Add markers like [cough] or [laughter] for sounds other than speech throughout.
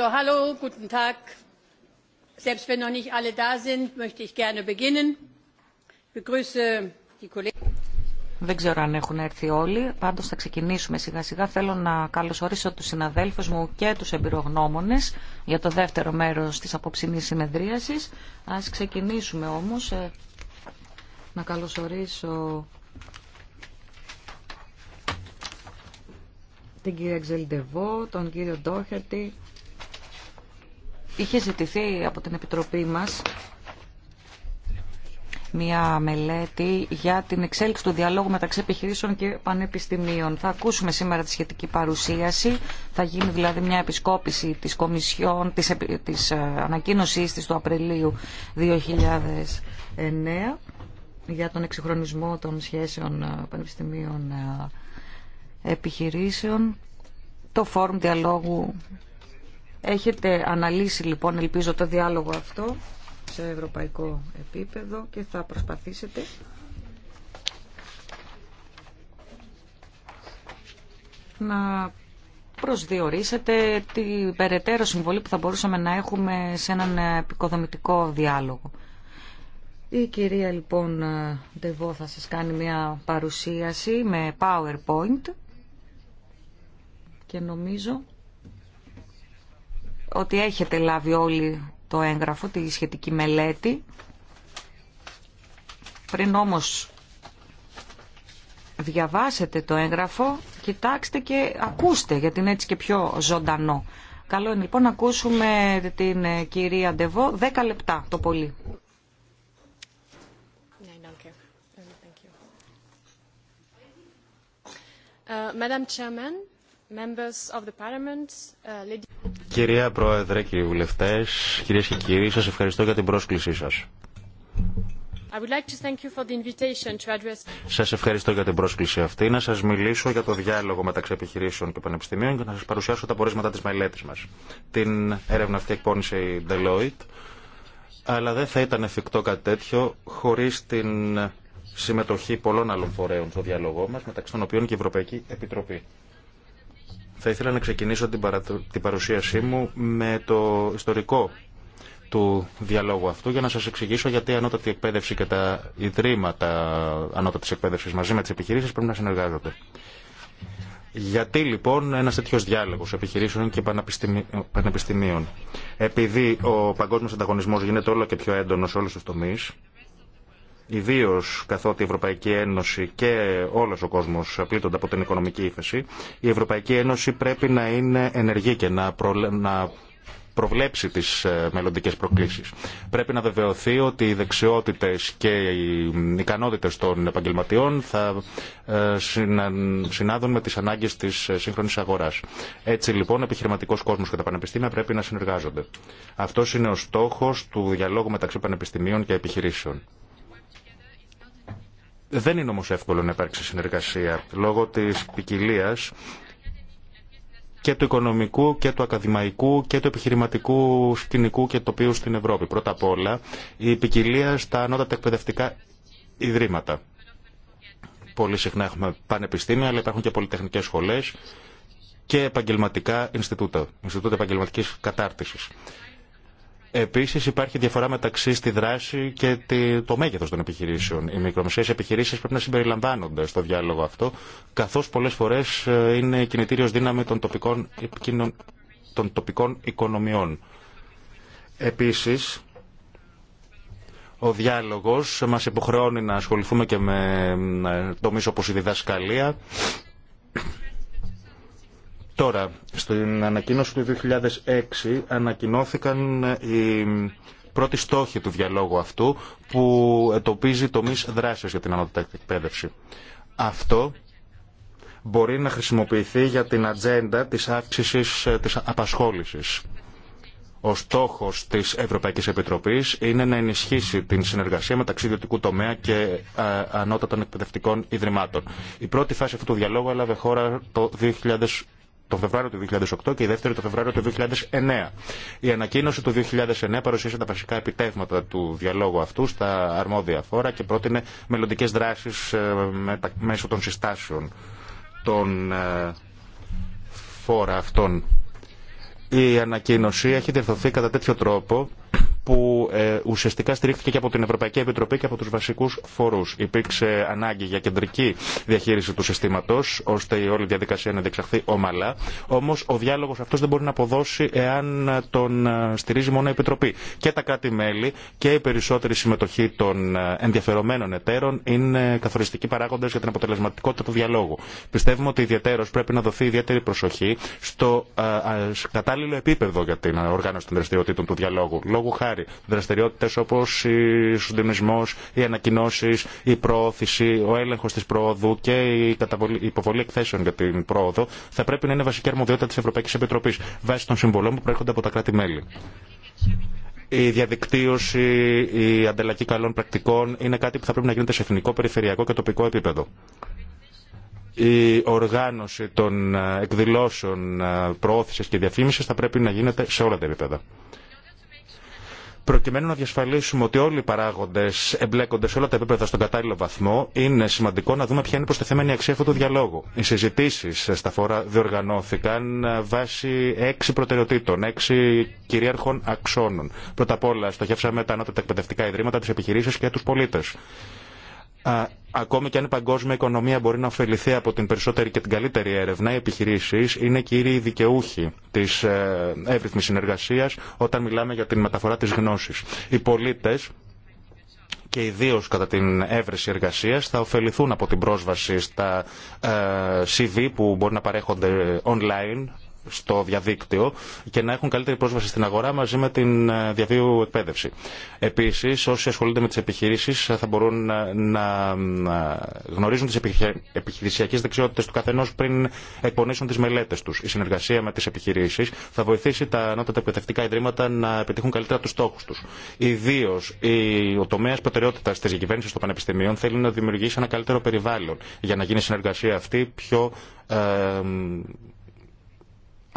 So, hallo, guten Tag. Selbst wenn noch nicht alle da sind, möchte ich gerne beginnen. Ich begrüße die Kollegen. Δεν ξέρω αν έχουν έρθει όλοι, πάντως θα ξεκινήσουμε σιγά σιγά. Θέλω να καλωσορίσω τους συναδέλφους μου και τους εμπειρογνώμονες για το δεύτερο μέρος της απόψινής συνεδρίασης. Ας ξεκινήσουμε όμως ε, να καλωσορίσω την κυρία Ξελντεβό, τον κύριο Ντόχερτη, Είχε ζητηθεί από την Επιτροπή μας μια μελέτη για την εξέλιξη του διαλόγου μεταξύ επιχειρήσεων και πανεπιστημίων. Θα ακούσουμε σήμερα τη σχετική παρουσίαση. Θα γίνει δηλαδή μια επισκόπηση της Κομισιόν, της, της ε, ανακοίνωσής της του Απριλίου 2009 για τον εξυγχρονισμό των σχέσεων ε, πανεπιστημίων ε, επιχειρήσεων. Το Φόρουμ Διαλόγου Έχετε αναλύσει λοιπόν, ελπίζω, το διάλογο αυτό σε ευρωπαϊκό επίπεδο και θα προσπαθήσετε να προσδιορίσετε την περαιτέρω συμβολή που θα μπορούσαμε να έχουμε σε έναν επικοδομητικό διάλογο. Η κυρία λοιπόν Ντεβό θα σας κάνει μια παρουσίαση με PowerPoint και νομίζω ότι έχετε λάβει όλοι το έγγραφο, τη σχετική μελέτη. Πριν όμως διαβάσετε το έγγραφο, κοιτάξτε και ακούστε, γιατί είναι έτσι και πιο ζωντανό. Καλό είναι λοιπόν να ακούσουμε την ε, κυρία Ντεβό 10 λεπτά το πολύ. Um, uh, Madam Chairman, Uh, Κυρία Πρόεδρε, κύριοι βουλευτές, κυρίες και κύριοι, σας ευχαριστώ για την πρόσκλησή σας. ευχαριστώ για την πρόσκληση αυτή. Να σας μιλήσω για το διάλογο μεταξύ επιχειρήσεων και πανεπιστημίων και να σας παρουσιάσω τα πορίσματα της μελέτης μας. Την έρευνα αυτή εκπώνησε η Deloitte, αλλά δεν θα ήταν εφικτό κάτι τέτοιο χωρίς την συμμετοχή πολλών άλλων φορέων στο διάλογό μας, μεταξύ των οποίων και η Ευρωπαϊκή Επιτροπή. Θα ήθελα να ξεκινήσω την, την παρουσίασή μου με το ιστορικό του διαλόγου αυτού για να σας εξηγήσω γιατί η ανώτατη εκπαίδευση και τα ιδρύματα ανώτατης εκπαίδευσης μαζί με τις επιχειρήσεις πρέπει να συνεργάζονται. Γιατί λοιπόν ένας τέτοιο διάλογος επιχειρήσεων και πανεπιστημίων. Επειδή ο παγκόσμιος ανταγωνισμός γίνεται όλο και πιο έντονο σε όλου του τομείς, ιδίω καθότι η Ευρωπαϊκή Ένωση και όλο ο κόσμο πλήττονται από την οικονομική ύφεση, η Ευρωπαϊκή Ένωση πρέπει να είναι ενεργή και να, να προβλέψει τις ε, μελλοντικές προκλήσεις. Πρέπει να βεβαιωθεί ότι οι δεξιότητες και οι ικανότητες των επαγγελματιών θα ε, συνάδουν με τις ανάγκες της ε, σύγχρονης αγοράς. Έτσι λοιπόν, επιχειρηματικό κόσμο και τα πανεπιστήμια πρέπει να συνεργάζονται. Αυτό είναι ο στόχος του διαλόγου μεταξύ πανεπιστημίων και επιχειρήσεων. Δεν είναι όμως εύκολο να υπάρξει συνεργασία λόγω της ποικιλία και του οικονομικού και του ακαδημαϊκού και του επιχειρηματικού σκηνικού και τοπίου στην Ευρώπη. Πρώτα απ' όλα η ποικιλία στα ανώτατα εκπαιδευτικά ιδρύματα. Πολύ συχνά έχουμε πανεπιστήμια αλλά υπάρχουν και πολυτεχνικές σχολές και επαγγελματικά Ινστιτούτα, Ινστιτούτα Επαγγελματικής Κατάρτισης. Επίσης υπάρχει διαφορά μεταξύ στη δράση και το μέγεθο των επιχειρήσεων. Οι μικρομεσαίες επιχειρήσεις πρέπει να συμπεριλαμβάνονται στο διάλογο αυτό, καθώς πολλές φορές ε, είναι κινητήριο δύναμη των τοπικών, των τοπικών οικονομιών. Επίσης, ο διάλογος μας υποχρεώνει να ασχοληθούμε και με ε, τομείς όπως η διδασκαλία, Τώρα, στην ανακοίνωση του 2006 ανακοινώθηκαν ε, οι πρώτοι στόχοι του διαλόγου αυτού που ετοπίζει τομεί δράσεως για την ανώτατη εκπαίδευση. Αυτό μπορεί να χρησιμοποιηθεί για την ατζέντα της αύξησης ε, της απασχόλησης. Ο στόχος της Ευρωπαϊκής Επιτροπής είναι να ενισχύσει την συνεργασία μεταξύ ιδιωτικού τομέα και ε, ανώτατων εκπαιδευτικών ιδρυμάτων. Η πρώτη φάση αυτού του διαλόγου έλαβε χώρα το το Φεβράριο του 2008 και η δεύτερη το Φεβράριο του 2009. Η ανακοίνωση του 2009 παρουσίασε τα βασικά επιτεύγματα του διαλόγου αυτού στα αρμόδια φόρα και πρότεινε μελλοντικέ δράσει ε, μέσω των συστάσεων των ε, φόρα αυτών. Η ανακοίνωση έχει διευθωθεί κατά τέτοιο τρόπο που ε, ουσιαστικά στηρίχθηκε και από την Ευρωπαϊκή Επιτροπή και από τους βασικούς φορούς. Υπήρξε ανάγκη για κεντρική διαχείριση του συστήματος, ώστε η όλη διαδικασία να διεξαχθεί ομαλά. Όμως ο διάλογος αυτός δεν μπορεί να αποδώσει εάν τον ε, στηρίζει μόνο η Επιτροπή. Και τα κράτη-μέλη και η περισσότερη συμμετοχή των ε, ενδιαφερομένων εταίρων είναι καθοριστικοί παράγοντες για την αποτελεσματικότητα του διαλόγου. Πιστεύουμε ότι ιδιαίτερος πρέπει να δοθεί ιδιαίτερη προσοχή στο κατάλληλο επίπεδο για την οργάνωση των δραστηριοτήτων του διαλόγου. Λόγου χάρη πάρει. Δραστηριότητες όπως ο συντονισμός, οι ανακοινώσεις, η προώθηση, ο έλεγχος της προόδου και η υποβολή εκθέσεων για την πρόοδο θα πρέπει να είναι βασική αρμοδιότητα της Ευρωπαϊκής Επιτροπής βάσει των συμβολών που προέρχονται από τα κράτη-μέλη. Η διαδικτύωση, η ανταλλαγή καλών πρακτικών είναι κάτι που θα πρέπει να γίνεται σε εθνικό, περιφερειακό και τοπικό επίπεδο η οργάνωση των εκδηλώσεων προώθησης και διαφήμισης θα πρέπει να γίνεται σε όλα τα επίπεδα προκειμένου να διασφαλίσουμε ότι όλοι οι παράγοντε εμπλέκονται σε όλα τα επίπεδα στον κατάλληλο βαθμό, είναι σημαντικό να δούμε ποια είναι η προστεθέμενη αξία αυτού του διαλόγου. Οι συζητήσει στα φόρα διοργανώθηκαν βάσει έξι προτεραιοτήτων, έξι κυρίαρχων αξώνων. Πρώτα απ' όλα, στοχεύσαμε τα ανώτατα εκπαιδευτικά ιδρύματα, τι επιχειρήσει και του πολίτε ακόμη και αν η παγκόσμια οικονομία μπορεί να ωφεληθεί από την περισσότερη και την καλύτερη έρευνα, οι επιχειρήσει είναι κύριοι δικαιούχοι τη ε, εύρυθμη συνεργασία όταν μιλάμε για την μεταφορά τη γνώση. Οι πολίτε και ιδίω κατά την έβρεση εργασίας θα ωφεληθούν από την πρόσβαση στα ε, CV που μπορεί να παρέχονται online στο διαδίκτυο και να έχουν καλύτερη πρόσβαση στην αγορά μαζί με την ε, διαβίου εκπαίδευση. Επίση, όσοι ασχολούνται με τι επιχειρήσει ε, θα μπορούν ε, να γνωρίζουν τι επιχειρησιακέ δεξιότητε του καθενό πριν εκπονήσουν τι μελέτε του. Η συνεργασία με τι επιχειρήσει θα βοηθήσει τα ανώτατα εκπαιδευτικά ιδρύματα να επιτύχουν καλύτερα του στόχου του. Ιδίω ο τομέα προτεραιότητα τη κυβέρνηση των πανεπιστημίων θέλει να δημιουργήσει ένα καλύτερο περιβάλλον για να γίνει η συνεργασία αυτή πιο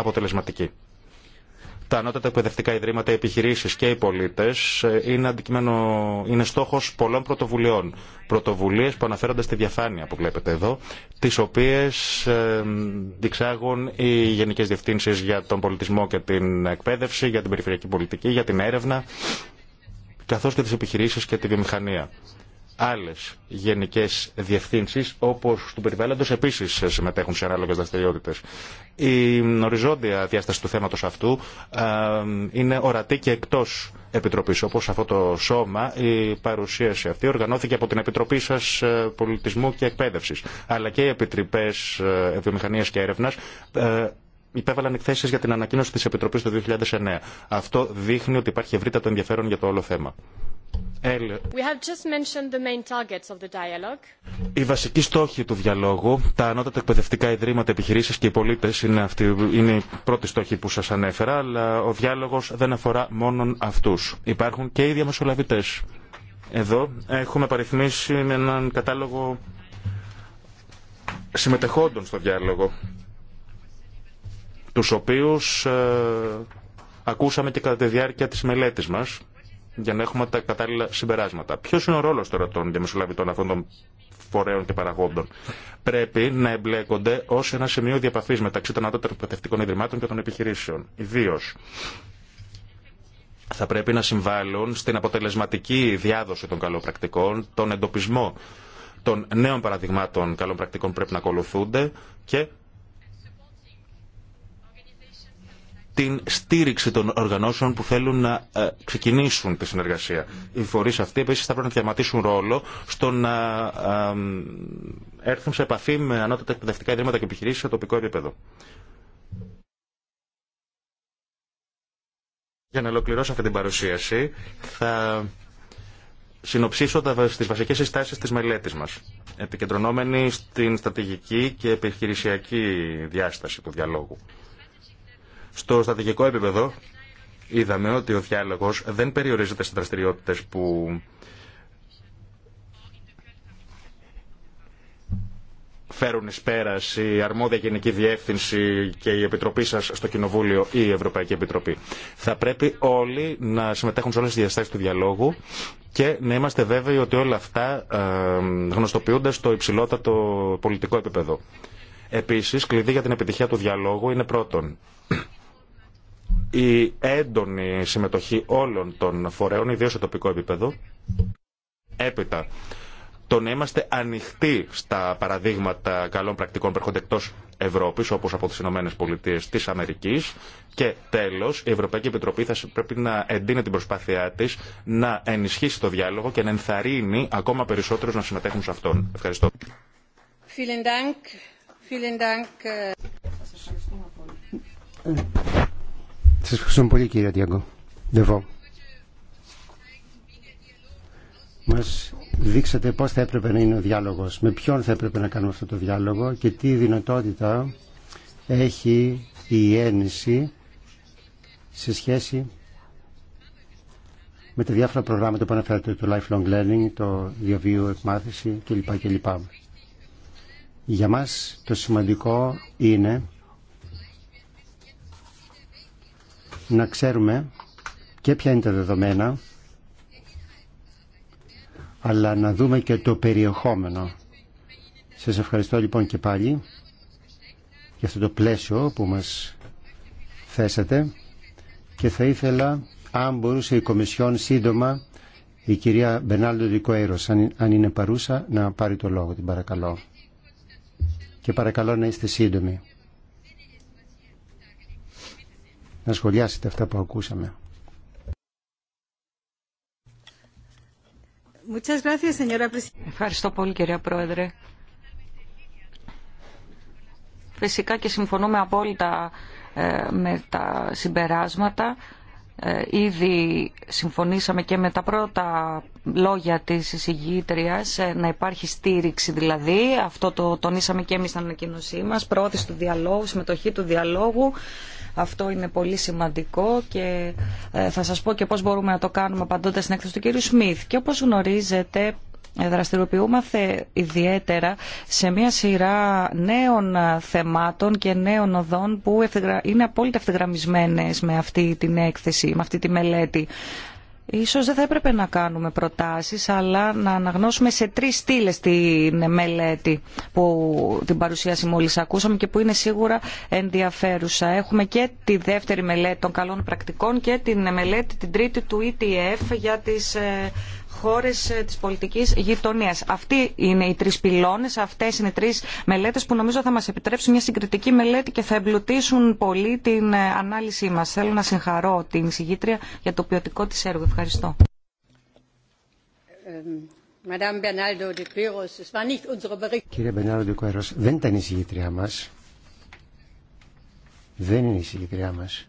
αποτελεσματική. Τα ανώτατα εκπαιδευτικά ιδρύματα, οι επιχειρήσει και οι πολίτε ε, είναι, αντικείμενο, είναι στόχο πολλών πρωτοβουλειών. Πρωτοβουλίε που αναφέρονται στη διαφάνεια που βλέπετε εδώ, τι οποίε ε, διεξάγουν οι Γενικέ Διευθύνσει για τον Πολιτισμό και την Εκπαίδευση, για την Περιφερειακή Πολιτική, για την Έρευνα, καθώ και τι επιχειρήσει και τη βιομηχανία άλλες γενικές διευθύνσεις όπως του περιβάλλοντος επίσης συμμετέχουν σε ανάλογες δραστηριότητε. Η οριζόντια διάσταση του θέματος αυτού ε, είναι ορατή και εκτός Επιτροπής. Όπως αυτό το σώμα η παρουσίαση αυτή οργανώθηκε από την Επιτροπή σας ε, Πολιτισμού και Εκπαίδευσης αλλά και οι Επιτροπές ε, Βιομηχανίας και Έρευνας υπέβαλαν εκθέσει για την ανακοίνωση τη Επιτροπή το 2009. Αυτό δείχνει ότι υπάρχει ευρύτατο ενδιαφέρον για το όλο θέμα. Η βασική Οι βασικοί στόχοι του διαλόγου, τα ανώτατα εκπαιδευτικά ιδρύματα, επιχειρήσεις και οι πολίτες είναι, αυτοί, είναι οι πρώτοι στόχοι που σας ανέφερα, αλλά ο διάλογος δεν αφορά μόνο αυτούς. Υπάρχουν και οι διαμεσολαβητές. Εδώ έχουμε παριθμίσει έναν κατάλογο συμμετεχόντων στο διάλογο, τους οποίους ε, ακούσαμε και κατά τη διάρκεια της μελέτης μας για να έχουμε τα κατάλληλα συμπεράσματα. Ποιο είναι ο ρόλο τώρα των διαμεσολαβητών αυτών των φορέων και παραγόντων. Πρέπει να εμπλέκονται ω ένα σημείο διαπαφή μεταξύ των ανώτερων εκπαιδευτικών ιδρυμάτων και των επιχειρήσεων. Ιδίω θα πρέπει να συμβάλλουν στην αποτελεσματική διάδοση των καλών πρακτικών, τον εντοπισμό των νέων παραδειγμάτων καλών πρακτικών που πρέπει να ακολουθούνται και την στήριξη των οργανώσεων που θέλουν να ε, ξεκινήσουν τη συνεργασία. Οι φορείς αυτοί επίσης θα πρέπει να διαματίσουν ρόλο στο να έρθουν σε επαφή με ανώτατα εκπαιδευτικά ιδρύματα και επιχειρήσεις σε τοπικό επίπεδο. Για να ολοκληρώσω αυτή την παρουσίαση, θα συνοψίσω τις βασικές συστάσεις της μελέτης μας, Επικεντρωνόμενη στην στρατηγική και επιχειρησιακή διάσταση του διαλόγου. Στο στρατηγικό επίπεδο είδαμε ότι ο διάλογος δεν περιορίζεται σε δραστηριότητε που φέρουν εις πέρας η αρμόδια γενική διεύθυνση και η επιτροπή σας στο Κοινοβούλιο ή η Ευρωπαϊκή Επιτροπή. Θα πρέπει όλοι να συμμετέχουν σε όλες τις διαστάσεις του διαλόγου και να είμαστε βέβαιοι ότι όλα αυτά ε, γνωστοποιούνται στο υψηλότατο πολιτικό επίπεδο. Επίσης, κλειδί για την επιτυχία του διαλόγου είναι πρώτον η έντονη συμμετοχή όλων των φορέων, ιδίως σε τοπικό επίπεδο. Έπειτα, το να είμαστε ανοιχτοί στα παραδείγματα καλών πρακτικών που έρχονται εκτό Ευρώπη, όπω από τι Ηνωμένες Πολιτείες της Αμερικής. Και τέλος, η Ευρωπαϊκή Επιτροπή θα πρέπει να εντείνει την προσπάθειά της να ενισχύσει το διάλογο και να ενθαρρύνει ακόμα περισσότερους να συμμετέχουν σε αυτόν. Ευχαριστώ. Ε. Σας ευχαριστώ πολύ κύριε Διαγκό. Δεβό. Μας δείξατε πώς θα έπρεπε να είναι ο διάλογος, με ποιον θα έπρεπε να κάνουμε αυτό το διάλογο και τι δυνατότητα έχει η έννηση σε σχέση με τα διάφορα προγράμματα που αναφέρατε, το lifelong learning, το διαβίου εκμάθηση κλπ. κλπ. Για μας το σημαντικό είναι να ξέρουμε και ποια είναι τα δεδομένα, αλλά να δούμε και το περιεχόμενο. Σας ευχαριστώ λοιπόν και πάλι για αυτό το πλαίσιο που μας θέσατε και θα ήθελα αν μπορούσε η Κομισιόν σύντομα η κυρία Μπενάλντο Δικοέρος αν είναι παρούσα να πάρει το λόγο την παρακαλώ και παρακαλώ να είστε σύντομοι να σχολιάσετε αυτά που ακούσαμε. Ευχαριστώ πολύ κυρία Πρόεδρε. Φυσικά και συμφωνούμε απόλυτα ε, με τα συμπεράσματα. Ε, ήδη συμφωνήσαμε και με τα πρώτα λόγια της εισηγήτριας ε, να υπάρχει στήριξη δηλαδή. Αυτό το τονίσαμε και εμείς στην ανακοίνωσή μας. Πρόθεση του διαλόγου, συμμετοχή του διαλόγου αυτό είναι πολύ σημαντικό και ε, θα σας πω και πώς μπορούμε να το κάνουμε απαντώντας στην έκθεση του κ. Σμιθ. Και όπως γνωρίζετε, ε, δραστηριοποιούμαστε ιδιαίτερα σε μια σειρά νέων ε, θεμάτων και νέων οδών που είναι απόλυτα ευθυγραμμισμένες με αυτή την έκθεση, με αυτή τη μελέτη. Ίσως δεν θα έπρεπε να κάνουμε προτάσεις, αλλά να αναγνώσουμε σε τρεις στήλες την μελέτη που την παρουσίαση μόλις ακούσαμε και που είναι σίγουρα ενδιαφέρουσα. Έχουμε και τη δεύτερη μελέτη των καλών πρακτικών και την μελέτη την τρίτη του ETF για τις ε, Χώρε ε, τη πολιτικής γειτονία. Αυτοί είναι οι τρεις πυλώνες, αυτές είναι οι τρεις μελέτες που νομίζω θα μας επιτρέψουν μια συγκριτική μελέτη και θα εμπλουτίσουν πολύ την ε, ανάλυση μας. Θέλω να συγχαρώ την συγγήτρια για το ποιοτικό τη έργο. Ευχαριστώ. Ε, Κύριε Μπενάλο Ντεκουέρος, δεν ήταν η συγγήτριά μας. Δεν είναι η συγγήτριά μας.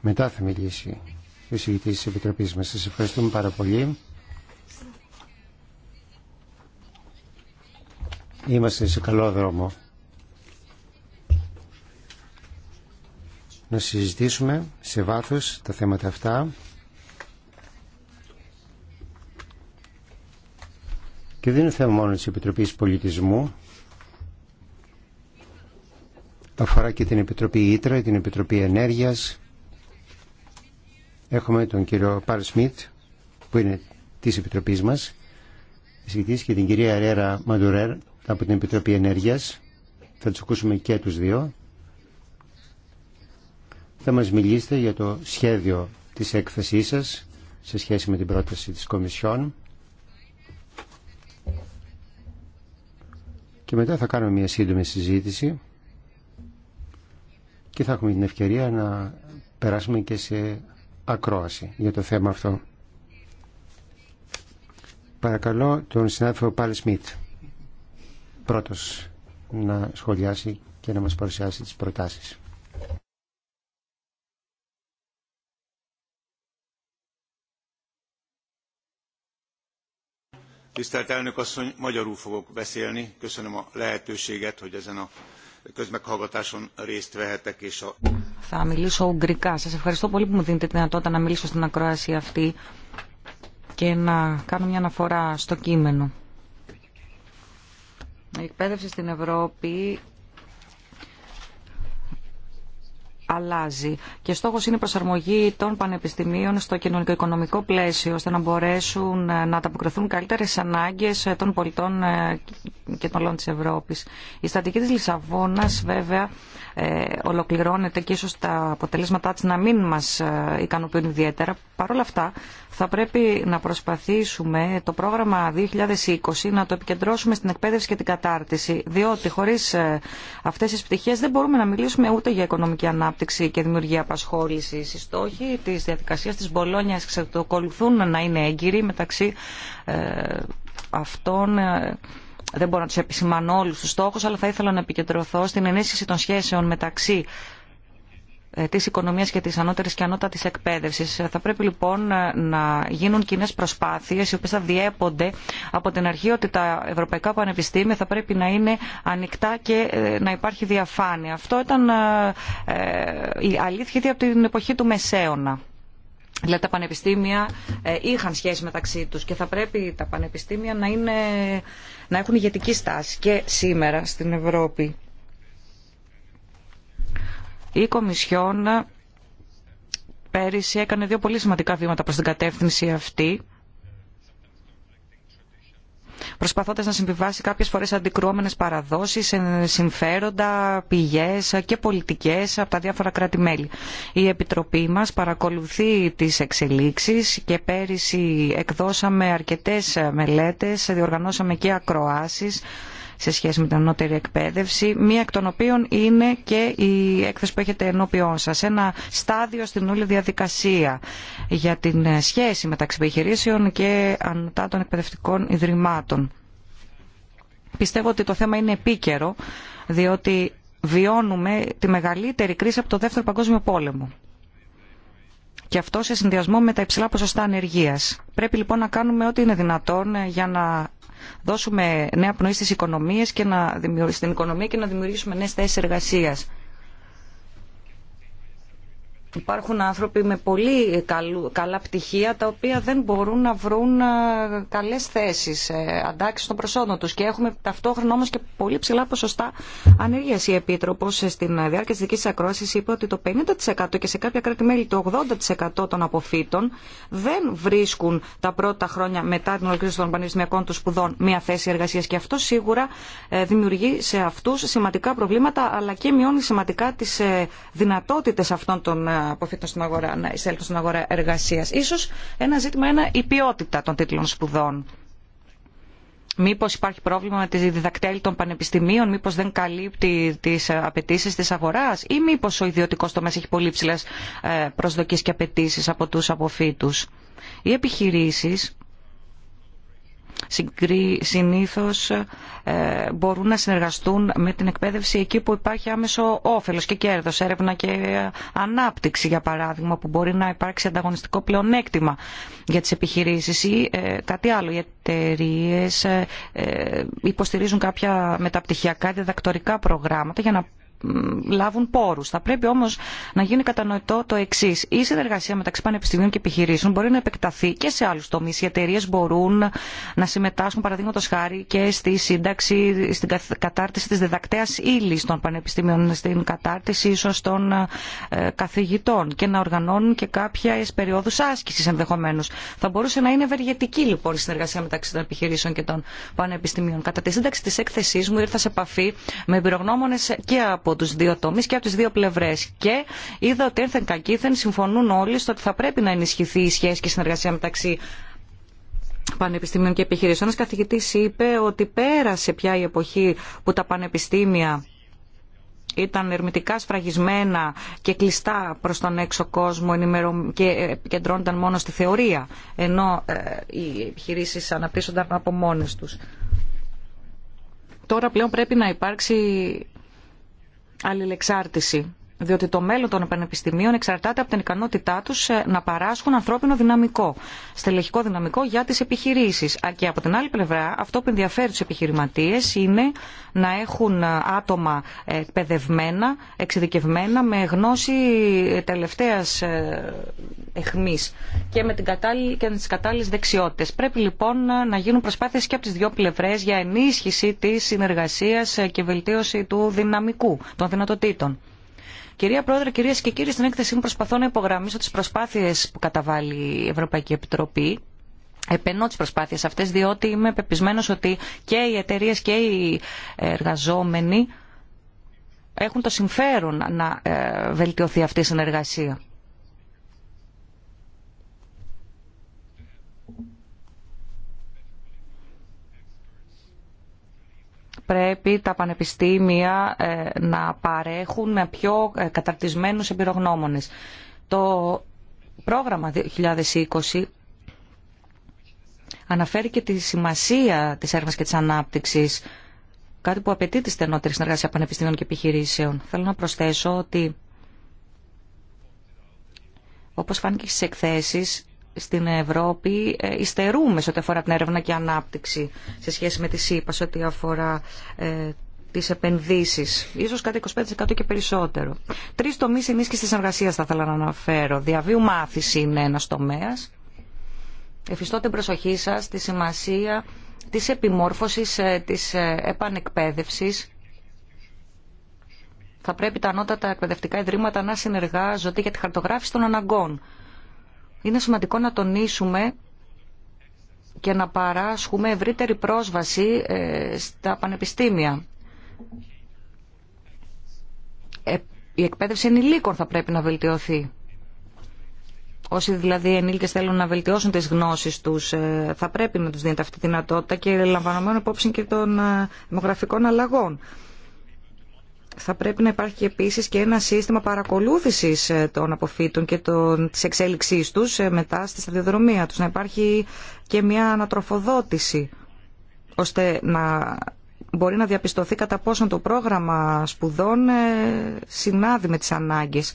Μετά θα μιλήσει και ο ευχαριστούμε πάρα πολύ. Είμαστε σε καλό δρόμο. Να συζητήσουμε σε βάθος τα θέματα αυτά. Και δεν είναι θέμα μόνο της Επιτροπής Πολιτισμού. Αφορά και την Επιτροπή Ήτρα, την Επιτροπή Ενέργειας, Έχουμε τον κύριο Πάρ Σμιτ, που είναι της Επιτροπής μας, εισηγητής και την κυρία Ρέρα Μαντουρέρ από την Επιτροπή Ενέργειας. Θα τους ακούσουμε και τους δύο. Θα μας μιλήσετε για το σχέδιο της έκθεσή σα σε σχέση με την πρόταση της Κομισιόν. Και μετά θα κάνουμε μια σύντομη συζήτηση και θα έχουμε την ευκαιρία να περάσουμε και σε ακρόαση για το θέμα αυτό. Παρακαλώ τον συνάδελφο Πάλι Σμιτ πρώτος να σχολιάσει και να μας παρουσιάσει τις προτάσεις. Tisztelt elnök asszony, magyarul fogok beszélni. Köszönöm a lehetőséget, hogy ezen a közmeghallgatáson részt vehetek, és a... Θα μιλήσω ουγγρικά. Σας ευχαριστώ πολύ που μου δίνετε τη δυνατότητα να μιλήσω στην ακρόαση αυτή και να κάνω μια αναφορά στο κείμενο. Η εκπαίδευση στην Ευρώπη αλλάζει και στόχος είναι η προσαρμογή των πανεπιστημίων στο κοινωνικο-οικονομικό πλαίσιο ώστε να μπορέσουν να ανταποκριθούν καλύτερες ανάγκες των πολιτών ε, και των όλων της Ευρώπης. Η στατική της Λισαβόνας βέβαια ε, ολοκληρώνεται και ίσως τα αποτελέσματά της να μην μας ε, ικανοποιούν ιδιαίτερα. Παρ' όλα αυτά θα πρέπει να προσπαθήσουμε το πρόγραμμα 2020 να το επικεντρώσουμε στην εκπαίδευση και την κατάρτιση, διότι χωρίς ε, αυτές τις πτυχές δεν μπορούμε να μιλήσουμε ούτε για οικονομική ανάπτυξη και δημιουργία απασχόληση. Οι στόχοι της διαδικασίας της Μπολόνιας ξεκολουθούν να είναι έγκυροι μεταξύ αυτών δεν μπορώ να του επισημάνω όλου του στόχου, αλλά θα ήθελα να επικεντρωθώ στην ενίσχυση των σχέσεων μεταξύ ε, τη οικονομία και τη ανώτερη και ανώτατη εκπαίδευση. Ε, θα πρέπει λοιπόν ε, να γίνουν κοινέ προσπάθειε, οι οποίε θα διέπονται από την αρχή ότι τα ευρωπαϊκά πανεπιστήμια θα πρέπει να είναι ανοιχτά και να υπάρχει διαφάνεια. Αυτό ήταν η αλήθεια από την εποχή του Μεσαίωνα. Δηλαδή τα πανεπιστήμια ε, είχαν σχέση μεταξύ τους και θα πρέπει τα πανεπιστήμια να, είναι, να έχουν ηγετική στάση και σήμερα στην Ευρώπη. Η Κομισιόν ε, πέρυσι έκανε δύο πολύ σημαντικά βήματα προς την κατεύθυνση αυτή προσπαθώντας να συμβιβάσει κάποιες φορές αντικρουόμενες παραδόσεις, ε, συμφέροντα, πηγές και πολιτικές από τα διάφορα κράτη-μέλη. Η Επιτροπή μας παρακολουθεί τις εξελίξεις και πέρυσι εκδώσαμε αρκετές μελέτες, διοργανώσαμε και ακροάσεις σε σχέση με την ανώτερη εκπαίδευση, μία εκ των οποίων είναι και η έκθεση που έχετε ενώπιόν σα, Ένα στάδιο στην όλη διαδικασία για την σχέση μεταξύ επιχειρήσεων και ανωτάτων εκπαιδευτικών ιδρυμάτων. Πιστεύω ότι το θέμα είναι επίκαιρο, διότι βιώνουμε τη μεγαλύτερη κρίση από το Δεύτερο Παγκόσμιο Πόλεμο. Και αυτό σε συνδυασμό με τα υψηλά ποσοστά ανεργία. Πρέπει λοιπόν να κάνουμε ό,τι είναι δυνατόν για να δώσουμε νέα πνοή οικονομίες και να στην οικονομία και να δημιουργήσουμε νέες θέσεις εργασίας. Υπάρχουν άνθρωποι με πολύ καλά πτυχία τα οποία δεν μπορούν να βρουν καλές θέσεις ε, αντάξει των προσόντων τους και έχουμε ταυτόχρονα όμως και πολύ ψηλά ποσοστά ανεργίας. Η Επίτροπος ε, στην διάρκεια της δικής της ακρόασης είπε ότι το 50% και σε κάποια κράτη-μέλη το 80% των αποφύτων δεν βρίσκουν τα πρώτα χρόνια μετά την ολοκλήρωση των πανεπιστημιακών του σπουδών μια θέση εργασίας και αυτό σίγουρα ε, δημιουργεί σε αυτούς σημαντικά προβλήματα αλλά και μειώνει σημαντικά τις δυνατότητες αυτών των να στην αγορά, να εισέλθουν στην αγορά εργασίας. Ίσως ένα ζήτημα είναι η ποιότητα των τίτλων σπουδών. Μήπως υπάρχει πρόβλημα με τη διδακτέλη των πανεπιστημίων, μήπως δεν καλύπτει τις ε, απαιτήσει της αγοράς ή μήπως ο ιδιωτικό τομέα έχει πολύ ψηλέ ε, προσδοκίες και απαιτήσει από τους αποφύτου. Οι επιχειρήσει συνήθως ε, μπορούν να συνεργαστούν με την εκπαίδευση εκεί που υπάρχει άμεσο όφελος και κέρδος, έρευνα και ανάπτυξη για παράδειγμα που μπορεί να υπάρξει ανταγωνιστικό πλεονέκτημα για τις επιχειρήσεις ή ε, κάτι άλλο. Οι εταιρείε ε, υποστηρίζουν κάποια μεταπτυχιακά διδακτορικά προγράμματα για να λάβουν πόρου. Θα πρέπει όμω να γίνει κατανοητό το εξή. Η συνεργασία μεταξύ πανεπιστημίων και επιχειρήσεων μπορεί να επεκταθεί και σε άλλου τομεί. Οι εταιρείε μπορούν να συμμετάσχουν παραδείγματο χάρη και στη σύνταξη, στην κατάρτιση τη διδακτέας ύλη των πανεπιστημίων, στην κατάρτιση ίσω των ε, καθηγητών και να οργανώνουν και κάποιε περιόδου άσκηση ενδεχομένω. Θα μπορούσε να είναι ευεργετική λοιπόν η συνεργασία μεταξύ των επιχειρήσεων και των πανεπιστημίων. Κατά τη σύνταξη τη έκθεσή μου ήρθα σε επαφή με εμπειρογνώμονε και από από τους δύο τομείς και από τι δύο πλευρέ. Και είδα ότι ένθεν κακήθεν συμφωνούν όλοι στο ότι θα πρέπει να ενισχυθεί η σχέση και η συνεργασία μεταξύ πανεπιστήμιων και επιχειρήσεων. Ένα καθηγητή είπε ότι πέρασε πια η εποχή που τα πανεπιστήμια ήταν ερμητικά σφραγισμένα και κλειστά προς τον έξω κόσμο και ε, κεντρώνονταν μόνο στη θεωρία, ενώ ε, οι επιχειρήσεις αναπτύσσονταν από μόνες τους. Τώρα πλέον πρέπει να υπάρξει αλληλεξάρτηση διότι το μέλλον των πανεπιστημίων εξαρτάται από την ικανότητά του ε, να παράσχουν ανθρώπινο δυναμικό, στελεχικό δυναμικό για τις επιχειρήσεις. Και από την άλλη πλευρά, αυτό που ενδιαφέρει του επιχειρηματίες είναι να έχουν ε, άτομα ε, εκπαιδευμένα, εξειδικευμένα, με γνώση τελευταία εχμής και με, τι κατάλληλε δεξιότητε. δεξιότητες. Πρέπει λοιπόν να γίνουν προσπάθειε και από τι δύο πλευρέ για ενίσχυση τη συνεργασία και βελτίωση του δυναμικού, των δυνατοτήτων. Κυρία Πρόεδρε, κυρίες και κύριοι, στην έκθεσή μου προσπαθώ να υπογραμμίσω τις προσπάθειες που καταβάλει η Ευρωπαϊκή Επιτροπή επενώ τις προσπάθειες αυτές διότι είμαι πεπισμένος ότι και οι εταιρείες και οι εργαζόμενοι έχουν το συμφέρον να ε, βελτιωθεί αυτή η συνεργασία. πρέπει τα πανεπιστήμια ε, να παρέχουν πιο ε, καταρτισμένους εμπειρογνώμονες. Το πρόγραμμα 2020 αναφέρει και τη σημασία της έρευνας και της ανάπτυξης, κάτι που απαιτεί τη στενότερη συνεργασία πανεπιστήμιων και επιχειρήσεων. Θέλω να προσθέσω ότι, όπως φάνηκε στις εκθέσεις, στην Ευρώπη ε, υστερούμε σε ό,τι αφορά την έρευνα και ανάπτυξη σε σχέση με τη ΣΥΠΑ, σε ό,τι αφορά ε, τις επενδύσεις, ίσως κάτι 25% και περισσότερο. Τρεις τομείς ενίσχυσης της εργασίας θα ήθελα να αναφέρω. Διαβίου μάθηση είναι ένας τομέας. Εφιστώ την προσοχή σας στη σημασία της επιμόρφωσης, ε, της επανεκπαίδευσης. Θα πρέπει τα ανώτατα εκπαιδευτικά ιδρύματα να συνεργάζονται για τη χαρτογράφηση των αναγκών είναι σημαντικό να τονίσουμε και να παράσχουμε ευρύτερη πρόσβαση ε, στα πανεπιστήμια. Ε, η εκπαίδευση ενηλίκων θα πρέπει να βελτιωθεί. Όσοι δηλαδή ενήλικε θέλουν να βελτιώσουν τις γνώσεις τους, ε, θα πρέπει να τους δίνεται αυτή τη δυνατότητα και λαμβανομένου υπόψη και των δημογραφικών αλλαγών θα πρέπει να υπάρχει επίσης και ένα σύστημα παρακολούθησης ε, των αποφύτων και τη εξελίξή του τους ε, μετά στη σταδιοδρομία τους. Να υπάρχει και μια ανατροφοδότηση ώστε να μπορεί να διαπιστωθεί κατά πόσον το πρόγραμμα σπουδών ε, συνάδει με τις ανάγκες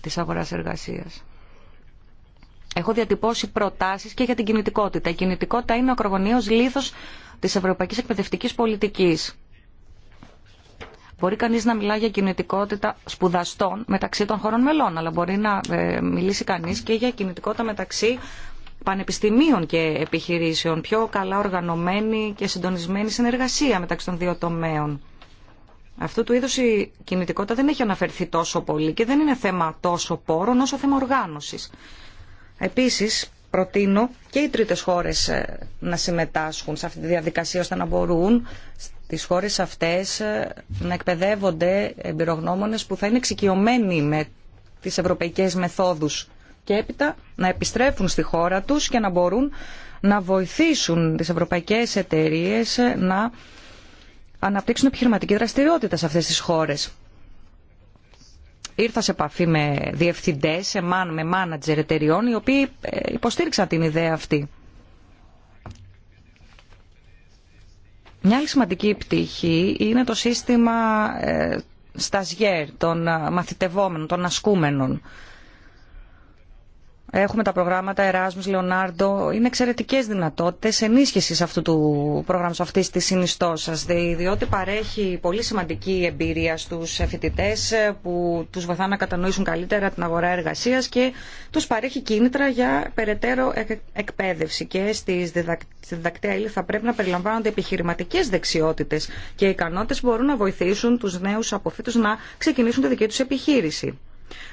της αγοράς εργασίας. Έχω διατυπώσει προτάσεις και για την κινητικότητα. Η κινητικότητα είναι ο ακρογωνίος λίθος της ευρωπαϊκής εκπαιδευτικής πολιτικής Μπορεί κανείς να μιλά για κινητικότητα σπουδαστών μεταξύ των χωρών μελών, αλλά μπορεί να ε, μιλήσει κανείς και για κινητικότητα μεταξύ πανεπιστημίων και επιχειρήσεων, πιο καλά οργανωμένη και συντονισμένη συνεργασία μεταξύ των δύο τομέων. Αυτού του είδους η κινητικότητα δεν έχει αναφερθεί τόσο πολύ και δεν είναι θέμα τόσο πόρων όσο θέμα οργάνωσης. Επίσης, προτείνω και οι τρίτες χώρες ε, να συμμετάσχουν σε αυτή τη διαδικασία ώστε να μπορούν τις χώρες αυτές ε, να εκπαιδεύονται εμπειρογνώμονες που θα είναι εξοικειωμένοι με τις ευρωπαϊκές μεθόδους και έπειτα να επιστρέφουν στη χώρα τους και να μπορούν να βοηθήσουν τις ευρωπαϊκές εταιρείες ε, να αναπτύξουν επιχειρηματική δραστηριότητα σε αυτές τις χώρες. Ήρθα σε επαφή με διευθυντές, με μάνατζερ εταιριών, οι οποίοι ε, υποστήριξαν την ιδέα αυτή. Μια άλλη σημαντική πτυχή είναι το σύστημα ε, σταζιέρ των ε, μαθητευόμενων, των ασκούμενων. Έχουμε τα προγράμματα Erasmus, Leonardo. Είναι εξαιρετικέ δυνατότητε ενίσχυση αυτού του προγράμματο, αυτή τη σα. Διότι παρέχει πολύ σημαντική εμπειρία στου φοιτητέ που του βοηθά να κατανοήσουν καλύτερα την αγορά εργασία και του παρέχει κίνητρα για περαιτέρω εκπαίδευση. Και στη διδακτή αίλη θα πρέπει να περιλαμβάνονται επιχειρηματικέ δεξιότητε και ικανότητε που μπορούν να βοηθήσουν του νέου αποφύτου να ξεκινήσουν τη δική του επιχείρηση.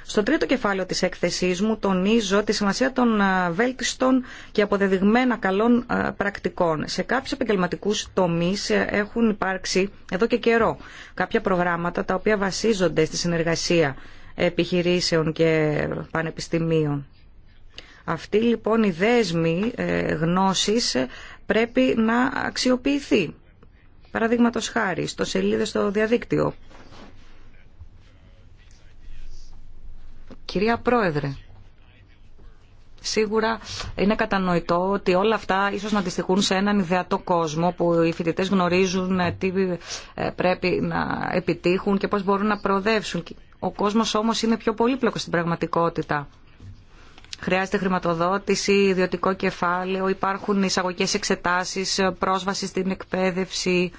Στο τρίτο κεφάλαιο της έκθεσής μου τονίζω τη σημασία των ε, βέλτιστων και αποδεδειγμένα καλών ε, πρακτικών. Σε κάποιους επαγγελματικούς τομείς ε, έχουν υπάρξει εδώ και καιρό κάποια προγράμματα τα οποία βασίζονται στη συνεργασία επιχειρήσεων και πανεπιστημίων. Αυτή λοιπόν η δέσμη γνώσης πρέπει να αξιοποιηθεί. Παραδείγματο χάρη, στο σελίδε στο διαδίκτυο Κυρία Πρόεδρε, σίγουρα είναι κατανοητό ότι όλα αυτά ίσως να αντιστοιχούν σε έναν ιδεατό κόσμο που οι φοιτητές γνωρίζουν ε, τι ε, πρέπει να επιτύχουν και πώς μπορούν να προοδεύσουν. Ο κόσμος όμως είναι πιο πολύπλοκος στην πραγματικότητα. Χρειάζεται χρηματοδότηση, ιδιωτικό κεφάλαιο, υπάρχουν εισαγωγικές εξετάσεις, πρόσβαση στην εκπαίδευση,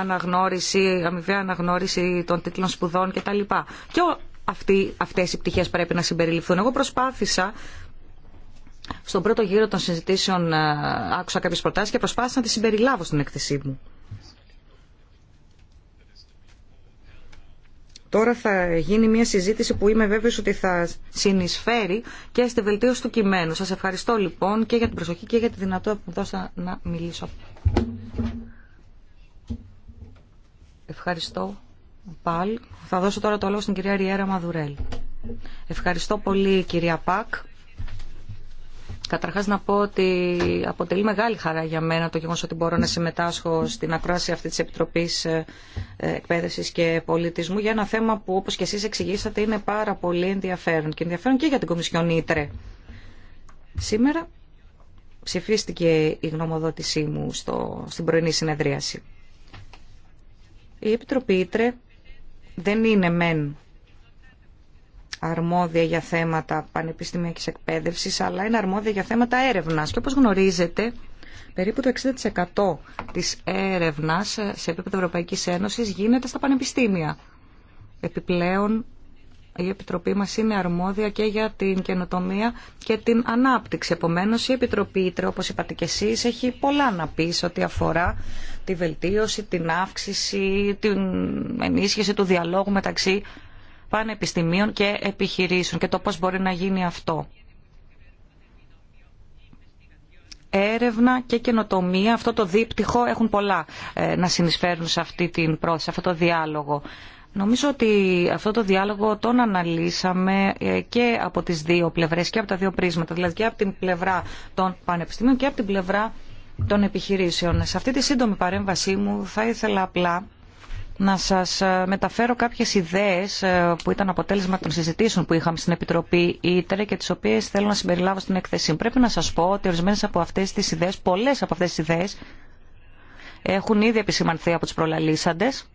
αναγνώριση, αμοιβαία αναγνώριση των τίτλων σπουδών κτλ. Και αυτοί, αυτές οι πτυχές πρέπει να συμπεριληφθούν. Εγώ προσπάθησα στον πρώτο γύρο των συζητήσεων ε, άκουσα κάποιες προτάσεις και προσπάθησα να τις συμπεριλάβω στην έκθεσή μου. Τώρα θα γίνει μια συζήτηση που είμαι βέβαιος ότι θα συνεισφέρει και στη βελτίωση του κειμένου. Σας ευχαριστώ λοιπόν και για την προσοχή και για τη δυνατότητα που μου δώσα να μιλήσω. Ευχαριστώ πάλι. Θα δώσω τώρα το λόγο στην κυρία Ριέρα Μαδουρέλ. Ευχαριστώ πολύ κυρία Πακ. Καταρχάς να πω ότι αποτελεί μεγάλη χαρά για μένα το γεγονός ότι μπορώ να συμμετάσχω στην ακρόαση αυτή της Επιτροπής ε, ε, Εκπαίδευσης και Πολιτισμού για ένα θέμα που όπως και εσείς εξηγήσατε είναι πάρα πολύ ενδιαφέρον και ενδιαφέρον και για την Κομισιόν Ήτρε. Σήμερα ψηφίστηκε η γνωμοδότησή μου στο, στην πρωινή συνεδρίαση. Η Επιτροπή Ήτρε δεν είναι μεν αρμόδια για θέματα πανεπιστημιακής εκπαίδευσης, αλλά είναι αρμόδια για θέματα έρευνας. Και όπως γνωρίζετε, περίπου το 60% της έρευνας σε επίπεδο Ευρωπαϊκής Ένωσης γίνεται στα πανεπιστήμια. Επιπλέον, η Επιτροπή μας είναι αρμόδια και για την καινοτομία και την ανάπτυξη. Επομένως, η Επιτροπή όπως είπατε και εσείς, έχει πολλά να πει σε ό,τι αφορά τη βελτίωση, την αύξηση, την ενίσχυση του διαλόγου μεταξύ πανεπιστημίων και επιχειρήσεων και το πώς μπορεί να γίνει αυτό. έρευνα και καινοτομία, αυτό το δίπτυχο έχουν πολλά ε, να συνεισφέρουν σε αυτή την πρόθεση, αυτό το διάλογο. Νομίζω ότι αυτό το διάλογο τον αναλύσαμε ε, και από τις δύο πλευρές και από τα δύο πρίσματα, δηλαδή και από την πλευρά των πανεπιστήμιων και από την πλευρά των επιχειρήσεων. Σε αυτή τη σύντομη παρέμβασή μου θα ήθελα απλά να σας ε, μεταφέρω κάποιες ιδέες ε, που ήταν αποτέλεσμα των συζητήσεων που είχαμε στην Επιτροπή Ήτρε και τις οποίες θέλω να συμπεριλάβω στην εκθεσή Πρέπει να σας πω ότι ορισμένες από αυτές τις ιδέες, πολλές από αυτές τις ιδέες, έχουν ήδη επισημανθεί από τους προλαλήσαντες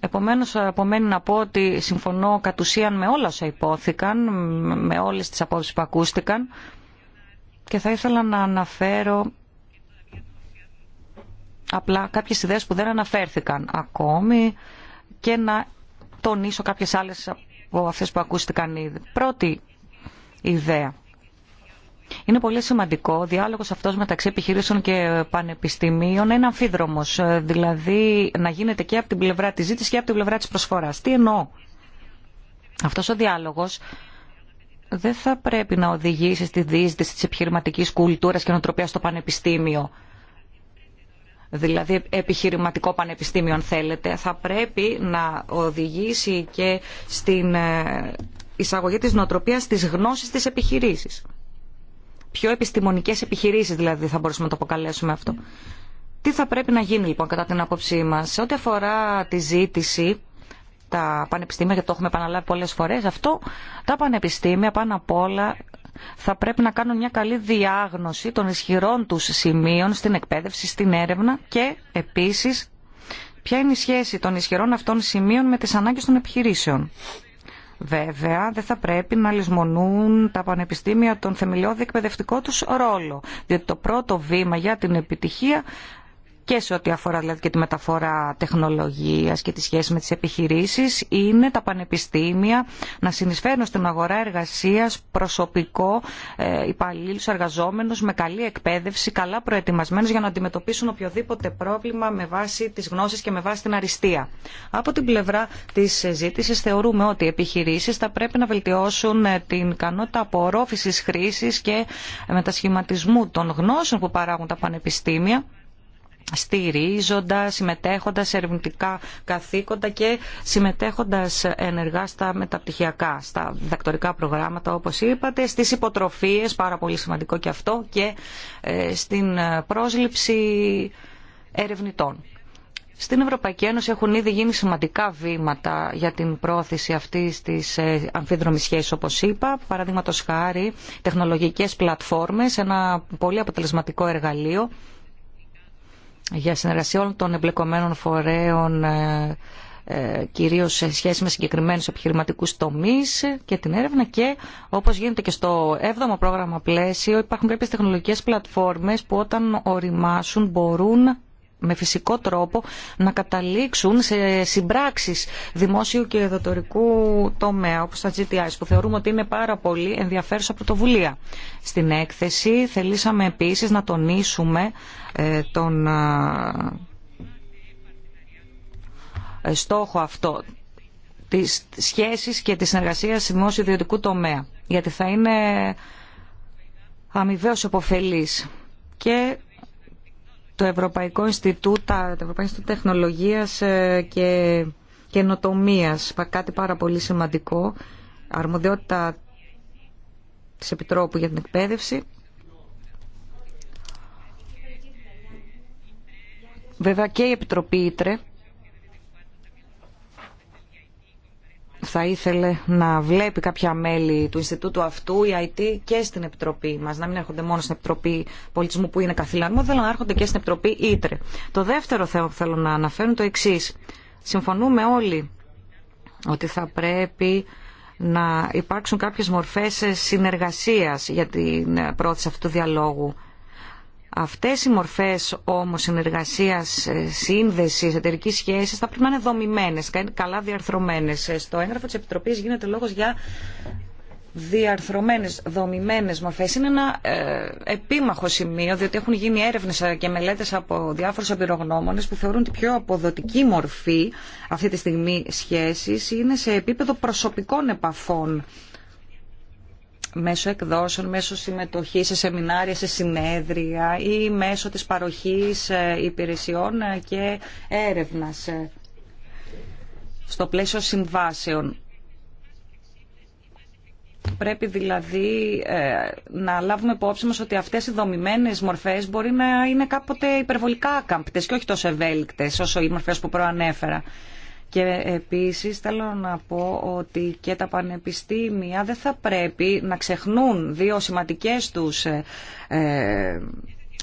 Επομένως, απομένει να πω ότι συμφωνώ κατ' ουσίαν με όλα όσα υπόθηκαν, με όλες τις απόψεις που ακούστηκαν και θα ήθελα να αναφέρω απλά κάποιες ιδέες που δεν αναφέρθηκαν ακόμη και να τονίσω κάποιες άλλες από αυτές που ακούστηκαν ήδη. Πρώτη ιδέα είναι πολύ σημαντικό ο διάλογο αυτό μεταξύ επιχειρήσεων και πανεπιστημίων να είναι αμφίδρομο. Ε, δηλαδή να γίνεται και από την πλευρά τη ζήτηση και από την πλευρά τη προσφορά. Τι εννοώ. Αυτό ο διάλογο δεν θα πρέπει να οδηγήσει στη διείσδυση τη επιχειρηματική κουλτούρα και νοοτροπία στο πανεπιστήμιο δηλαδή επιχειρηματικό πανεπιστήμιο αν θέλετε, θα πρέπει να οδηγήσει και στην ε, εισαγωγή της νοοτροπίας στις γνώσεις της επιχειρήσης πιο επιστημονικές επιχειρήσεις δηλαδή θα μπορούσαμε να το αποκαλέσουμε αυτό. Τι θα πρέπει να γίνει λοιπόν κατά την άποψή μα, σε ό,τι αφορά τη ζήτηση τα πανεπιστήμια, γιατί το έχουμε επαναλάβει πολλές φορές, αυτό τα πανεπιστήμια πάνω απ' όλα θα πρέπει να κάνουν μια καλή διάγνωση των ισχυρών τους σημείων στην εκπαίδευση, στην έρευνα και επίσης ποια είναι η σχέση των ισχυρών αυτών σημείων με τις ανάγκες των επιχειρήσεων. Βέβαια, δεν θα πρέπει να λησμονούν τα πανεπιστήμια τον θεμελιώδη εκπαιδευτικό τους ρόλο, διότι το πρώτο βήμα για την επιτυχία και σε ό,τι αφορά δηλαδή και τη μεταφορά τεχνολογίας και τη σχέση με τις επιχειρήσεις είναι τα πανεπιστήμια να συνεισφέρουν στην αγορά εργασίας προσωπικό ε, υπαλλήλους εργαζόμενους με καλή εκπαίδευση, καλά προετοιμασμένους για να αντιμετωπίσουν οποιοδήποτε πρόβλημα με βάση τις γνώσεις και με βάση την αριστεία. Από την πλευρά της συζήτηση θεωρούμε ότι οι επιχειρήσεις θα πρέπει να βελτιώσουν ε, την ικανότητα απορρόφησης χρήσης και μετασχηματισμού των γνώσεων που παράγουν τα πανεπιστήμια στηρίζοντα, συμμετέχοντα σε ερευνητικά καθήκοντα και συμμετέχοντα ενεργά στα μεταπτυχιακά, στα διδακτορικά προγράμματα, όπω είπατε, στι υποτροφίε, πάρα πολύ σημαντικό και αυτό, και ε, στην ε, πρόσληψη ερευνητών. Στην Ευρωπαϊκή Ένωση έχουν ήδη γίνει σημαντικά βήματα για την πρόθεση αυτή τη ε, αμφίδρομη σχέση, όπω είπα. Παραδείγματο χάρη, τεχνολογικέ πλατφόρμε, ένα πολύ αποτελεσματικό εργαλείο για συνεργασία όλων των εμπλεκομένων φορέων ε, ε, κυρίως σε σχέση με συγκεκριμένους επιχειρηματικούς τομείς και την έρευνα και όπως γίνεται και στο 7ο πρόγραμμα πλαίσιο υπάρχουν κάποιες τεχνολογικές πλατφόρμες που όταν οριμάσουν μπορούν με φυσικό τρόπο να καταλήξουν σε συμπράξεις δημόσιου και δοτορικού τομέα όπως τα GTIs που θεωρούμε ότι είναι πάρα πολύ ενδιαφέρουσα πρωτοβουλία. Στην έκθεση θελήσαμε επίσης να τονίσουμε ε, τον ε, ε, στόχο αυτό της σχέσης και της συνεργασίας δημόσιου ιδιωτικού τομέα γιατί θα είναι αμοιβαίως επωφελής και το Ευρωπαϊκό Ινστιτούτο, το Ευρωπαϊκό Τεχνολογίας ε, και Καινοτομίας. Κάτι πάρα πολύ σημαντικό. Αρμοδιότητα της Επιτρόπου για την εκπαίδευση. Βέβαια και η Επιτροπή Ήτρε θα ήθελε να βλέπει κάποια μέλη του Ινστιτούτου αυτού, η IT και στην Επιτροπή μα. Να μην έρχονται μόνο στην Επιτροπή Πολιτισμού που είναι καθήλυνα, θέλω να έρχονται και στην Επιτροπή Ήτρε. Το δεύτερο θέμα που θέλω να αναφέρω είναι το εξή. Συμφωνούμε όλοι ότι θα πρέπει να υπάρξουν κάποιες μορφές συνεργασίας για την πρόθεση αυτού του διαλόγου Αυτές οι μορφές όμως συνεργασίας, ε, σύνδεσης, εταιρικής σχέσης θα πρέπει να είναι δομημένες, καλά διαρθρωμένες. Ε, στο έγγραφο της Επιτροπής γίνεται λόγος για διαρθρωμένες, δομημένες μορφές. Είναι ένα ε, επίμαχο σημείο, διότι έχουν γίνει έρευνες και μελέτες από διάφορους εμπειρογνώμονες που θεωρούν ότι πιο αποδοτική μορφή αυτή τη στιγμή σχέσης είναι σε επίπεδο προσωπικών επαφών μέσω εκδόσεων, μέσω συμμετοχής σε σεμινάρια, σε συνέδρια ή μέσω της παροχής ε, υπηρεσιών ε, και έρευνας ε, στο πλαίσιο συμβάσεων. Πρέπει δηλαδή να λάβουμε υπόψη μας ότι αυτές οι δομημένες μορφές μπορεί να είναι κάποτε υπερβολικά άκαμπτες και όχι τόσο ευέλικτες όσο οι μορφές που προανέφερα. Και επίσης θέλω να πω ότι και τα πανεπιστήμια δεν θα πρέπει να ξεχνούν δύο σημαντικές τους ε, ε,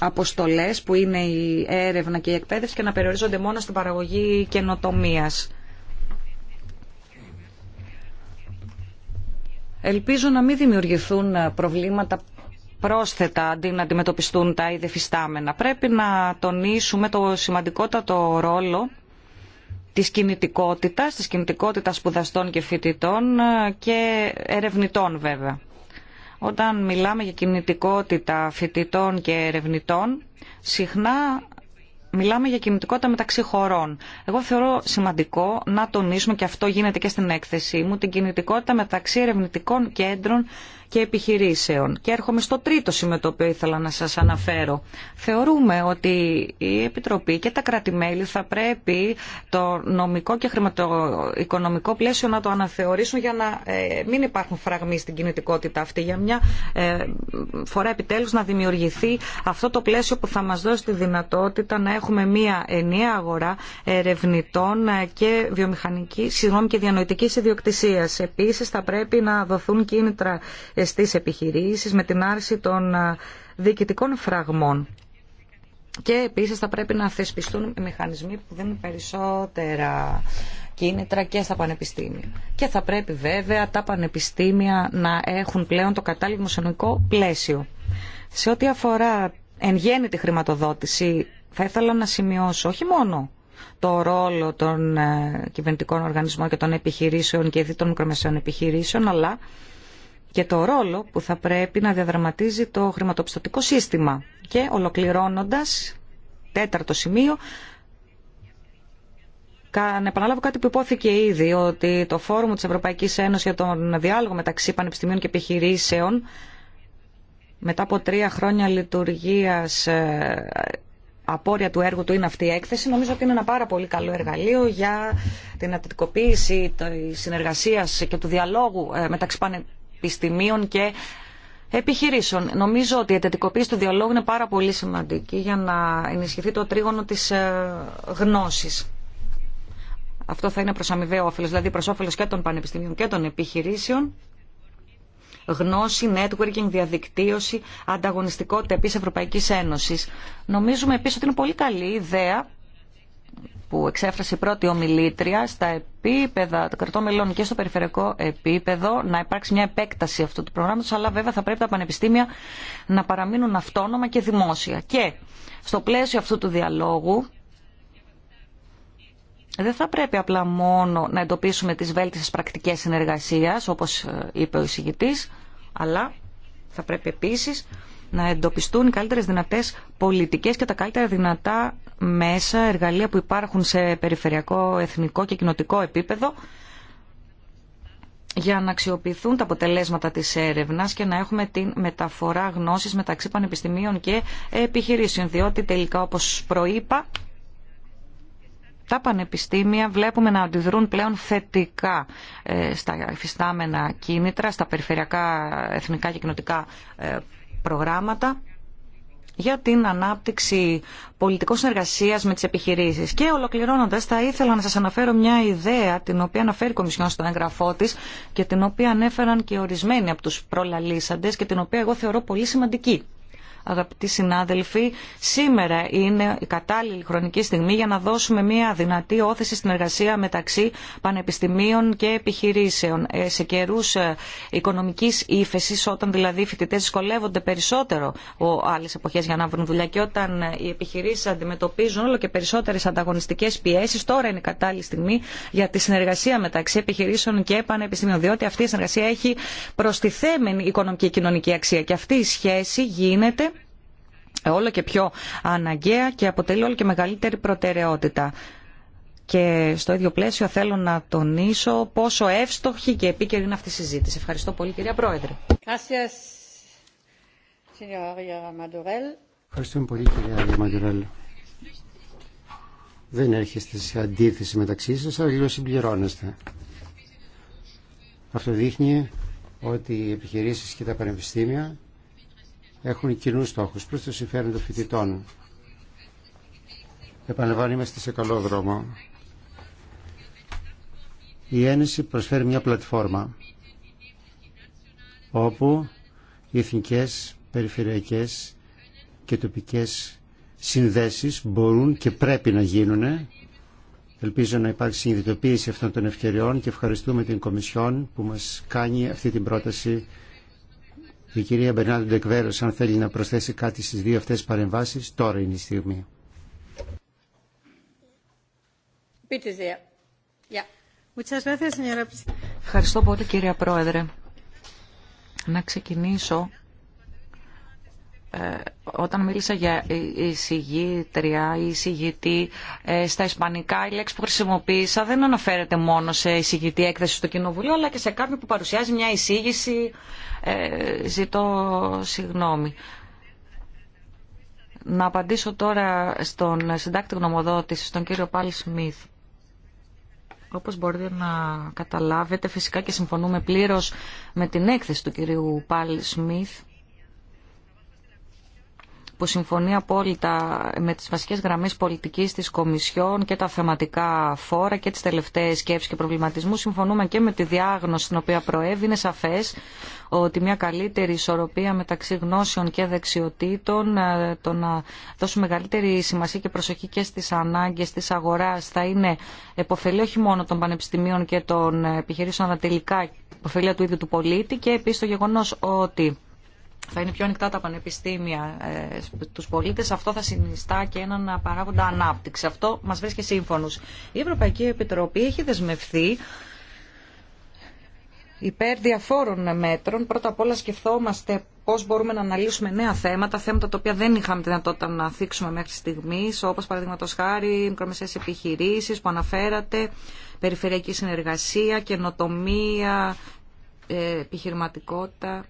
αποστολές που είναι η έρευνα και η εκπαίδευση και να περιορίζονται μόνο στην παραγωγή καινοτομίας. Ελπίζω να μην δημιουργηθούν προβλήματα πρόσθετα αντί να αντιμετωπιστούν τα είδε φυστάμενα. Πρέπει να τονίσουμε το σημαντικότατο ρόλο της κινητικότητας, της κινητικότητας σπουδαστών και φοιτητών ε, και ερευνητών βέβαια. Όταν μιλάμε για κινητικότητα φοιτητών και ερευνητών, συχνά μιλάμε για κινητικότητα μεταξύ χωρών. Εγώ θεωρώ σημαντικό να τονίσουμε, και αυτό γίνεται και στην έκθεσή μου, την κινητικότητα μεταξύ ερευνητικών κέντρων και επιχειρήσεων. Και έρχομαι στο τρίτο σημείο το οποίο ήθελα να σας αναφέρω. Θεωρούμε ότι η Επιτροπή και τα κρατημέλη θα πρέπει το νομικό και χρηματοοικονομικό πλαίσιο να το αναθεωρήσουν για να ε, μην υπάρχουν φραγμοί στην κινητικότητα αυτή. Για μια ε, φορά επιτέλους να δημιουργηθεί αυτό το πλαίσιο που θα μας δώσει τη δυνατότητα να έχουμε μια ενιαία αγορά ερευνητών ε, και βιομηχανική, συγγνώμη και διανοητικής ιδιοκτησίας. Επίσης θα πρέπει να δοθούν κίνητρα Στι επιχειρήσεις με την άρση των ε, διοικητικών φραγμών. Και επίσης θα πρέπει να θεσπιστούν μηχανισμοί που δίνουν περισσότερα κίνητρα και στα πανεπιστήμια. Και θα πρέπει βέβαια τα πανεπιστήμια να έχουν πλέον το κατάλληλο δημοσιονομικό πλαίσιο. Σε ό,τι αφορά εν γέννη τη χρηματοδότηση, θα ήθελα να σημειώσω όχι μόνο το ρόλο των ε, κυβερνητικών οργανισμών και των επιχειρήσεων και ειδικών μικρομεσαίων επιχειρήσεων, αλλά και το ρόλο που θα πρέπει να διαδραματίζει το χρηματοπιστωτικό σύστημα. Και ολοκληρώνοντας, τέταρτο σημείο, να επαναλάβω κάτι που υπόθηκε ήδη, ότι το Φόρουμ της Ευρωπαϊκής Ένωσης για τον διάλογο μεταξύ πανεπιστημίων και επιχειρήσεων, μετά από τρία χρόνια λειτουργίας ε, απόρρια του έργου του είναι αυτή η έκθεση. Νομίζω ότι είναι ένα πάρα πολύ καλό εργαλείο για την αντιτικοποίηση της συνεργασίας και του διαλόγου ε, μεταξύ πανεπιστημίων επιστημίων και επιχειρήσεων. Νομίζω ότι η εντατικοποίηση του διαλόγου είναι πάρα πολύ σημαντική για να ενισχυθεί το τρίγωνο της ε, γνώσης. Αυτό θα είναι προς αμοιβαίο όφελος, δηλαδή προς όφελος και των πανεπιστημίων και των επιχειρήσεων. Γνώση, networking, διαδικτύωση, ανταγωνιστικότητα επίσης Ευρωπαϊκής Ένωσης. Νομίζουμε επίσης ότι είναι πολύ καλή ιδέα που εξέφρασε η πρώτη ομιλήτρια στα επίπεδα των κρατών μελών και στο περιφερειακό επίπεδο να υπάρξει μια επέκταση αυτού του προγράμματος αλλά βέβαια θα πρέπει τα πανεπιστήμια να παραμείνουν αυτόνομα και δημόσια. Και στο πλαίσιο αυτού του διαλόγου δεν θα πρέπει απλά μόνο να εντοπίσουμε τις βέλτιστες πρακτικές συνεργασίας όπως ε, είπε ο εισηγητής αλλά θα πρέπει επίσης να εντοπιστούν οι καλύτερες δυνατές πολιτικές και τα καλύτερα δυνατά μέσα, εργαλεία που υπάρχουν σε περιφερειακό, εθνικό και κοινοτικό επίπεδο για να αξιοποιηθούν τα αποτελέσματα της έρευνας και να έχουμε τη μεταφορά γνώσης μεταξύ πανεπιστημίων και επιχειρήσεων, διότι τελικά όπως προείπα τα πανεπιστήμια βλέπουμε να αντιδρούν πλέον θετικά ε, στα εφιστάμενα κίνητρα, στα περιφερειακά, εθνικά και κοινοτικά ε, προγράμματα για την ανάπτυξη πολιτικών συνεργασίας με τις επιχειρήσεις. Και ολοκληρώνοντας θα ήθελα να σας αναφέρω μια ιδέα την οποία αναφέρει η Κομισιόν στον έγγραφό της και την οποία ανέφεραν και ορισμένοι από τους προλαλήσαντες και την οποία εγώ θεωρώ πολύ σημαντική αγαπητοί συνάδελφοι, σήμερα είναι η κατάλληλη χρονική στιγμή για να δώσουμε μια δυνατή όθεση στην εργασία μεταξύ πανεπιστημίων και επιχειρήσεων. Ε, σε καιρού ε, οικονομική ύφεση, όταν δηλαδή οι φοιτητέ δυσκολεύονται περισσότερο από άλλε εποχέ για να βρουν δουλειά και όταν ε, οι επιχειρήσει αντιμετωπίζουν όλο και περισσότερε ανταγωνιστικέ πιέσει, τώρα είναι η κατάλληλη στιγμή για τη συνεργασία μεταξύ επιχειρήσεων και πανεπιστημίων. Διότι αυτή η συνεργασία έχει προστιθέμενη οικονομική και κοινωνική αξία. Και αυτή η σχέση γίνεται όλο και πιο αναγκαία και αποτελεί όλο και μεγαλύτερη προτεραιότητα. Και στο ίδιο πλαίσιο θέλω να τονίσω πόσο εύστοχη και επίκαιρη είναι αυτή η συζήτηση. Ευχαριστώ πολύ κυρία Πρόεδρε. Ευχαριστούμε πολύ κυρία Μαντουρέλ. Δεν έρχεστε σε αντίθεση μεταξύ σας, αλλά λίγο συμπληρώνεστε. Αυτό δείχνει ότι οι επιχειρήσεις και τα πανεπιστήμια έχουν κοινού στόχου προς το συμφέρον των φοιτητών. Επαναλαμβάνω, είμαστε σε καλό δρόμο. Η Ένωση προσφέρει μια πλατφόρμα όπου οι εθνικές, περιφερειακές και τοπικές συνδέσεις μπορούν και πρέπει να γίνουν. Ελπίζω να υπάρξει συνειδητοποίηση αυτών των ευκαιριών και ευχαριστούμε την Κομισιόν που μας κάνει αυτή την πρόταση η κυρία Μπερνάντο Ντεκβέρος, αν θέλει να προσθέσει κάτι στι δύο αυτέ παρεμβάσει, τώρα είναι η στιγμή. Ευχαριστώ πολύ κυρία Πρόεδρε. Να ξεκινήσω ε, όταν μίλησα για εισηγήτρια ή εισηγητή ε, στα ισπανικά η λέξη που χρησιμοποίησα δεν αναφέρεται μόνο σε εισηγητή έκθεση στο κοινοβουλίο αλλά και σε κάποιον που παρουσιάζει μια εισήγηση ε, ζητώ συγγνώμη. Να απαντήσω τώρα στον συντάκτη γνωμοδότηση, στον κύριο Πάλι Σμιθ. Όπως μπορείτε να καταλάβετε, φυσικά και συμφωνούμε πλήρως με την έκθεση του κυρίου Πάλι Σμιθ που συμφωνεί απόλυτα με τις βασικές γραμμές πολιτικής της Κομισιόν και τα θεματικά φόρα και τις τελευταίες σκέψεις και προβληματισμού. Συμφωνούμε και με τη διάγνωση την οποία προέβη. Είναι σαφές ότι μια καλύτερη ισορροπία μεταξύ γνώσεων και δεξιοτήτων, ε, το να δώσουμε μεγαλύτερη σημασία και προσοχή και στις ανάγκες της αγοράς θα είναι επωφελή όχι μόνο των πανεπιστημίων και των επιχειρήσεων, αλλά τελικά επωφελή του ίδιου του πολίτη και επίσης το γεγονός ότι θα είναι πιο ανοιχτά τα πανεπιστήμια ε, του πολίτες, αυτό θα συνιστά και έναν παράγοντα ανάπτυξη. Αυτό μα βρίσκει σύμφωνο. Η Ευρωπαϊκή Επιτροπή έχει δεσμευθεί υπέρ διαφόρων μέτρων. Πρώτα απ' όλα σκεφτόμαστε πώ μπορούμε να αναλύσουμε νέα θέματα, θέματα τα οποία δεν είχαμε τη δυνατότητα να θίξουμε μέχρι στιγμή. Όπω παραδείγματο χάρη μικρομεσαίε επιχειρήσει που αναφέρατε, περιφερειακή συνεργασία, καινοτομία, ε, επιχειρηματικότητα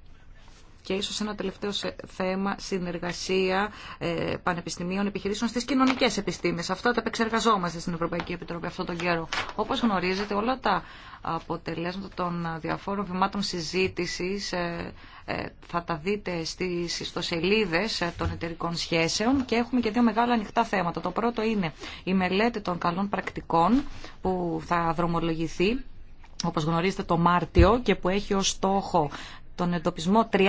και ίσως ένα τελευταίο θέμα συνεργασία ε, πανεπιστημίων επιχειρήσεων στις κοινωνικές επιστήμες. Αυτά τα επεξεργαζόμαστε στην Ευρωπαϊκή Επιτροπή αυτόν τον καιρό. Όπως γνωρίζετε όλα τα αποτελέσματα των διαφόρων βημάτων συζήτησης ε, ε, θα τα δείτε στις ιστοσελίδες των εταιρικών σχέσεων και έχουμε και δύο μεγάλα ανοιχτά θέματα. Το πρώτο είναι η μελέτη των καλών πρακτικών που θα δρομολογηθεί όπως γνωρίζετε το Μάρτιο και που έχει ως στόχο τον εντοπισμό 30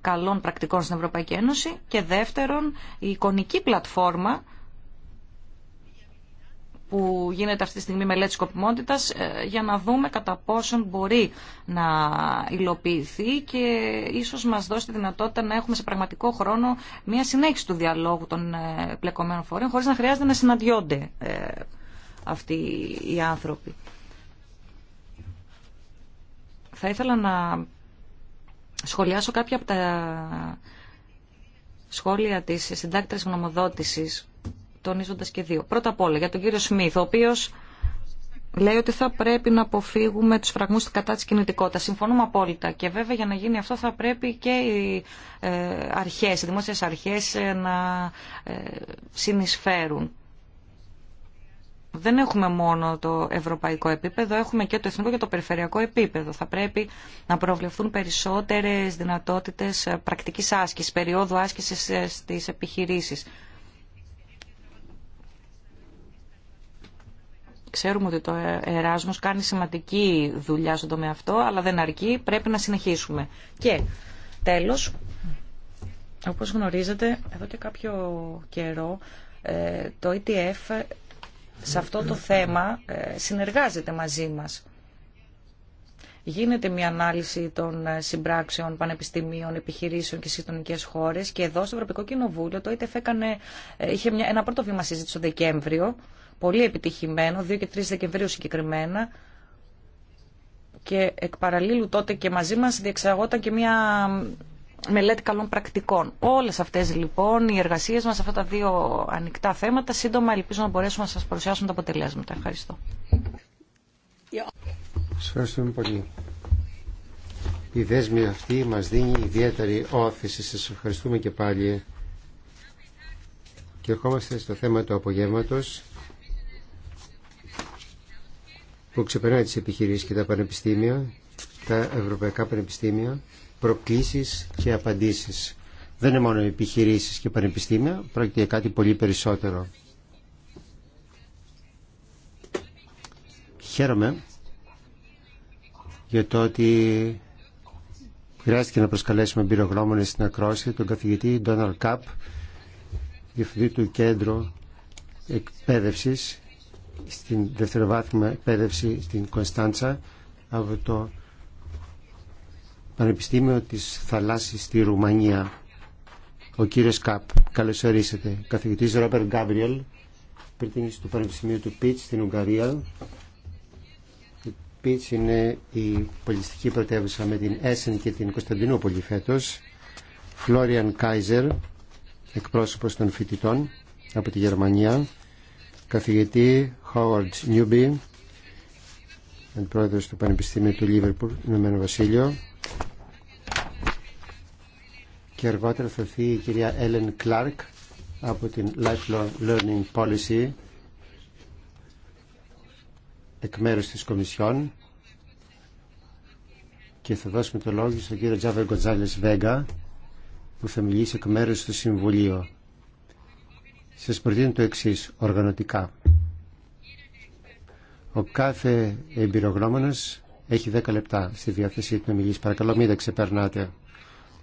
καλών πρακτικών στην Ευρωπαϊκή Ένωση και δεύτερον η εικονική πλατφόρμα που γίνεται αυτή τη στιγμή μελέτη σκοπιμότητας ε, για να δούμε κατά πόσον μπορεί να υλοποιηθεί και ίσως μας δώσει τη δυνατότητα να έχουμε σε πραγματικό χρόνο μια συνέχιση του διαλόγου των ε, πλεκομένων φορέων χωρίς να χρειάζεται να συναντιόνται ε, αυτοί οι άνθρωποι. Θα ήθελα να σχολιάσω κάποια από τα σχόλια της συντάκτρας γνωμοδότησης, τονίζοντας και δύο. Πρώτα απ' όλα για τον κύριο Σμίθ, ο οποίος λέει ότι θα πρέπει να αποφύγουμε τους φραγμούς κατά της κινητικότητα. Συμφωνούμε απόλυτα και βέβαια για να γίνει αυτό θα πρέπει και οι ε, αρχές, οι δημόσιες αρχές ε, να ε, συνεισφέρουν δεν έχουμε μόνο το ευρωπαϊκό επίπεδο, έχουμε και το εθνικό και το περιφερειακό επίπεδο. Θα πρέπει να προβλεφθούν περισσότερες δυνατότητες ε, πρακτικής άσκησης, περίοδου άσκησης ε, στις επιχειρήσεις. Ξέρουμε ότι το Εράσμος κάνει σημαντική δουλειά στον τομέα αυτό, αλλά δεν αρκεί, πρέπει να συνεχίσουμε. Και τέλος, όπως γνωρίζετε, εδώ και κάποιο καιρό ε, το ETF σε αυτό το θέμα ε, συνεργάζεται μαζί μας. Γίνεται μια ανάλυση των ε, συμπράξεων πανεπιστημίων, επιχειρήσεων και συντονικέ χώρε και εδώ στο Ευρωπαϊκό Κοινοβούλιο το ΙΤΕΦ ε, είχε μια, ένα πρώτο βήμα συζήτηση το Δεκέμβριο, πολύ επιτυχημένο, 2 και 3 Δεκεμβρίου συγκεκριμένα, και εκ παραλίλου τότε και μαζί μας διεξαγόταν και μια μελέτη καλών πρακτικών. Όλες αυτές λοιπόν οι εργασίες μας, αυτά τα δύο ανοιχτά θέματα, σύντομα ελπίζω να μπορέσουμε να σας παρουσιάσουμε τα αποτελέσματα. Ευχαριστώ. Σας ευχαριστούμε πολύ. Η δέσμη αυτή μας δίνει ιδιαίτερη όθηση. Σας ευχαριστούμε και πάλι. Και ερχόμαστε στο θέμα του απογεύματο. που ξεπερνάει τις επιχειρήσεις και τα πανεπιστήμια, τα ευρωπαϊκά πανεπιστήμια προκλήσεις και απαντήσεις. Δεν είναι μόνο επιχειρήσεις και πανεπιστήμια, πρόκειται για κάτι πολύ περισσότερο. Χαίρομαι για το ότι χρειάστηκε να προσκαλέσουμε εμπειρογνώμονες στην ακρόση τον καθηγητή Ντόναλ Καπ, διευθυντή του Κέντρου Εκπαίδευσης στην δευτεροβάθμια εκπαίδευση στην Κωνσταντσα από το Πανεπιστήμιο της Θαλάσσης στη Ρουμανία. Ο κύριος Καπ, καλώς ορίσατε. Καθηγητής Ρόμπερ Γκάμπριελ, πριν του Πανεπιστημίου του Πίτς στην Ουγγαρία. Η Πίτς είναι η πολιτιστική πρωτεύουσα με την Έσεν και την Κωνσταντινούπολη φέτος. Φλόριαν Κάιζερ, εκπρόσωπος των φοιτητών από τη Γερμανία. Καθηγητή Χόουαρτ Νιούμπι, πρόεδρος του Πανεπιστημίου του Λίβερπουλ, Ηνωμένο Βασίλειο και αργότερα θα έρθει η κυρία Έλεν Κλάρκ από την Lifelong Learning Policy εκ μέρους της Κομισιόν και θα δώσουμε το λόγο στον κύριο Τζάβερ Γκοντζάλες Βέγκα που θα μιλήσει εκ μέρους του Συμβουλίου. Σας προτείνω το εξής, οργανωτικά. Ο κάθε εμπειρογνώμονας έχει 10 λεπτά στη διάθεσή του να μιλήσει. Παρακαλώ μην τα ξεπερνάτε.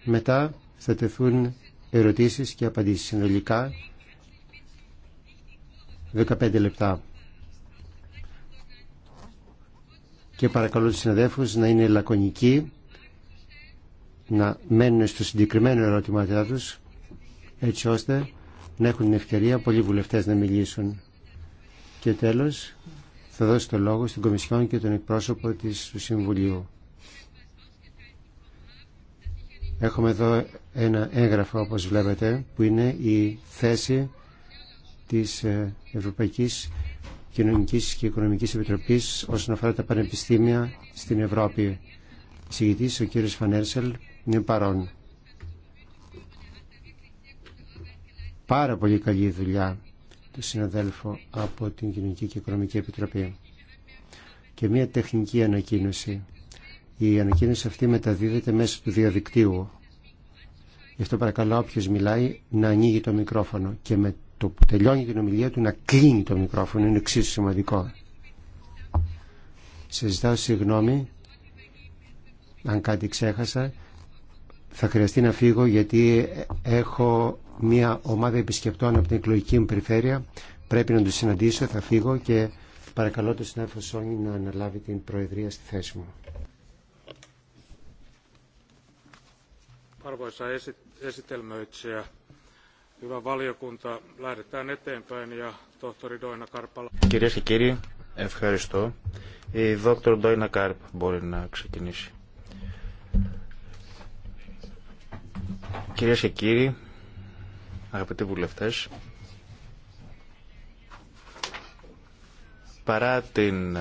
Μετά θα τεθούν ερωτήσεις και απαντήσεις συνολικά 15 λεπτά. Και παρακαλώ τους συναδέφους να είναι λακωνικοί, να μένουν στο συγκεκριμένο ερώτημά τους, έτσι ώστε να έχουν την ευκαιρία πολλοί βουλευτές να μιλήσουν. Και τέλος, θα δώσω το λόγο στην Κομισιόν και τον εκπρόσωπο της, του Συμβουλίου. Έχουμε εδώ ένα έγγραφο όπως βλέπετε που είναι η θέση της ε, Ευρωπαϊκής Κοινωνικής και Οικονομικής Επιτροπής όσον αφορά τα πανεπιστήμια στην Ευρώπη. Ο συγητής, ο κύριος Φανέρσελ, είναι παρόν. Πάρα πολύ καλή δουλειά του συναδέλφου από την Κοινωνική και Οικονομική Επιτροπή. Και μια τεχνική ανακοίνωση. Η ανακοίνωση αυτή μεταδίδεται μέσω του διαδικτύου. Γι' αυτό παρακαλώ όποιος μιλάει να ανοίγει το μικρόφωνο και με το που τελειώνει την ομιλία του να κλείνει το μικρόφωνο. Είναι εξίσου σημαντικό. Σε ζητάω συγγνώμη αν κάτι ξέχασα. Θα χρειαστεί να φύγω γιατί έχω μια ομάδα επισκεπτών από την εκλογική μου περιφέρεια. Πρέπει να τους συναντήσω, θα φύγω και παρακαλώ τον συνάδελφο Σόνι να αναλάβει την προεδρία στη θέση μου. arvoisa esitelmöitsijä hyvä και κύριοι, ευχαριστώ. Η δόκτωρ Ντόινα Κάρπ μπορεί να ξεκινήσει. Κυρίε και κύριοι, αγαπητοί βουλευτέ, παρά την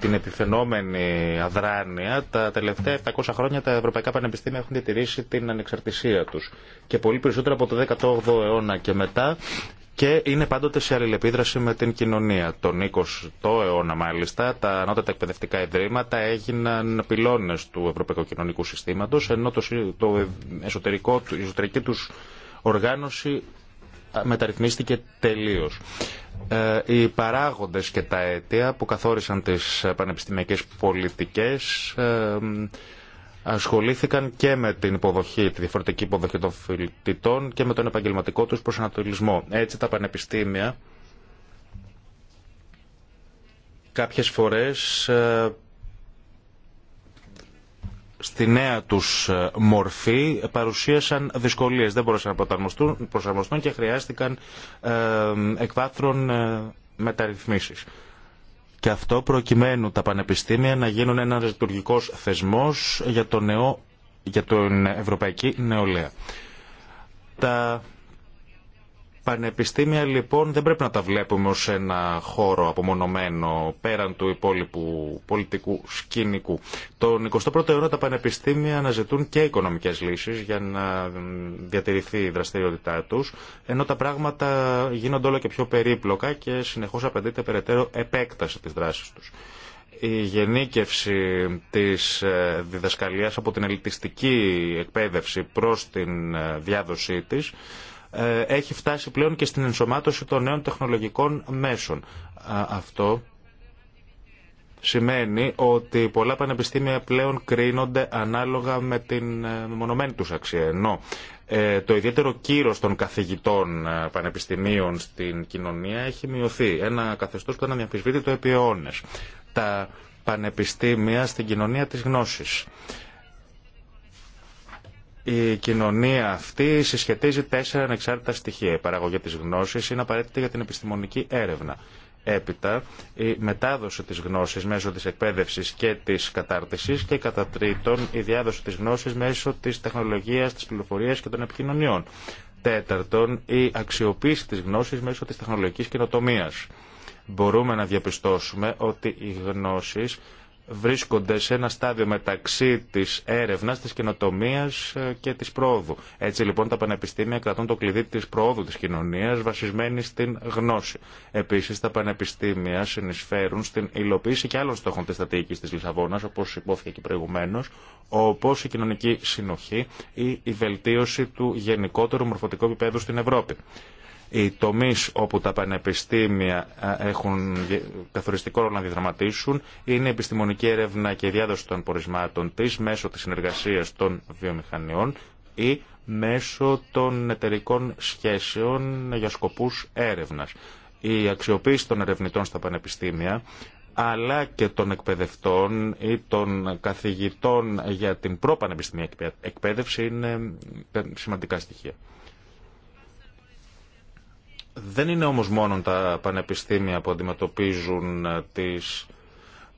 την επιφαινόμενη αδράνεια, τα τελευταία 700 χρόνια τα ευρωπαϊκά πανεπιστήμια έχουν διατηρήσει την ανεξαρτησία τους. Και πολύ περισσότερο από το 18ο αιώνα και μετά και είναι πάντοτε σε αλληλεπίδραση με την κοινωνία. Τον 20ο αιώνα μάλιστα τα ανώτατα εκπαιδευτικά ιδρύματα έγιναν πυλώνες του ευρωπαϊκού κοινωνικού συστήματο, ενώ το, το εσωτερικό, η εσωτερική του οργάνωση μεταρρυθμίστηκε τελείως. Ε, οι παράγοντες και τα αίτια που καθόρισαν τις πανεπιστημιακές πολιτικές ε, ασχολήθηκαν και με την υποδοχή, τη διαφορετική υποδοχή των φοιτητών και με τον επαγγελματικό τους προσανατολισμό. Έτσι τα πανεπιστήμια κάποιες φορές ε, στη νέα τους ε, μορφή παρουσίασαν δυσκολίες. Δεν μπορούσαν να προσαρμοστούν και χρειάστηκαν ε, εκβάθρων ε, μεταρρυθμίσεις. Και αυτό προκειμένου τα πανεπιστήμια να γίνουν ένας λειτουργικό θεσμός για, το νεό, για την ευρωπαϊκή νεολαία πανεπιστήμια λοιπόν δεν πρέπει να τα βλέπουμε ως ένα χώρο απομονωμένο πέραν του υπόλοιπου πολιτικού σκηνικού. Τον 21ο αιώνα τα πανεπιστήμια αναζητούν και οικονομικές λύσεις για να διατηρηθεί η δραστηριότητά τους, ενώ τα πράγματα γίνονται όλο και πιο περίπλοκα και συνεχώς απαιτείται περαιτέρω επέκταση της δράσης τους η γενίκευση της ε, διδασκαλίας από την ελιτιστική εκπαίδευση προς την ε, διάδοσή της ε, έχει φτάσει πλέον και στην ενσωμάτωση των νέων τεχνολογικών μέσων. Αυτό σημαίνει ότι πολλά πανεπιστήμια πλέον κρίνονται ανάλογα με την ε, μονομένη τους αξία. Ενώ ε, το ιδιαίτερο κύρος των καθηγητών πανεπιστημίων στην κοινωνία έχει μειωθεί. Ένα καθεστώς που ήταν αδιαμφισβήτητο επί αιώνες. Τα πανεπιστήμια στην κοινωνία της γνώσης. Η κοινωνία αυτή συσχετίζει τέσσερα ανεξάρτητα στοιχεία. Η παραγωγή της γνώσης είναι απαραίτητη για την επιστημονική έρευνα. Έπειτα, η μετάδοση της γνώσης μέσω της εκπαίδευσης και της κατάρτισης και κατά τρίτον, η διάδοση της γνώσης μέσω της τεχνολογίας, της πληροφορίας και των επικοινωνιών. Τέταρτον, η αξιοποίηση της γνώσης μέσω της τεχνολογικής καινοτομία. Μπορούμε να διαπιστώσουμε ότι οι γνώσεις βρίσκονται σε ένα στάδιο μεταξύ τη έρευνα, τη καινοτομία ε, και τη πρόοδου. Έτσι λοιπόν τα πανεπιστήμια κρατούν το κλειδί τη πρόοδου τη κοινωνία, βασισμένη στην γνώση. Επίση, τα πανεπιστήμια συνεισφέρουν στην υλοποίηση και άλλων στόχων τη στρατηγικής τη Λισαβόνα, όπω υπόθηκε και προηγουμένω, όπω η κοινωνική συνοχή ή η βελτίωση του γενικότερου μορφωτικού επίπεδου στην Ευρώπη οι τομείς όπου τα πανεπιστήμια ε, έχουν καθοριστικό ρόλο να διδραματίσουν είναι η επιστημονική έρευνα και η διάδοση των πορισμάτων της μέσω της συνεργασίας των βιομηχανιών ή μέσω των εταιρικών σχέσεων για σκοπούς έρευνας. Η αξιοποίηση των ερευνητών στα πανεπιστήμια αλλά και των εκπαιδευτών ή των καθηγητών για την προπανεπιστημιακή εκπαίδευση είναι ε, σημαντικά στοιχεία. Δεν είναι όμως μόνο τα πανεπιστήμια που αντιμετωπίζουν ε, τις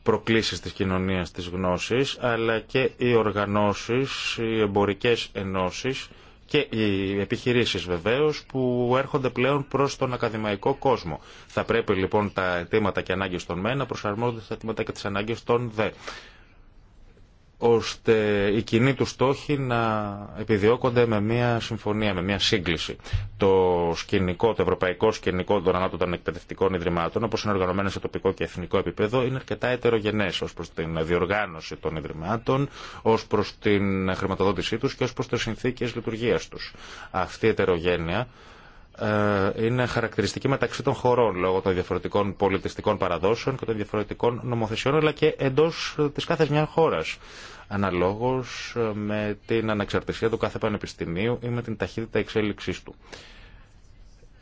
προκλήσεις της κοινωνίας της γνώσης, αλλά και οι οργανώσεις, οι εμπορικές ενώσεις και οι επιχειρήσεις βεβαίως που έρχονται πλέον προς τον ακαδημαϊκό κόσμο. Θα πρέπει λοιπόν τα αιτήματα και ανάγκες των ΜΕ να προσαρμόζονται στα αιτήματα και τις ανάγκες των ΔΕ ώστε οι κοινοί του στόχοι να επιδιώκονται με μια συμφωνία, με μια σύγκληση. Το σκηνικό, το ευρωπαϊκό σκηνικό των ανάπτωτων εκπαιδευτικών ιδρυμάτων, όπω είναι οργανωμένο σε τοπικό και εθνικό επίπεδο, είναι αρκετά ετερογενέ ω προ την διοργάνωση των ιδρυμάτων, ω προ την χρηματοδότησή του και ω προ τι συνθήκε λειτουργία του. Αυτή η ετερογένεια ε, είναι χαρακτηριστική μεταξύ των χωρών λόγω των διαφορετικών πολιτιστικών παραδόσεων και των διαφορετικών νομοθεσιών αλλά και εντός της κάθε μια χώρας αναλόγως ε, με την ανεξαρτησία του κάθε πανεπιστημίου ή με την ταχύτητα εξέλιξής του.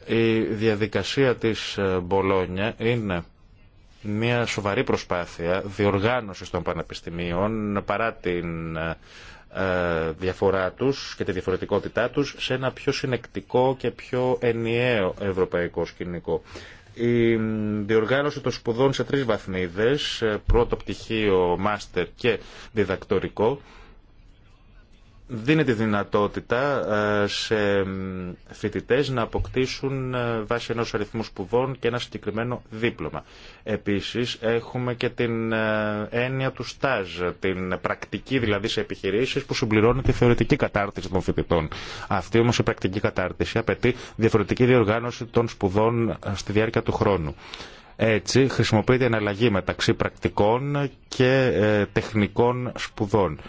Η διαδικασία της ε, Μπολόνια είναι μια σοβαρή προσπάθεια διοργάνωσης των πανεπιστημίων παρά την ε, διαφορά τους και τη διαφορετικότητά τους σε ένα πιο συνεκτικό και πιο ενιαίο ευρωπαϊκό σκηνικό. Η διοργάνωση των σπουδών σε τρεις βαθμίδες, ε, πρώτο πτυχίο, μάστερ και διδακτορικό, δίνει τη δυνατότητα ε, σε φοιτητέ να αποκτήσουν ε, βάσει ενό αριθμού σπουδών και ένα συγκεκριμένο δίπλωμα. Επίσης έχουμε και την ε, έννοια του στάζ, την πρακτική δηλαδή σε επιχειρήσεις που συμπληρώνει τη θεωρητική κατάρτιση των φοιτητών. Αυτή όμω η πρακτική κατάρτιση απαιτεί διαφορετική διοργάνωση των σπουδών στη διάρκεια του χρόνου. Έτσι χρησιμοποιείται αναλλαγή μεταξύ πρακτικών και τεχνικών σπουδών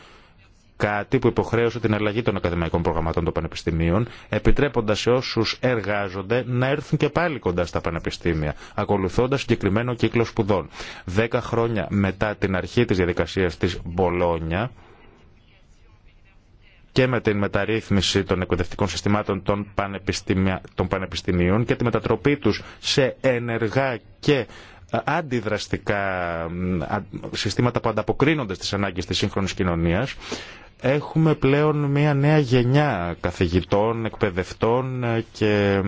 κάτι που υποχρέωσε την αλλαγή των ακαδημαϊκών προγραμμάτων των πανεπιστημίων, επιτρέποντα σε όσου εργάζονται να έρθουν και πάλι κοντά στα πανεπιστήμια, ακολουθώντα συγκεκριμένο κύκλο σπουδών. Δέκα χρόνια μετά την αρχή τη διαδικασία τη Μπολόνια, και με την μεταρρύθμιση των εκπαιδευτικών συστημάτων των, πανεπιστημίων και τη μετατροπή τους σε ενεργά και αντιδραστικά συστήματα που ανταποκρίνονται στις ανάγκες της σύγχρονης κοινωνίας, έχουμε πλέον μια νέα γενιά καθηγητών, εκπαιδευτών ε, και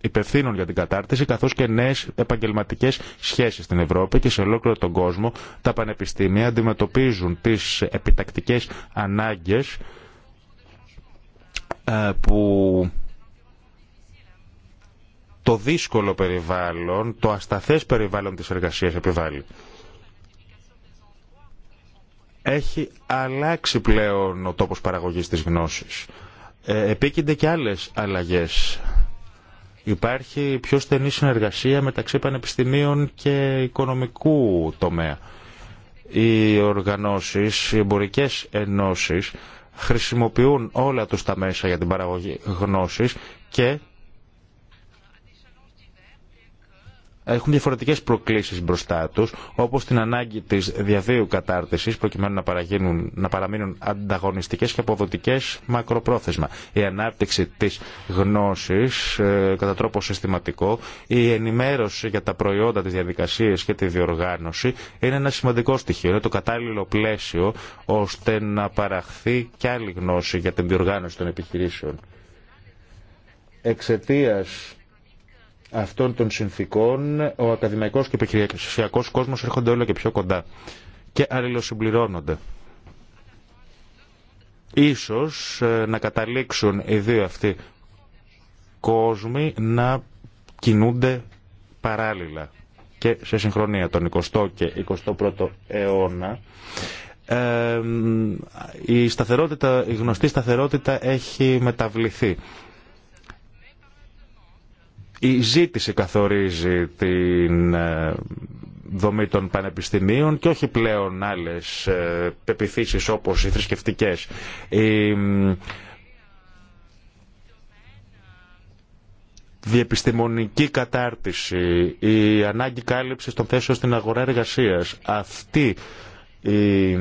υπευθύνων για την κατάρτιση, καθώς και νέες επαγγελματικές σχέσεις στην Ευρώπη και σε ολόκληρο τον κόσμο. Τα πανεπιστήμια αντιμετωπίζουν τις επιτακτικές ανάγκες ε, που το δύσκολο περιβάλλον, το ασταθές περιβάλλον της εργασίας επιβάλλει. Έχει αλλάξει πλέον ο τόπος παραγωγής της γνώσης. Ε, επίκυνται και άλλες αλλαγές. Υπάρχει πιο στενή συνεργασία μεταξύ πανεπιστημίων και οικονομικού τομέα. Οι οργανώσεις, οι εμπορικές ενώσεις χρησιμοποιούν όλα τους τα μέσα για την παραγωγή γνώσης και έχουν διαφορετικέ προκλήσει μπροστά του, όπω την ανάγκη τη διαδίου κατάρτιση, προκειμένου να, να παραμείνουν ανταγωνιστικέ και αποδοτικέ μακροπρόθεσμα. Η ανάπτυξη τη γνώση ε, κατά τρόπο συστηματικό, η ενημέρωση για τα προϊόντα, τι διαδικασίε και τη διοργάνωση είναι ένα σημαντικό στοιχείο. Είναι το κατάλληλο πλαίσιο ώστε να παραχθεί και άλλη γνώση για την διοργάνωση των επιχειρήσεων. Εξαιτίας αυτών των συνθήκων ο ακαδημαϊκός και επιχειρησιακός κόσμος έρχονται όλο και πιο κοντά και αλληλοσυμπληρώνονται. Ίσως ε, να καταλήξουν οι δύο αυτοί κόσμοι να κινούνται παράλληλα και σε συγχρονία τον 20ο και 21ο αιώνα. Ε, η, σταθερότητα, η γνωστή σταθερότητα έχει μεταβληθεί η ζήτηση καθορίζει την ε, δομή των πανεπιστημίων και όχι πλέον άλλες ε, πεπιθήσεις όπως οι θρησκευτικέ. Η διεπιστημονική κατάρτιση, η ανάγκη κάλυψης των θέσεων στην αγορά εργασίας, αυτή οι,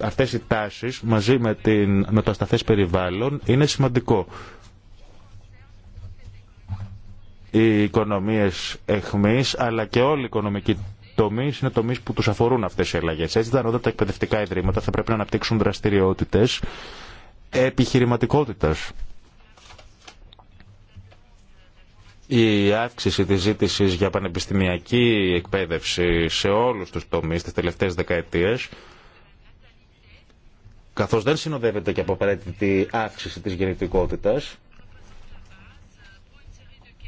αυτές οι τάσεις μαζί με, την, με το ασταθές περιβάλλον είναι σημαντικό οι οικονομίες εχμής, αλλά και όλοι οι οικονομικοί τομεί είναι τομεί που του αφορούν αυτέ οι αλλαγέ. Έτσι, όταν τα εκπαιδευτικά ιδρύματα θα πρέπει να αναπτύξουν δραστηριότητε επιχειρηματικότητα. Η αύξηση της ζήτησης για πανεπιστημιακή εκπαίδευση σε όλους τους τομείς τι τελευταίες δεκαετίες καθώς δεν συνοδεύεται και από απαραίτητη αύξηση της γεννητικότητας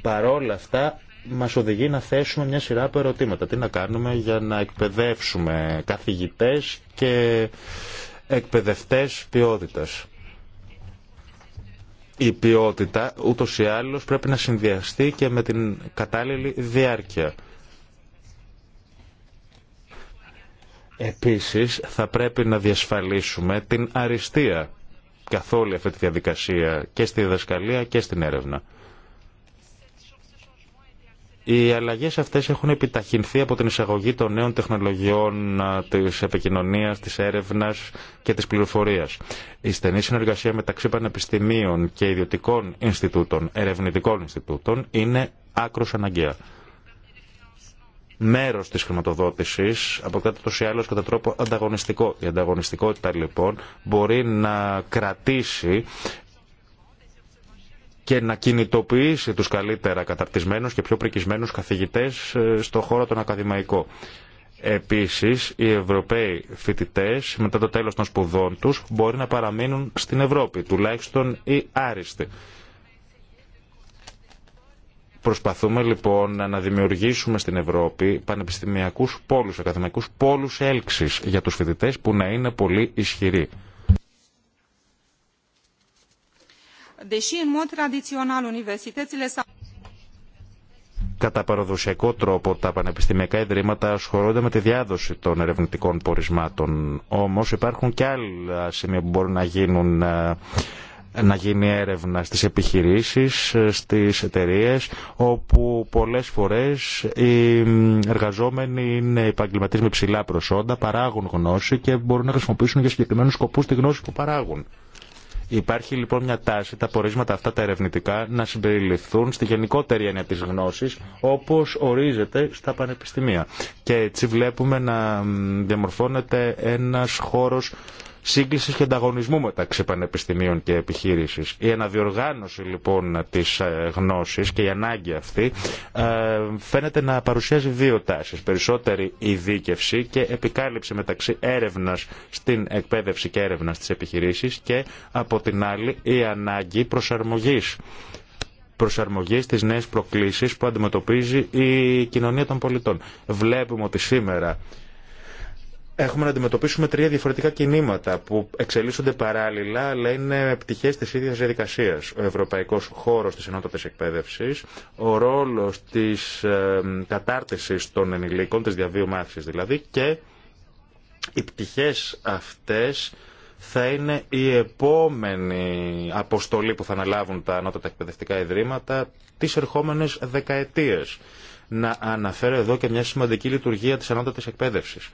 Παρόλα αυτά, μας οδηγεί να θέσουμε μια σειρά από ερωτήματα. Τι να κάνουμε για να εκπαιδεύσουμε καθηγητές και εκπαιδευτές ποιότητας. Η ποιότητα ούτως ή άλλως πρέπει να συνδυαστεί και με την κατάλληλη διάρκεια. Επίσης θα πρέπει να διασφαλίσουμε την αριστεία καθ' όλη αυτή τη διαδικασία και στη διδασκαλία και στην έρευνα. Οι αλλαγές αυτές έχουν επιταχυνθεί από την εισαγωγή των νέων τεχνολογιών της επικοινωνίας, της έρευνας και της πληροφορίας. Η στενή συνεργασία μεταξύ πανεπιστημίων και ιδιωτικών Ινστιτούτων, ερευνητικών Ινστιτούτων, είναι άκρο αναγκαία. Μέρος της χρηματοδότησης αποκτάται τόσο ή άλλως κατά τρόπο ανταγωνιστικό. Η ανταγωνιστικότητα λοιπόν μπορεί να κρατήσει και να κινητοποιήσει τους καλύτερα καταρτισμένους και πιο πρικισμένους καθηγητές ε, στον χώρο τον ακαδημαϊκό. Επίσης, οι Ευρωπαίοι φοιτητές μετά το τέλος των σπουδών τους μπορεί να παραμείνουν στην Ευρώπη, τουλάχιστον ή άριστοι. Προσπαθούμε λοιπόν να δημιουργήσουμε στην Ευρώπη πανεπιστημιακούς πόλους, ακαδημαϊκούς πόλους έλξης για τους φοιτητές που να είναι πολύ ισχυροί. κατά παραδοσιακό τρόπο τα πανεπιστημιακά ιδρύματα ασχολούνται με τη διάδοση των ερευνητικών πορισμάτων. Όμως υπάρχουν και άλλα σημεία που μπορούν να γίνουν ε, να γίνει έρευνα στις επιχειρήσεις, ε, στις εταιρείες, όπου πολλές φορές οι εργαζόμενοι είναι επαγγελματίες με ψηλά προσόντα, παράγουν γνώση και μπορούν να χρησιμοποιήσουν για συγκεκριμένους σκοπούς τη γνώση που παράγουν. Υπάρχει λοιπόν μια τάση τα πορίσματα αυτά τα ερευνητικά να συμπεριληφθούν στη γενικότερη έννοια τη γνώση όπω ορίζεται στα πανεπιστημία. Και έτσι βλέπουμε να διαμορφώνεται ένα χώρο σύγκλησης και ανταγωνισμού μεταξύ πανεπιστημίων και επιχείρησης. Η αναδιοργάνωση λοιπόν της ε, γνώσης και η ανάγκη αυτή ε, φαίνεται να παρουσιάζει δύο τάσεις. Περισσότερη ειδίκευση και επικάλυψη μεταξύ έρευνας στην εκπαίδευση και έρευνα στις επιχειρήσεις και από την άλλη η ανάγκη προσαρμογής προσαρμογή στις νέες προκλήσεις που αντιμετωπίζει η κοινωνία των πολιτών. Βλέπουμε ότι σήμερα έχουμε να αντιμετωπίσουμε τρία διαφορετικά κινήματα που εξελίσσονται παράλληλα, αλλά είναι πτυχέ της ίδιας διαδικασία. Ο ευρωπαϊκό χώρο τη ενότητας εκπαίδευση, ο ρόλο τη ε, κατάρτιση των ενηλίκων, τη διαβίου μάθηση δηλαδή, και οι πτυχέ αυτέ θα είναι η επόμενη αποστολή που θα αναλάβουν τα ανώτατα εκπαιδευτικά ιδρύματα τις ερχόμενες δεκαετίες. Να αναφέρω εδώ και μια σημαντική λειτουργία της ανώτατης εκπαίδευσης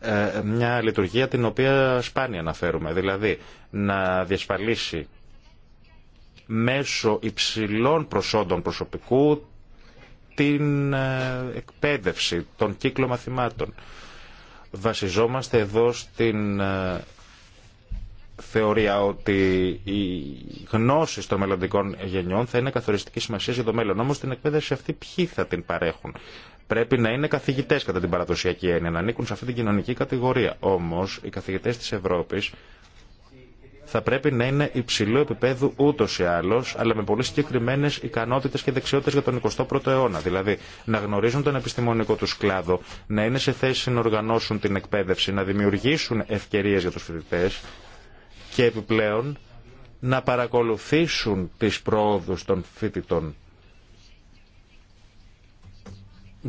ε, μια λειτουργία την οποία σπάνια αναφέρουμε. Δηλαδή να διασφαλίσει μέσω υψηλών προσόντων προσωπικού την ε, εκπαίδευση, των κύκλο μαθημάτων. Βασιζόμαστε εδώ στην ε, θεωρία ότι οι γνώσεις των μελλοντικών γενιών θα είναι καθοριστική σημασία για το μέλλον. Όμως την εκπαίδευση αυτή ποιοι θα την παρέχουν. Πρέπει να είναι καθηγητέ κατά την παραδοσιακή έννοια, να ανήκουν σε αυτή την κοινωνική κατηγορία. Όμω, οι καθηγητέ τη Ευρώπη θα πρέπει να είναι υψηλού επίπεδου ούτω ή άλλω, αλλά με πολύ συγκεκριμένε ικανότητε και δεξιότητε για τον 21ο αιώνα. Δηλαδή, να γνωρίζουν τον επιστημονικό του κλάδο, να είναι σε θέση να οργανώσουν την εκπαίδευση, να δημιουργήσουν ευκαιρίε για του φοιτητέ και επιπλέον να παρακολουθήσουν τις πρόοδους των φοιτητών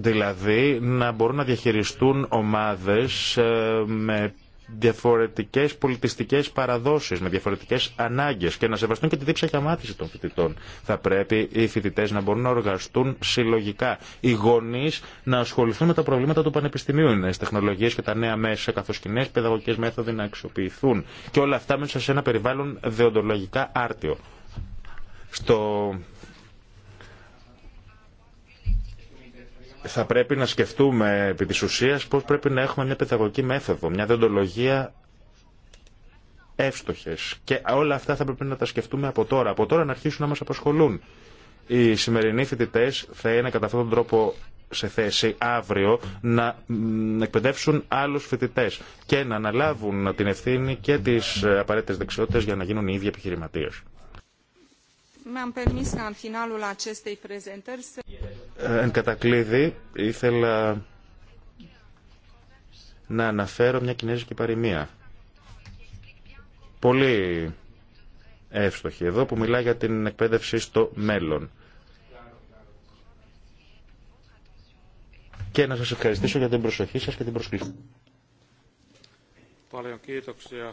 Δηλαδή να μπορούν να διαχειριστούν ομάδες ε, με διαφορετικές πολιτιστικές παραδόσεις, με διαφορετικές ανάγκες και να σεβαστούν και τη δίψα και των φοιτητών. Θα πρέπει οι φοιτητές να μπορούν να οργαστούν συλλογικά. Οι γονείς να ασχοληθούν με τα προβλήματα του πανεπιστημίου, οι νέες τεχνολογίες και τα νέα μέσα, καθώς και νέες παιδαγωγικές μέθοδοι να αξιοποιηθούν. Και όλα αυτά μέσα σε ένα περιβάλλον δεοντολογικά άρτιο. Στο θα πρέπει να σκεφτούμε επί της ουσίας πώς πρέπει να έχουμε μια παιδαγωγική μέθοδο, μια δοντολογία εύστοχες. Και όλα αυτά θα πρέπει να τα σκεφτούμε από τώρα. Από τώρα να αρχίσουν να μας απασχολούν. Οι σημερινοί φοιτητέ θα είναι κατά αυτόν τον τρόπο σε θέση αύριο να εκπαιδεύσουν άλλους φοιτητέ και να αναλάβουν την ευθύνη και τις ε, απαραίτητες δεξιότητες για να γίνουν οι ίδιοι επιχειρηματίες. Εν am κατακλείδη ήθελα να αναφέρω μια κινέζικη παροιμία. Πολύ εύστοχη εδώ που μιλά για την εκπαίδευση στο μέλλον. Και να σας ευχαριστήσω για την προσοχή σας και την προσκλήση. Paljon kiitoksia,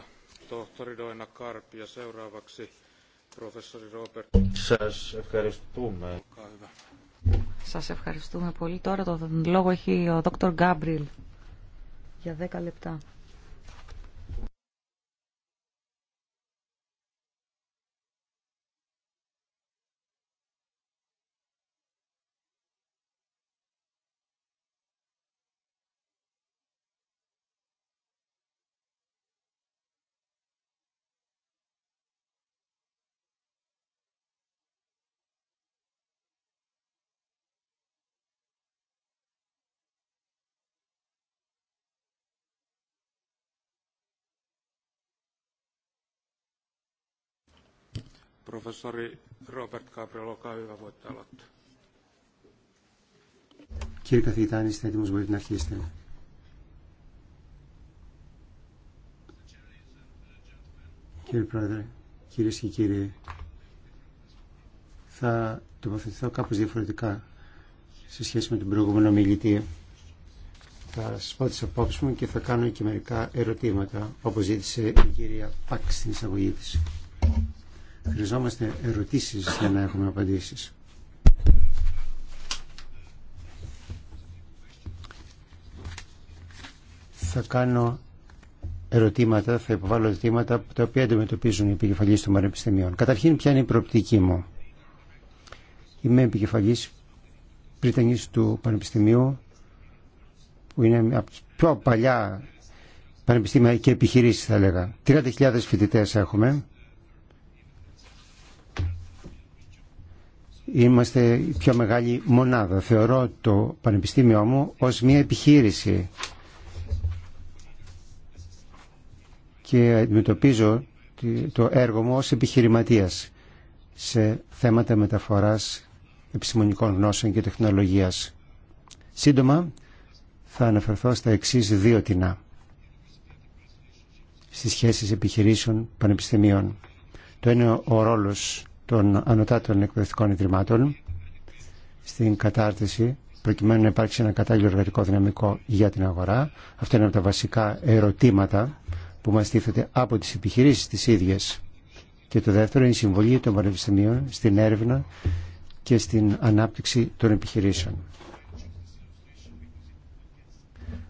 tohtori Doina Karp, ja seuraavaksi σας ευχαριστούμε. Σας ευχαριστούμε πολύ. Τώρα τον λόγο έχει ο Δόκτωρ Γκάμπριλ για 10 λεπτά. Κύριε καθηγητά, αν είστε έτοιμος μπορείτε να αρχίσετε. Κύριε Πρόεδρε, κύριε και κύριοι, θα τοποθετηθώ κάπως διαφορετικά σε σχέση με τον προηγούμενο μιλητή. Θα σας πω τις απόψεις μου και θα κάνω και μερικά ερωτήματα, όπως ζήτησε η κυρία Πάκ στην εισαγωγή της. Χρειαζόμαστε ερωτήσεις για να έχουμε απαντήσεις. Θα κάνω ερωτήματα, θα υποβάλω ερωτήματα τα οποία αντιμετωπίζουν οι επικεφαλής των πανεπιστημίων. Καταρχήν, ποια είναι η προοπτική μου. Είμαι επικεφαλής πρίτανης του Πανεπιστημίου που είναι από πιο παλιά πανεπιστήμια και επιχειρήσεις θα έλεγα. 30.000 φοιτητές έχουμε είμαστε η πιο μεγάλη μονάδα. Θεωρώ το Πανεπιστήμιό μου ως μια επιχείρηση και αντιμετωπίζω το έργο μου ως επιχειρηματίας σε θέματα μεταφοράς επιστημονικών γνώσεων και τεχνολογίας. Σύντομα θα αναφερθώ στα εξής δύο τεινά στις σχέσεις επιχειρήσεων πανεπιστημίων. Το είναι ο ρόλος των ανωτάτων εκπαιδευτικών ιδρυμάτων στην κατάρτιση προκειμένου να υπάρξει ένα κατάλληλο εργατικό δυναμικό για την αγορά. Αυτό είναι από τα βασικά ερωτήματα που μας τίθεται από τις επιχειρήσεις τις ίδιες. Και το δεύτερο είναι η συμβολή των πανεπιστημίων στην έρευνα και στην ανάπτυξη των επιχειρήσεων.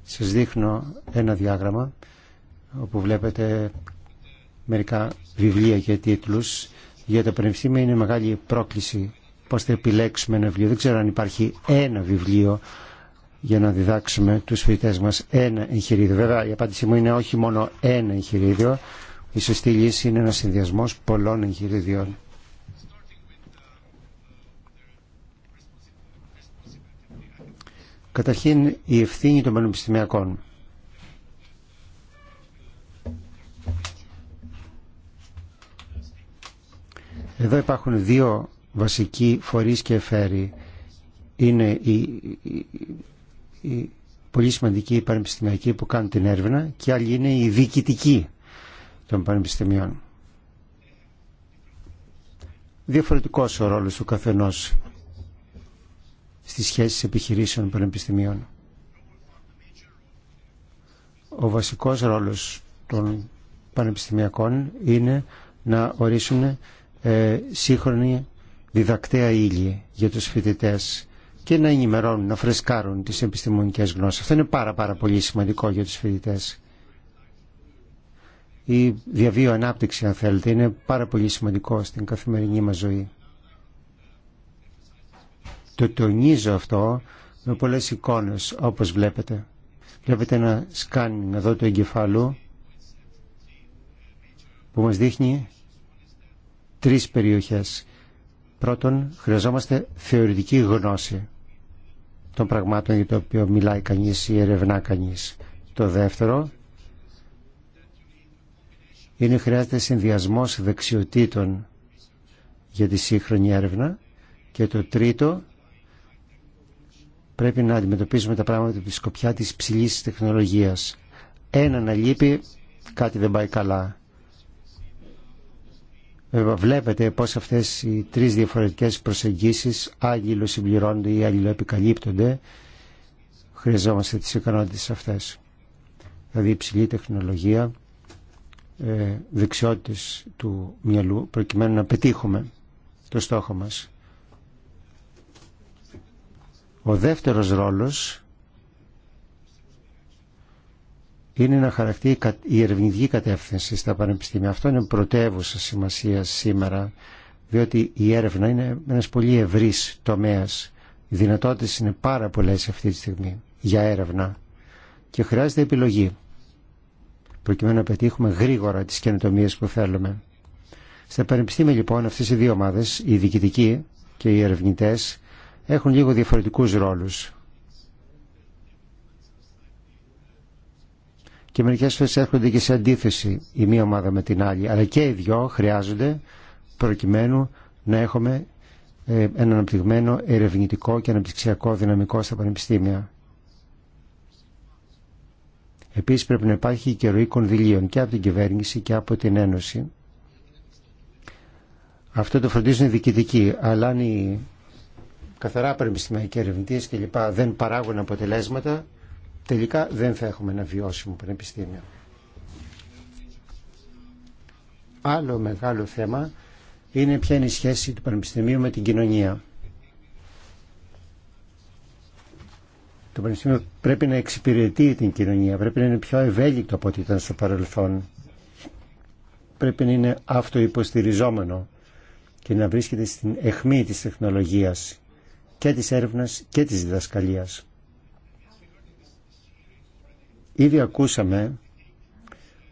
Σας δείχνω ένα διάγραμμα όπου βλέπετε μερικά βιβλία και τίτλους για τα πανεπιστήμια είναι μεγάλη πρόκληση πώς θα επιλέξουμε ένα βιβλίο. Δεν ξέρω αν υπάρχει ένα βιβλίο για να διδάξουμε τους φοιτητές μας ένα εγχειρίδιο. Βέβαια η απάντησή μου είναι όχι μόνο ένα εγχειρίδιο. Η σωστή λύση είναι ένας συνδυασμός πολλών εγχειρίδιων. Καταρχήν η ευθύνη των πανεπιστημιακών. Εδώ υπάρχουν δύο βασικοί φορείς και εφαίροι. Είναι η, η, η πολύ σημαντική πανεπιστημιακή που κάνουν την έρευνα και άλλη είναι η διοικητική των πανεπιστημίων. Διαφορετικός ο ρόλος του καθενός στις σχέσεις επιχειρήσεων πανεπιστημίων. Ο βασικός ρόλος των πανεπιστημιακών είναι να ορίσουν ε, σύγχρονη διδακτέα ύλη για τους φοιτητές και να ενημερώνουν, να φρεσκάρουν τις επιστημονικές γνώσεις. Αυτό είναι πάρα πάρα πολύ σημαντικό για τους φοιτητές. Η διαβίω ανάπτυξη, αν θέλετε, είναι πάρα πολύ σημαντικό στην καθημερινή μας ζωή. Το τονίζω αυτό με πολλές εικόνες, όπως βλέπετε. Βλέπετε ένα σκάνινγκ εδώ του εγκεφάλου που μας δείχνει τρεις περιοχές. Πρώτον, χρειαζόμαστε θεωρητική γνώση των πραγμάτων για το οποίο μιλάει κανείς ή ερευνά κανείς. Το δεύτερο είναι χρειάζεται συνδυασμός δεξιοτήτων για τη σύγχρονη έρευνα και το τρίτο πρέπει να αντιμετωπίσουμε τα πράγματα από τη σκοπιά της ψηλής τεχνολογίας. Ένα να λείπει, κάτι δεν πάει καλά. Ε, βλέπετε πως αυτές οι τρεις διαφορετικές προσεγγίσεις άγγελο συμπληρώνονται ή άγγελο επικαλύπτονται. Χρειαζόμαστε τις ικανότητες αυτές. Δηλαδή υψηλή τεχνολογία, ε, δεξιότητες του μυαλού προκειμένου να πετύχουμε το στόχο μας. Ο δεύτερος ρόλος είναι να χαρακτεί η ερευνητική κατεύθυνση στα πανεπιστήμια. Αυτό είναι πρωτεύουσα σημασία σήμερα, διότι η έρευνα είναι ένα πολύ ευρύ τομέα. Οι δυνατότητε είναι πάρα πολλέ αυτή τη στιγμή για έρευνα και χρειάζεται επιλογή προκειμένου να πετύχουμε γρήγορα τις καινοτομίες που θέλουμε. Στα πανεπιστήμια λοιπόν αυτές οι δύο ομάδες, οι διοικητικοί και οι ερευνητές, έχουν λίγο διαφορετικούς ρόλους. και μερικές φορές έρχονται και σε αντίθεση η μία ομάδα με την άλλη. Αλλά και οι δυο χρειάζονται προκειμένου να έχουμε ε, ένα αναπτυγμένο ερευνητικό και αναπτυξιακό δυναμικό στα πανεπιστήμια. Επίσης πρέπει να υπάρχει και ροή κονδυλίων και από την κυβέρνηση και από την Ένωση. Αυτό το φροντίζουν οι διοικητικοί, αλλά αν οι καθαρά πανεπιστημιακοί ερευνητές και λοιπά δεν παράγουν αποτελέσματα, τελικά δεν θα έχουμε ένα βιώσιμο πανεπιστήμιο. Άλλο μεγάλο θέμα είναι ποια είναι η σχέση του πανεπιστημίου με την κοινωνία. Το πανεπιστήμιο πρέπει να εξυπηρετεί την κοινωνία, πρέπει να είναι πιο ευέλικτο από ό,τι ήταν στο παρελθόν. Πρέπει να είναι αυτοϋποστηριζόμενο και να βρίσκεται στην αιχμή της τεχνολογίας και της έρευνας και της διδασκαλίας. Ήδη ακούσαμε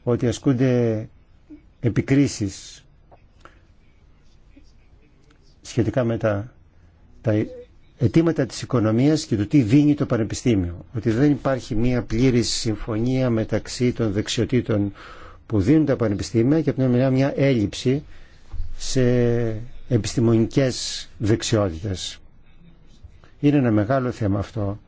ότι ασκούνται επικρίσεις σχετικά με τα, τα αιτήματα της οικονομίας και το τι δίνει το Πανεπιστήμιο. Ότι δεν υπάρχει μία πλήρης συμφωνία μεταξύ των δεξιοτήτων που δίνουν τα πανεπιστήμια και από την άλλη μια πλήρη συμφωνια μεταξυ των δεξιοτητων που δινουν τα πανεπιστημια και απο την αλλη μια ελλειψη σε επιστημονικές δεξιότητες. Είναι ένα μεγάλο θέμα αυτό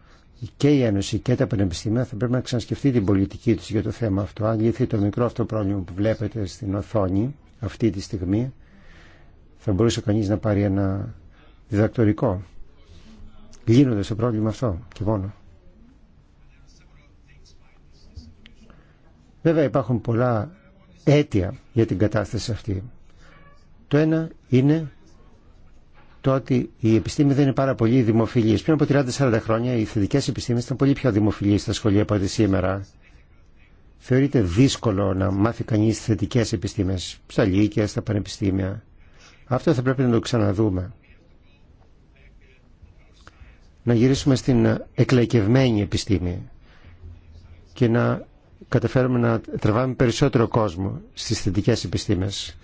και η Ένωση και τα πανεπιστήμια θα πρέπει να ξανασκεφτεί την πολιτική τους για το θέμα αυτό. Αν λυθεί το μικρό αυτό πρόβλημα που βλέπετε στην οθόνη αυτή τη στιγμή, θα μπορούσε κανείς να πάρει ένα διδακτορικό. λύνοντα το πρόβλημα αυτό και μόνο. Βέβαια υπάρχουν πολλά αίτια για την κατάσταση αυτή. Το ένα είναι το ότι η επιστήμη δεν είναι πάρα πολύ δημοφιλή. Πριν από 30-40 χρόνια οι θετικέ επιστήμε ήταν πολύ πιο δημοφιλεί στα σχολεία από ό,τι σήμερα. Θεωρείται δύσκολο να μάθει κανεί θετικέ επιστήμε στα λύκεια, στα πανεπιστήμια. Αυτό θα πρέπει να το ξαναδούμε. Να γυρίσουμε στην εκλαϊκευμένη επιστήμη και να καταφέρουμε να τραβάμε περισσότερο κόσμο στις θετικές επιστήμες.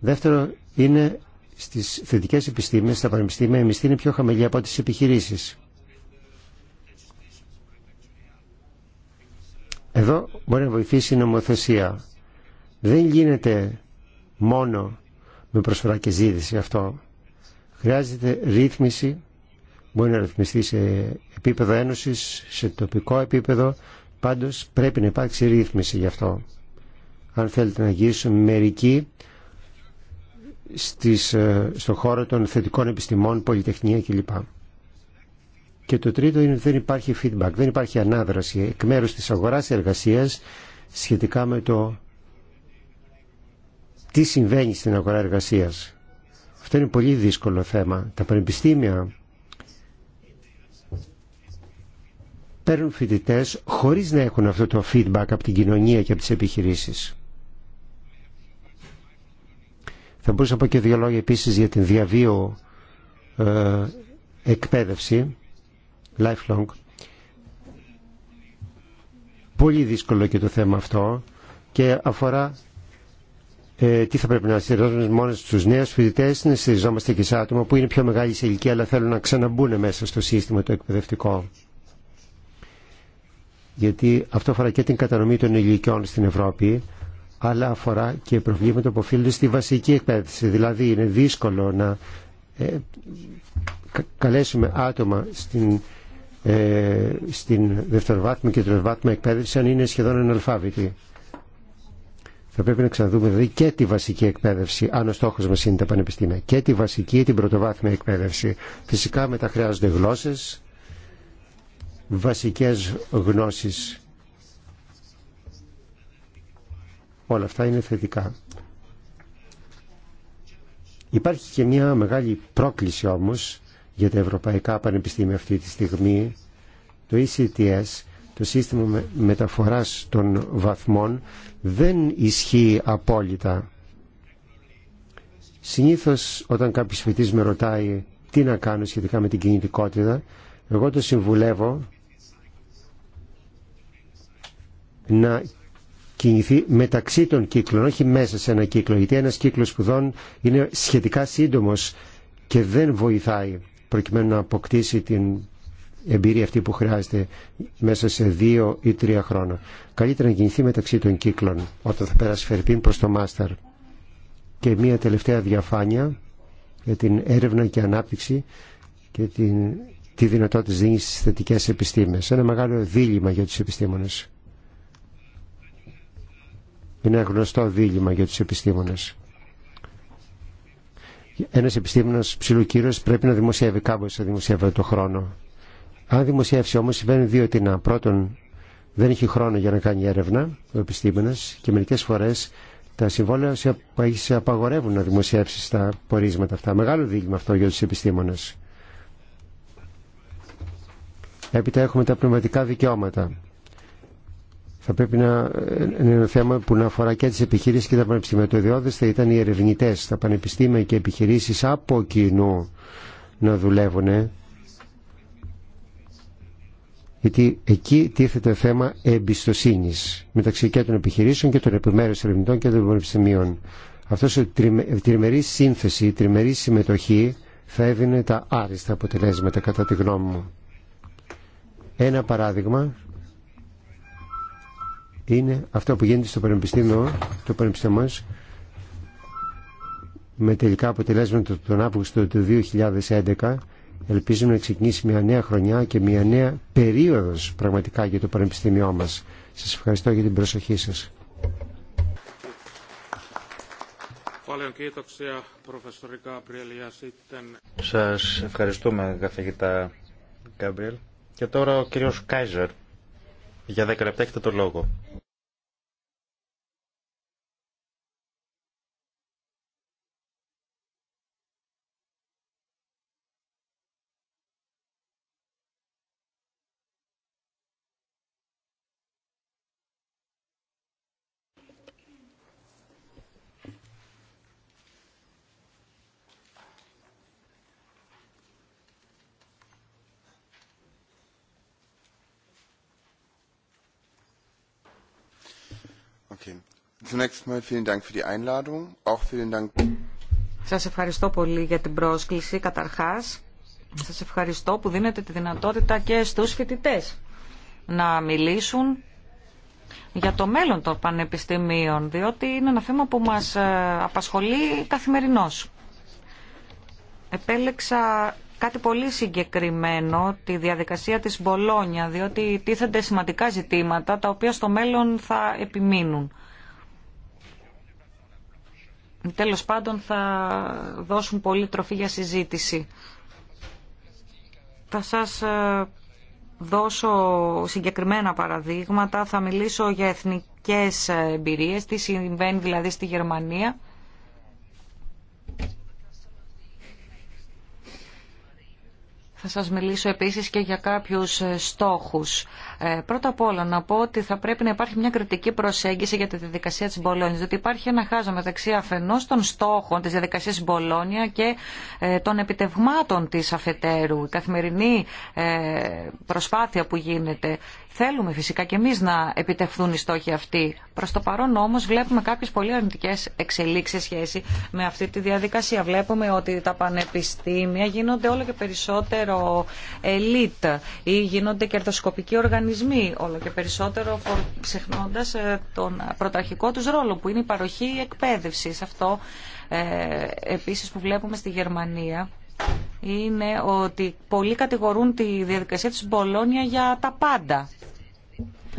Δεύτερο είναι στις θετικές επιστήμες, στα πανεπιστήμια, η μισθή είναι πιο χαμηλή από τις επιχειρήσεις. Εδώ μπορεί να βοηθήσει η νομοθεσία. Δεν γίνεται μόνο με προσφορά και ζήτηση αυτό. Χρειάζεται ρύθμιση, μπορεί να ρυθμιστεί σε επίπεδο ένωσης, σε τοπικό επίπεδο, πάντως πρέπει να υπάρξει ρύθμιση γι' αυτό. Αν θέλετε να γυρίσουμε μερικοί στις, ε, στο χώρο των θετικών επιστημών, πολυτεχνία κλπ. Και το τρίτο είναι ότι δεν υπάρχει feedback, δεν υπάρχει ανάδραση εκ μέρους της αγοράς εργασίας σχετικά με το τι συμβαίνει στην αγορά εργασίας. Αυτό είναι πολύ δύσκολο θέμα. Τα πανεπιστήμια παίρνουν φοιτητέ χωρίς να έχουν αυτό το feedback από την κοινωνία και από τις επιχειρήσεις. Θα μπορούσα να πω και δύο λόγια επίσης για την διαβίω ε, εκπαίδευση, lifelong. Πολύ δύσκολο και το θέμα αυτό και αφορά ε, τι θα πρέπει να στηριζόμαστε μόνο στους νέους φοιτητές, να στηριζόμαστε και σε άτομα που είναι πιο μεγάλη σε ηλικία αλλά θέλουν να ξαναμπούν μέσα στο σύστημα το εκπαιδευτικό. Γιατί αυτό αφορά και την κατανομή των ηλικιών στην Ευρώπη αλλά αφορά και προβλήματα που οφείλονται στη βασική εκπαίδευση. Δηλαδή είναι δύσκολο να ε, καλέσουμε άτομα στην, ε, στην δευτεροβάθμια και τριτοβάθμια εκπαίδευση αν είναι σχεδόν αναλφάβητοι. Θα πρέπει να ξαναδούμε δηλαδή και τη βασική εκπαίδευση, αν ο στόχο μα είναι τα πανεπιστήμια, και τη βασική την πρωτοβάθμια εκπαίδευση. Φυσικά μετά χρειάζονται γλώσσε, βασικέ γνώσει Όλα αυτά είναι θετικά. Υπάρχει και μια μεγάλη πρόκληση όμως για τα ευρωπαϊκά πανεπιστήμια αυτή τη στιγμή. Το ECTS, το σύστημα μεταφοράς των βαθμών, δεν ισχύει απόλυτα. Συνήθως όταν κάποιος φοιτής με ρωτάει τι να κάνω σχετικά με την κινητικότητα, εγώ το συμβουλεύω να κινηθεί μεταξύ των κύκλων, όχι μέσα σε ένα κύκλο. Γιατί ένας κύκλος σπουδών είναι σχετικά σύντομος και δεν βοηθάει προκειμένου να αποκτήσει την εμπειρία αυτή που χρειάζεται μέσα σε δύο ή τρία χρόνια. Καλύτερα να κινηθεί μεταξύ των κύκλων όταν θα πέρασει Φερπίν προς το Μάσταρ. Και μία τελευταία διαφάνεια για την έρευνα και ανάπτυξη και την, τη δυνατότητα δίνει στις θετικές επιστήμες. Ένα μεγάλο δίλημα για τους επιστήμονες. Είναι γνωστό δίλημα για τους επιστήμονες. Ένας επιστήμονας ψηλού πρέπει να δημοσιεύει κάπως να δημοσιεύει το χρόνο. Αν δημοσιεύσει όμως συμβαίνει δύο τινά. Πρώτον, δεν έχει χρόνο για να κάνει έρευνα ο επιστήμονας και μερικές φορές τα συμβόλαια σε απαγορεύουν να δημοσιεύσει τα πορίσματα αυτά. Μεγάλο δίλημα αυτό για τους επιστήμονες. Έπειτα έχουμε τα πνευματικά δικαιώματα θα πρέπει να είναι ένα θέμα που να αφορά και τις επιχειρήσεις και τα πανεπιστήμια. Το ιδιώδες θα ήταν οι ερευνητές, τα πανεπιστήμια και επιχειρήσεις από κοινού να δουλεύουν. Γιατί εκεί τίθεται θέμα εμπιστοσύνη μεταξύ και των επιχειρήσεων και των επιμέρους ερευνητών και των πανεπιστημίων. Αυτό η τριμερή σύνθεση, η τριμερή συμμετοχή θα έδινε τα άριστα αποτελέσματα κατά τη γνώμη μου. Ένα παράδειγμα είναι αυτό που γίνεται στο Πανεπιστήμιο, το Πανεπιστήμιο μας, με τελικά αποτελέσματα τον Αύγουστο του 2011. Ελπίζουμε να ξεκινήσει μια νέα χρονιά και μια νέα περίοδος πραγματικά για το Πανεπιστήμιό μας. Σας ευχαριστώ για την προσοχή σας. Σας ευχαριστούμε καθηγητά Γκάμπριελ. Και τώρα ο κύριος Κάιζερ. Για 10 λεπτά έχετε το λόγο. Zunächst mal vielen Dank für die Σας ευχαριστώ πολύ για την πρόσκληση καταρχάς. Σας ευχαριστώ που δίνετε τη δυνατότητα και στους φοιτητές να μιλήσουν για το μέλλον των πανεπιστημίων, διότι είναι ένα θέμα που μας ε, απασχολεί καθημερινώς. Επέλεξα κάτι πολύ συγκεκριμένο, τη διαδικασία της Μπολόνια, διότι τίθενται σημαντικά ζητήματα τα οποία στο μέλλον θα επιμείνουν τέλος πάντων θα δώσουν πολύ τροφή για συζήτηση. Θα σας ε, δώσω συγκεκριμένα παραδείγματα, θα μιλήσω για εθνικές εμπειρίες, τι συμβαίνει δηλαδή στη Γερμανία. Θα σας μιλήσω επίσης και για κάποιους στόχους ε, πρώτα απ' όλα να πω ότι θα πρέπει να υπάρχει μια κριτική προσέγγιση για τη διαδικασία τη Μπολόνια. Διότι υπάρχει ένα χάζο μεταξύ αφενό των στόχων τη διαδικασία Μπολόνια και ε, των επιτευγμάτων τη αφετέρου. Η καθημερινή ε, προσπάθεια που γίνεται. Θέλουμε φυσικά και εμεί να επιτευχθούν οι στόχοι αυτοί. Προ το παρόν όμω βλέπουμε κάποιε πολύ αρνητικέ εξελίξει σε σχέση με αυτή τη διαδικασία. Βλέπουμε ότι τα πανεπιστήμια γίνονται όλο και περισσότερο ελίτ ή γίνονται κερδοσκοπικοί οργανισμοί όλο και περισσότερο ξεχνώντα ε, τον πρωταρχικό του ρόλο που είναι η παροχή εκπαίδευση. Αυτό ε, επίση που βλέπουμε στη Γερμανία είναι ότι πολλοί κατηγορούν τη διαδικασία της Μπολόνια για τα πάντα.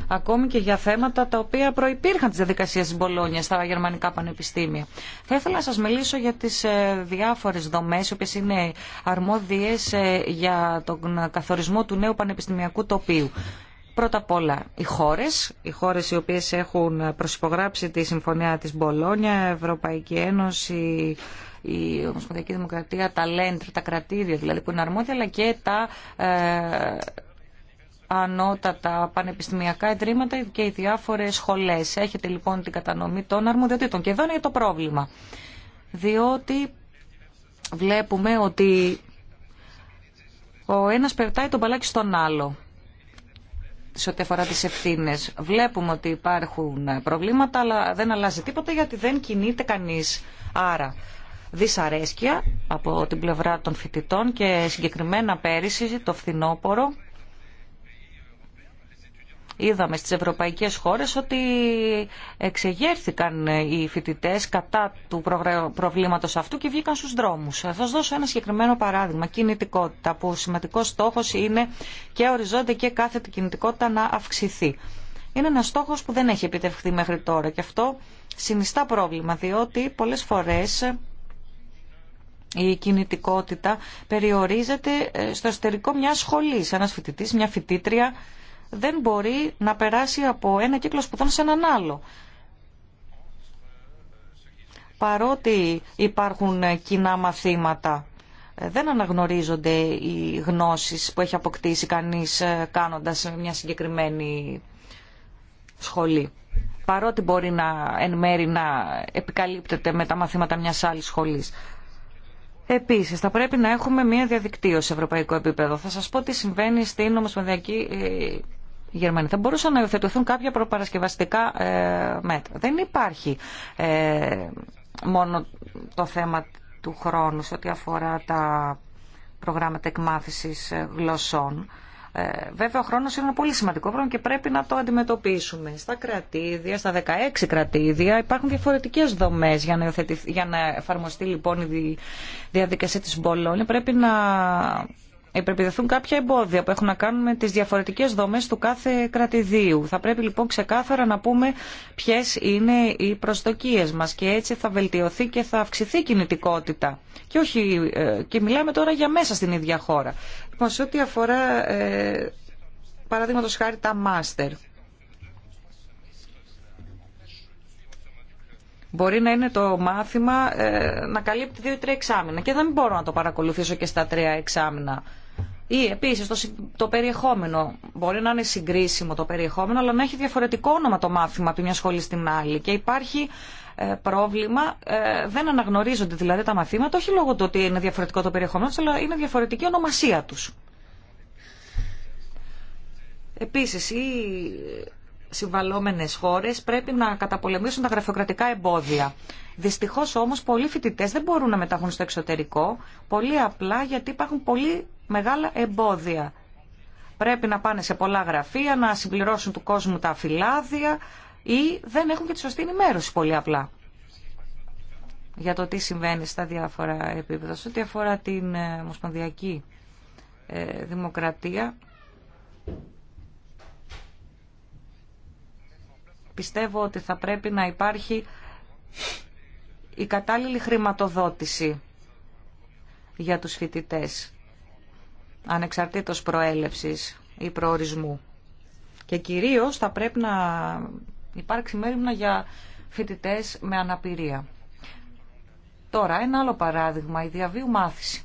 Ακόμη και για θέματα τα οποία προϋπήρχαν της διαδικασίας της Μπολόνια στα γερμανικά πανεπιστήμια. Θα ήθελα να σας μιλήσω για τις ε, διάφορες δομές, οι είναι αρμόδιες για τον καθορισμό του νέου πανεπιστημιακού τοπίου. Πρώτα απ' όλα οι χώρες, οι χώρες οι οποίες έχουν προσυπογράψει τη Συμφωνία της Μπολόνια, Ευρωπαϊκή Ένωση, η Ομοσπονδιακή Δημοκρατία, τα Λέντρ, τα κρατήδια δηλαδή που είναι αρμόδια, αλλά και τα ε, ανώτατα πανεπιστημιακά ιδρύματα και οι διάφορες σχολές. Έχετε λοιπόν την κατανομή των αρμοδιοτήτων και εδώ είναι το πρόβλημα. Διότι βλέπουμε ότι ο ένας περτάει τον παλάκι στον άλλο σε ό,τι αφορά τις ευθύνε, Βλέπουμε ότι υπάρχουν προβλήματα, αλλά δεν αλλάζει τίποτα γιατί δεν κινείται κανείς. Άρα, δυσαρέσκεια από την πλευρά των φοιτητών και συγκεκριμένα πέρυσι το φθινόπωρο είδαμε στις ευρωπαϊκές χώρες ότι εξεγέρθηκαν οι φοιτητέ κατά του προβλήματος αυτού και βγήκαν στους δρόμους. Θα σας δώσω ένα συγκεκριμένο παράδειγμα, κινητικότητα, που ο σημαντικός στόχος είναι και οριζόντια και κάθετη κινητικότητα να αυξηθεί. Είναι ένας στόχος που δεν έχει επιτευχθεί μέχρι τώρα και αυτό συνιστά πρόβλημα, διότι πολλές φορές η κινητικότητα περιορίζεται ε, στο εσωτερικό μιας σχολής. Ένας φοιτητής, μια φοιτήτρια δεν μπορεί να περάσει από ένα κύκλο σπουδών σε έναν άλλο. Παρότι υπάρχουν κοινά μαθήματα, ε, δεν αναγνωρίζονται οι γνώσεις που έχει αποκτήσει κανείς ε, κάνοντας μια συγκεκριμένη σχολή. Παρότι μπορεί να εν μέρη να επικαλύπτεται με τα μαθήματα μιας άλλης σχολής. Επίσης, θα πρέπει να έχουμε μια διαδικτύωση σε ευρωπαϊκό επίπεδο. Θα σας πω τι συμβαίνει στην Ομοσπονδιακή ε, Γερμανοί Θα μπορούσαν να υιοθετηθούν κάποια προπαρασκευαστικά ε, μέτρα. Δεν υπάρχει ε, μόνο το θέμα του χρόνου σε ό,τι αφορά τα προγράμματα εκμάθησης ε, γλωσσών. βέβαια, ο χρόνος είναι ένα πολύ σημαντικό πρόβλημα και πρέπει να το αντιμετωπίσουμε. Στα κρατήδια, στα 16 κρατήδια, υπάρχουν διαφορετικές δομές για να, για να εφαρμοστεί λοιπόν η διαδικασία της Μπολόνια. Πρέπει να υπερπηδηθούν κάποια εμπόδια που έχουν να κάνουν με τις διαφορετικές δομές του κάθε κρατηδίου. Θα πρέπει λοιπόν ξεκάθαρα να πούμε ποιες είναι οι προσδοκίες μας και έτσι θα βελτιωθεί και θα αυξηθεί η κινητικότητα. Και, όχι, ε, και μιλάμε τώρα για μέσα στην ίδια χώρα. Λοιπόν, σε ό,τι αφορά, ε, παραδείγματος χάρη, τα μάστερ. Μπορεί να είναι το μάθημα ε, να καλύπτει δύο ή τρία εξάμεινα και δεν μπορώ να το παρακολουθήσω και στα τρία εξάμεινα. Ή επίσης το, το περιεχόμενο. Μπορεί να είναι συγκρίσιμο το περιεχόμενο, αλλά να έχει διαφορετικό όνομα το μάθημα από μια σχολή στην άλλη. Και υπάρχει ε, πρόβλημα, ε, δεν αναγνωρίζονται δηλαδή τα μαθήματα, όχι λόγω του ότι είναι διαφορετικό το περιεχόμενο, αλλά είναι διαφορετική ονομασία τους. Επίσης, οι συμβαλόμενες χώρες πρέπει να καταπολεμήσουν τα γραφειοκρατικά εμπόδια. Δυστυχώς όμως πολλοί φοιτητέ δεν μπορούν να μεταχούν στο εξωτερικό, πολύ απλά γιατί υπάρχουν πολλοί μεγάλα εμπόδια. Πρέπει να πάνε σε πολλά γραφεία, να συμπληρώσουν του κόσμου τα φυλάδια ή δεν έχουν και τη σωστή ενημέρωση πολύ απλά για το τι συμβαίνει στα διάφορα επίπεδα. Σε ό,τι αφορά την ε, ομοσπονδιακή ε, δημοκρατία, πιστεύω ότι θα πρέπει να υπάρχει η κατάλληλη χρηματοδότηση για τους φοιτητές ανεξαρτήτως προέλευσης ή προορισμού. Και κυρίως θα πρέπει να υπάρξει μέρημνα για φοιτητές με αναπηρία. Τώρα, ένα άλλο παράδειγμα, η διαβίου μάθηση.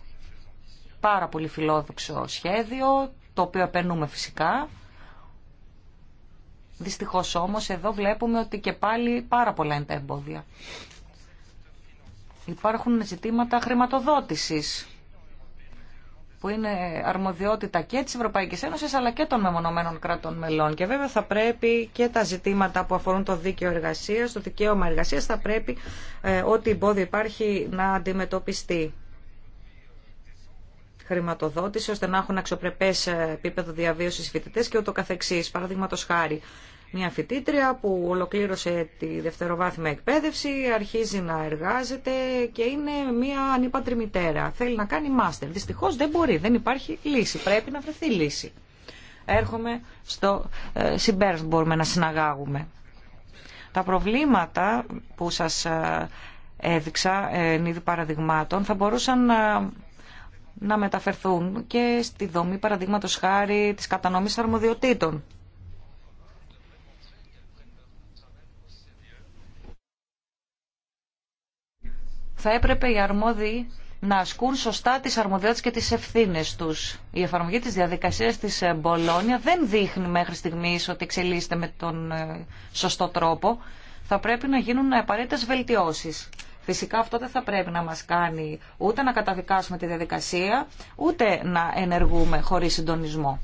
Πάρα πολύ φιλόδοξο σχέδιο, το οποίο επενούμε φυσικά. Δυστυχώς όμως εδώ βλέπουμε ότι και πάλι πάρα πολλά είναι τα εμπόδια. Υπάρχουν ζητήματα χρηματοδότησης που είναι αρμοδιότητα και τη Ευρωπαϊκή Ένωση, αλλά και των μεμονωμένων κρατών μελών. Και βέβαια θα πρέπει και τα ζητήματα που αφορούν το δίκαιο εργασίας, το δικαίωμα εργασία, θα πρέπει ε, ό,τι εμπόδιο υπάρχει να αντιμετωπιστεί χρηματοδότηση ώστε να έχουν αξιοπρεπέ ε, επίπεδο διαβίωση φοιτητέ και ούτω καθεξή. Παραδείγματο χάρη, μια φοιτήτρια που ολοκλήρωσε τη δευτεροβάθμια εκπαίδευση, αρχίζει να εργάζεται και είναι μια ανύπατρη μητέρα. Θέλει να κάνει μάστερ. Δυστυχώ δεν μπορεί, δεν υπάρχει λύση. Πρέπει να βρεθεί λύση. Έρχομαι στο ε, συμπέρασμα που μπορούμε να συναγάγουμε. Τα προβλήματα που σας ε, έδειξα ε, εν είδη παραδειγμάτων θα μπορούσαν να, να μεταφερθούν και στη δομή παραδείγματος χάρη της κατανομής αρμοδιοτήτων θα έπρεπε οι αρμόδιοι να ασκούν σωστά τι αρμοδιότητες και τι ευθύνε του. Η εφαρμογή τη διαδικασία τη ε, Μπολόνια δεν δείχνει μέχρι στιγμή ότι εξελίσσεται με τον ε, σωστό τρόπο. Θα πρέπει να γίνουν απαραίτητε βελτιώσει. Φυσικά αυτό δεν θα πρέπει να μας κάνει ούτε να καταδικάσουμε τη διαδικασία, ούτε να ενεργούμε χωρίς συντονισμό.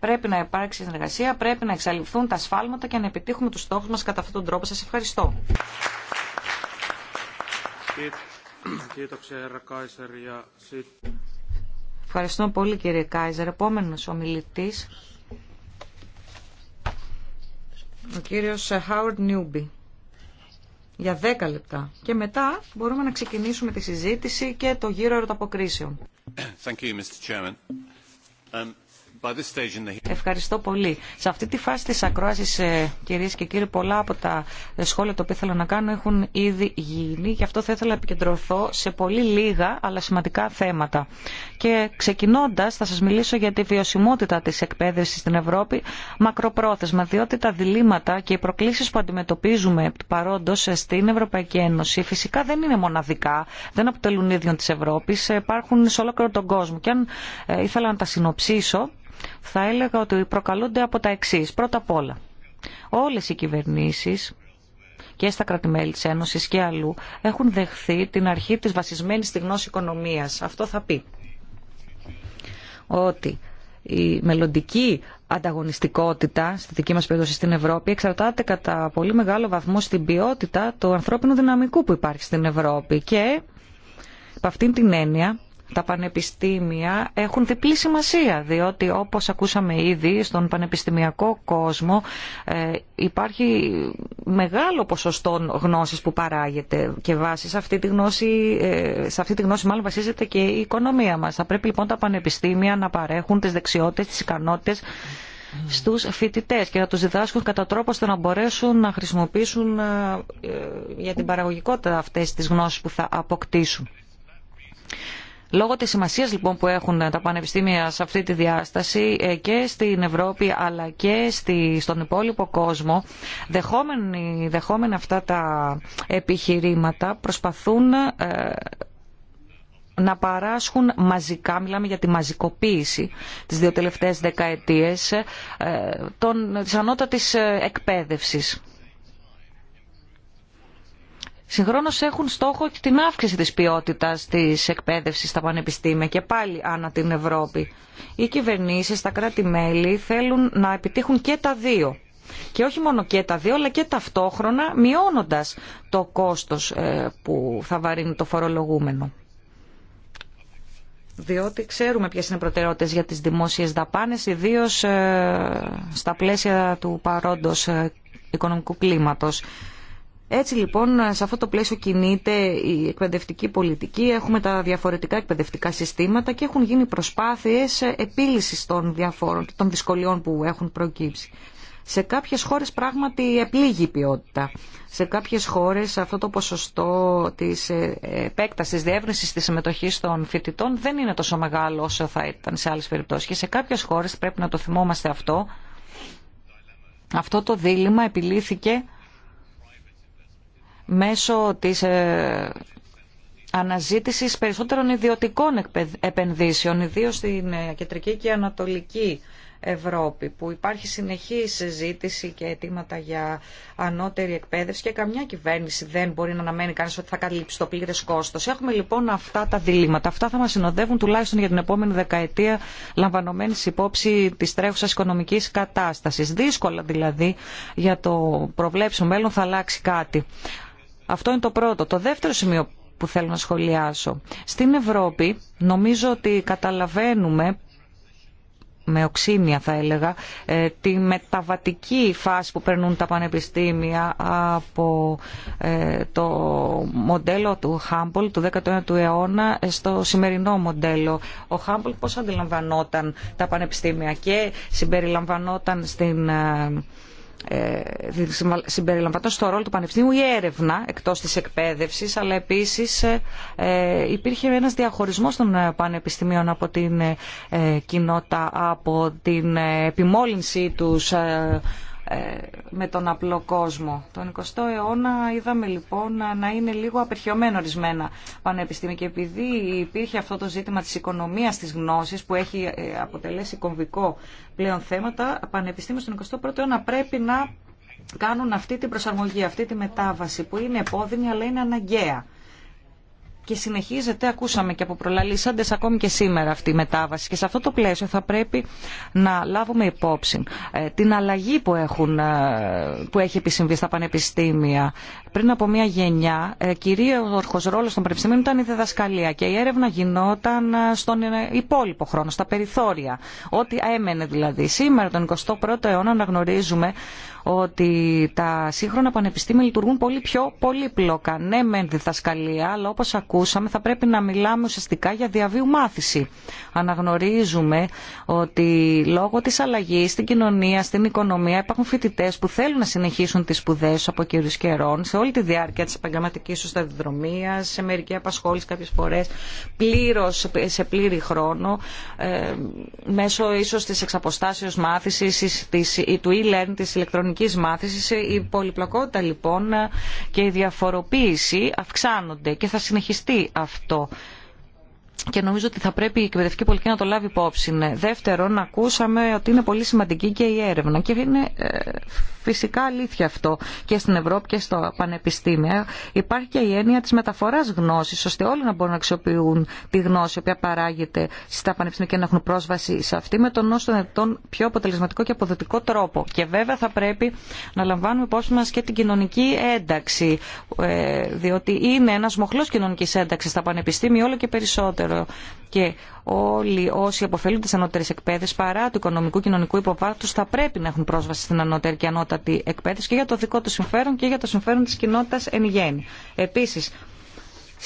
Πρέπει να υπάρξει συνεργασία, πρέπει να εξαλειφθούν τα σφάλματα και να επιτύχουμε τους στόχους μας κατά αυτόν τον τρόπο. Σας ευχαριστώ. Ευχαριστώ πολύ κύριε Κάιζερ. Επόμενος ομιλητής, ο κύριος Χάουαρντ Νιούμπι. Για 10 λεπτά. Και μετά μπορούμε να ξεκινήσουμε τη συζήτηση και το γύρο ερωταποκρίσεων. Thank um, Ευχαριστώ πολύ. Σε αυτή τη φάση της ακρόασης, ε, κυρίες και κύριοι, πολλά από τα σχόλια τα οποία θέλω να κάνω έχουν ήδη γίνει. Γι' αυτό θα ήθελα να επικεντρωθώ σε πολύ λίγα αλλά σημαντικά θέματα. Και ξεκινώντας θα σας μιλήσω για τη βιωσιμότητα της εκπαίδευσης στην Ευρώπη μακροπρόθεσμα, διότι τα διλήμματα και οι προκλήσεις που αντιμετωπίζουμε παρόντος ε, στην Ευρωπαϊκή Ένωση φυσικά δεν είναι μοναδικά, δεν αποτελούν ίδιον της Ευρώπης, ε, υπάρχουν σε ολόκληρο τον κόσμο. Και αν ήθελα να τα συνοψίσω, θα έλεγα ότι προκαλούνται από τα εξή. Πρώτα απ' όλα, όλε οι κυβερνήσει και στα κρατημέλη τη Ένωση και αλλού έχουν δεχθεί την αρχή τη βασισμένη στη γνώση οικονομίας. Αυτό θα πει ότι η μελλοντική ανταγωνιστικότητα στη δική μας περίπτωση στην Ευρώπη εξαρτάται κατά πολύ μεγάλο βαθμό στην ποιότητα του ανθρώπινου δυναμικού που υπάρχει στην Ευρώπη και από αυτήν την έννοια τα πανεπιστήμια έχουν διπλή σημασία, διότι όπως ακούσαμε ήδη στον πανεπιστημιακό κόσμο ε, υπάρχει μεγάλο ποσοστό γνώσης που παράγεται και βάσει σε αυτή τη γνώση, ε, σε αυτή τη γνώση μάλλον βασίζεται και η οικονομία μας. Θα πρέπει λοιπόν τα πανεπιστήμια να παρέχουν τις δεξιότητες, τις ικανότητες στους φοιτητές και να τους διδάσκουν κατά τρόπο ώστε να μπορέσουν να χρησιμοποιήσουν ε, για την παραγωγικότητα αυτές τις γνώσεις που θα αποκτήσουν. Λόγω της σημασίας λοιπόν που έχουν τα πανεπιστήμια σε αυτή τη διάσταση ε, και στην Ευρώπη αλλά και στον υπόλοιπο κόσμο, δεχόμενοι, δεχόμενοι αυτά τα επιχειρήματα προσπαθούν ε, να παράσχουν μαζικά, μιλάμε για τη μαζικοποίηση τις δύο τελευταίες δεκαετίες, ε, των, της ανώτατης εκπαίδευσης Συγχρόνω έχουν στόχο και την αύξηση της ποιότητας τη εκπαίδευση στα πανεπιστήμια και πάλι ανά την Ευρώπη. Οι κυβερνήσει τα κράτη-μέλη θέλουν να επιτύχουν και τα δύο. Και όχι μόνο και τα δύο, αλλά και ταυτόχρονα μειώνοντας το κόστος ε, που θα βαρύνει το φορολογούμενο διότι ξέρουμε ποιε είναι οι προτεραιότητες για τις δημόσιες δαπάνες, ιδίω ε, στα πλαίσια του παρόντος ε, οικονομικού κλίματος. Έτσι λοιπόν σε αυτό το πλαίσιο κινείται η εκπαιδευτική πολιτική, έχουμε τα διαφορετικά εκπαιδευτικά συστήματα και έχουν γίνει προσπάθειες επίλυσης των διαφόρων των δυσκολιών που έχουν προκύψει. Σε κάποιες χώρες πράγματι επλήγει η ποιότητα. Σε κάποιες χώρες αυτό το ποσοστό της ε, επέκτασης, διεύρυνσης της συμμετοχής των φοιτητών δεν είναι τόσο μεγάλο όσο θα ήταν σε άλλες περιπτώσεις. Και σε κάποιες χώρες, πρέπει να το θυμόμαστε αυτό, αυτό το δίλημα επιλύθηκε μέσω της ε, αναζήτησης περισσότερων ιδιωτικών επενδύσεων, ιδίως στην ε, Κεντρική και Ανατολική Ευρώπη, που υπάρχει συνεχή συζήτηση και αιτήματα για ανώτερη εκπαίδευση και καμιά κυβέρνηση δεν μπορεί να αναμένει κανείς ότι θα καλύψει το πλήρες κόστος. Έχουμε λοιπόν αυτά τα διλήμματα. Αυτά θα μας συνοδεύουν τουλάχιστον για την επόμενη δεκαετία λαμβανομένης υπόψη της τρέχουσας οικονομικής κατάστασης. Δύσκολα δηλαδή για το προβλέψιμο μέλλον θα αλλάξει κάτι. Αυτό είναι το πρώτο. Το δεύτερο σημείο που θέλω να σχολιάσω. Στην Ευρώπη νομίζω ότι καταλαβαίνουμε με οξύμια θα έλεγα, ε, τη μεταβατική φάση που περνούν τα πανεπιστήμια από ε, το μοντέλο του Χάμπολ του 19ου αιώνα ε, στο σημερινό μοντέλο. Ο Χάμπολ πώς αντιλαμβανόταν τα πανεπιστήμια και συμπεριλαμβανόταν στην ε, συμπεριλαμβανόταν στο ρόλο του Πανεπιστήμιου η έρευνα εκτός της εκπαίδευσης αλλά επίσης ε, ε, υπήρχε ένας διαχωρισμός των πανεπιστημίων από την κοινότητα από την επιμόλυνση τους ε, με τον απλό κόσμο. Τον 20ο αιώνα είδαμε λοιπόν να είναι λίγο απερχιωμένο ορισμένα πανεπιστήμια και επειδή υπήρχε αυτό το ζήτημα της οικονομίας της γνώσης που έχει ε, αποτελέσει κομβικό πλέον θέματα πανεπιστήμια στον 21ο αιώνα πρέπει να κάνουν αυτή την προσαρμογή, αυτή τη μετάβαση που είναι επώδυνη αλλά είναι αναγκαία και συνεχίζεται, ακούσαμε και από προλαλήσαντες ακόμη και σήμερα αυτή η μετάβαση και σε αυτό το πλαίσιο θα πρέπει να λάβουμε υπόψη ε, την αλλαγή που, έχουν, ε, που έχει επισυμβεί στα πανεπιστήμια πριν από μία γενιά, ε, κυρίαρχο ρόλο των πανεπιστημίων ήταν η διδασκαλία και η έρευνα γινόταν ε, στον ε, υπόλοιπο χρόνο, στα περιθώρια. Ό,τι έμενε δηλαδή. Σήμερα, τον 21ο αιώνα, αναγνωρίζουμε ότι τα σύγχρονα πανεπιστήμια λειτουργούν πολύ πιο πολύπλοκα. Ναι, με διδασκαλία, αλλά όπω ακούσαμε θα πρέπει να μιλάμε ουσιαστικά για διαβίου μάθηση. Αναγνωρίζουμε ότι λόγω τη αλλαγή, στην κοινωνία, στην οικονομία υπάρχουν φοιτητέ που θέλουν να συνεχίσουν τι σπουδές από καιρού καιρών σε όλη τη διάρκεια τη επαγγελματική σου σταδιοδρομία, σε μερική απασχόληση κάποιε φορές, πλήρω σε πλήρη χρόνο, ε, μέσω ίσω της εξαποστάσεω μάθηση, της, ή του e-learn, της ηλεκτρονικής μάθησης. Η πολυπλοκότητα λοιπόν και η διαφοροποίηση αυξάνονται και θα συνεχιστεί αυτό και νομίζω ότι θα πρέπει η εκπαιδευτική πολιτική να το λάβει υπόψη. Ναι. Δεύτερον, ακούσαμε ότι είναι πολύ σημαντική και η έρευνα και είναι ε, φυσικά αλήθεια αυτό και στην Ευρώπη και στο Πανεπιστήμιο. Υπάρχει και η έννοια τη μεταφορά γνώση, ώστε όλοι να μπορούν να αξιοποιούν τη γνώση που παράγεται στα πανεπιστήμια και να έχουν πρόσβαση σε αυτή με τον όσο τον πιο αποτελεσματικό και αποδοτικό τρόπο. Και βέβαια θα πρέπει να λαμβάνουμε υπόψη μα και την κοινωνική ένταξη, ε, διότι είναι ένα μοχλό κοινωνική ένταξη στα πανεπιστήμια όλο και περισσότερο και όλοι όσοι αποφελούνται τις ανώτερες εκπαίδευση παρά του οικονομικού κοινωνικού υποβάθου θα πρέπει να έχουν πρόσβαση στην ανώτερη και ανώτατη εκπαίδευση και για το δικό του συμφέρον και για το συμφέρον τη κοινότητα εν γέννη. Επίση,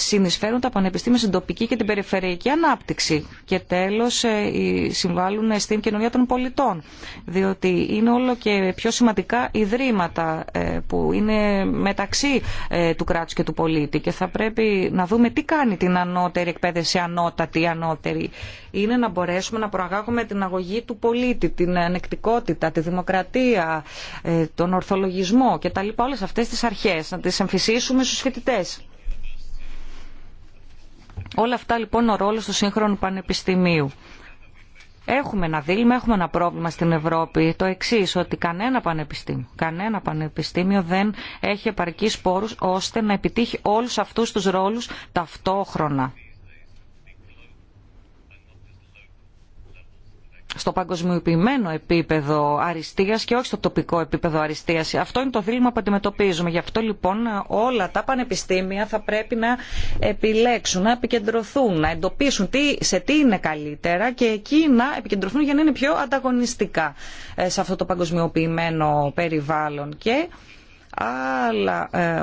συνεισφέρουν τα πανεπιστήμια στην τοπική και την περιφερειακή ανάπτυξη και τέλο ε, συμβάλλουν στην κοινωνία των πολιτών διότι είναι όλο και πιο σημαντικά ιδρύματα ε, που είναι μεταξύ ε, του κράτου και του πολίτη και θα πρέπει να δούμε τι κάνει την ανώτερη εκπαίδευση ανώτατη ή ανώτερη είναι να μπορέσουμε να προαγάγουμε την αγωγή του πολίτη, την ανεκτικότητα, τη δημοκρατία, τον ορθολογισμό και τα λοιπά Όλε αυτέ τι αρχέ, να τι εμφυσίσουμε στου φοιτητέ. Όλα αυτά λοιπόν ο ρόλος του σύγχρονου πανεπιστημίου. Έχουμε ένα δίλημα, έχουμε ένα πρόβλημα στην Ευρώπη. Το εξή, ότι κανένα πανεπιστήμιο, κανένα πανεπιστήμιο δεν έχει επαρκεί σπόρου ώστε να επιτύχει όλου αυτού του ρόλου ταυτόχρονα. στο παγκοσμιοποιημένο επίπεδο αριστείας και όχι στο τοπικό επίπεδο αριστείας. Αυτό είναι το δίλημα που αντιμετωπίζουμε. Γι' αυτό λοιπόν όλα τα πανεπιστήμια θα πρέπει να επιλέξουν, να επικεντρωθούν, να εντοπίσουν τι, σε τι είναι καλύτερα και εκεί να επικεντρωθούν για να είναι πιο ανταγωνιστικά ε, σε αυτό το παγκοσμιοποιημένο περιβάλλον. Και άλλα ε,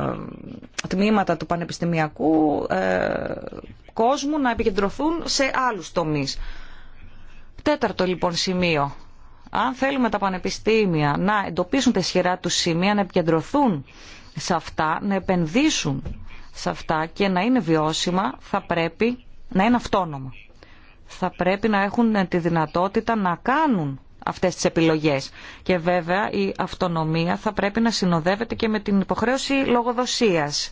τμήματα του πανεπιστημιακού ε, κόσμου να επικεντρωθούν σε άλλους τομείς. Τέταρτο λοιπόν σημείο. Αν θέλουμε τα πανεπιστήμια να εντοπίσουν τα ισχυρά του σημεία, να επικεντρωθούν σε αυτά, να επενδύσουν σε αυτά και να είναι βιώσιμα, θα πρέπει να είναι αυτόνομα. Θα πρέπει να έχουν τη δυνατότητα να κάνουν αυτές τις επιλογές. Και βέβαια η αυτονομία θα πρέπει να συνοδεύεται και με την υποχρέωση λογοδοσίας.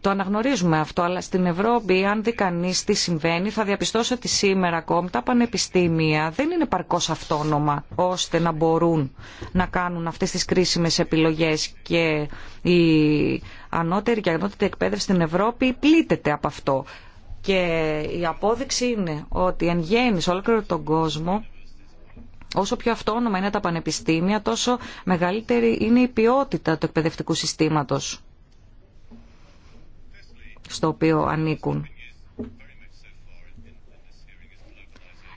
Το αναγνωρίζουμε αυτό, αλλά στην Ευρώπη, αν δει κανεί τι συμβαίνει, θα διαπιστώσει ότι σήμερα ακόμη τα πανεπιστήμια δεν είναι παρκώς αυτόνομα, ώστε να μπορούν να κάνουν αυτές τις κρίσιμες επιλογές και η ανώτερη και ανώτερη εκπαίδευση στην Ευρώπη πλήττεται από αυτό. Και η απόδειξη είναι ότι εν γέννη σε όλο τον κόσμο Όσο πιο αυτόνομα είναι τα πανεπιστήμια, τόσο μεγαλύτερη είναι η ποιότητα του εκπαιδευτικού συστήματος στο οποίο ανήκουν.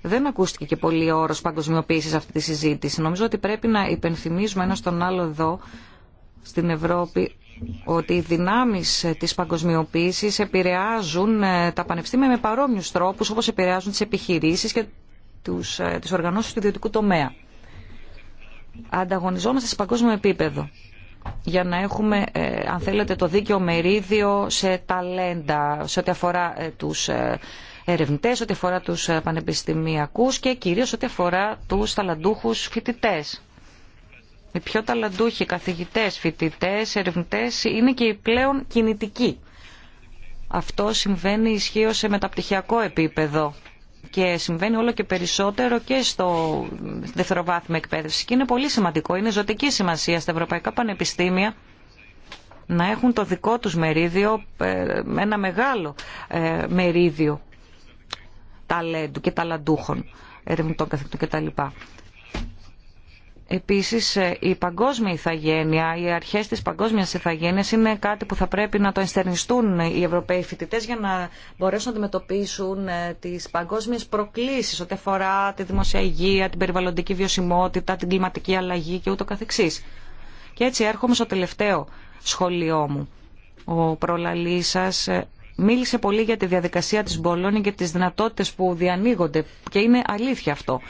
Δεν ακούστηκε και πολύ όρος παγκοσμιοποίηση αυτή τη συζήτηση. Νομίζω ότι πρέπει να υπενθυμίζουμε ένα στον άλλο εδώ στην Ευρώπη ότι οι δυνάμεις της παγκοσμιοποίησης επηρεάζουν ε, τα πανεπιστήμια με παρόμοιους τρόπους όπως επηρεάζουν τις επιχειρήσεις και τους, ε, τις οργανώσεις του ιδιωτικού τομέα. Ανταγωνιζόμαστε σε παγκόσμιο επίπεδο για να έχουμε, ε, αν θέλετε, το δίκαιο μερίδιο σε ταλέντα, σε ό,τι αφορά ε, τους ε, ερευνητές, ό,τι αφορά τους πανεπιστημιακούς και κυρίως ό,τι αφορά τους ταλαντούχους φοιτητές. Οι πιο ταλαντούχοι καθηγητές, φοιτητές, ερευνητές είναι και οι πλέον κινητικοί. Αυτό συμβαίνει ισχύω σε μεταπτυχιακό επίπεδο και συμβαίνει όλο και περισσότερο και στο δευτεροβάθμιο εκπαίδευση. Και είναι πολύ σημαντικό, είναι ζωτική σημασία στα ευρωπαϊκά πανεπιστήμια να έχουν το δικό τους μερίδιο, ε, ένα μεγάλο ε, μερίδιο ταλέντου και ταλαντούχων ερευνητών καθηγητών κτλ. Επίσης ε, η παγκόσμια ηθαγένεια, οι αρχές της παγκόσμιας ηθαγένειας είναι κάτι που θα πρέπει να το ενστερνιστούν οι Ευρωπαίοι φοιτητέ για να μπορέσουν να αντιμετωπίσουν ε, τις παγκόσμιες προκλήσεις ό,τι αφορά τη δημοσία υγεία, την περιβαλλοντική βιωσιμότητα, την κλιματική αλλαγή και ούτω καθεξής. Και έτσι έρχομαι στο τελευταίο σχολείο μου. Ο προλαλής σας ε, μίλησε πολύ για τη διαδικασία της Μπολόνη και τις δυνατότητες που διανοίγονται και είναι αλήθεια αυτό.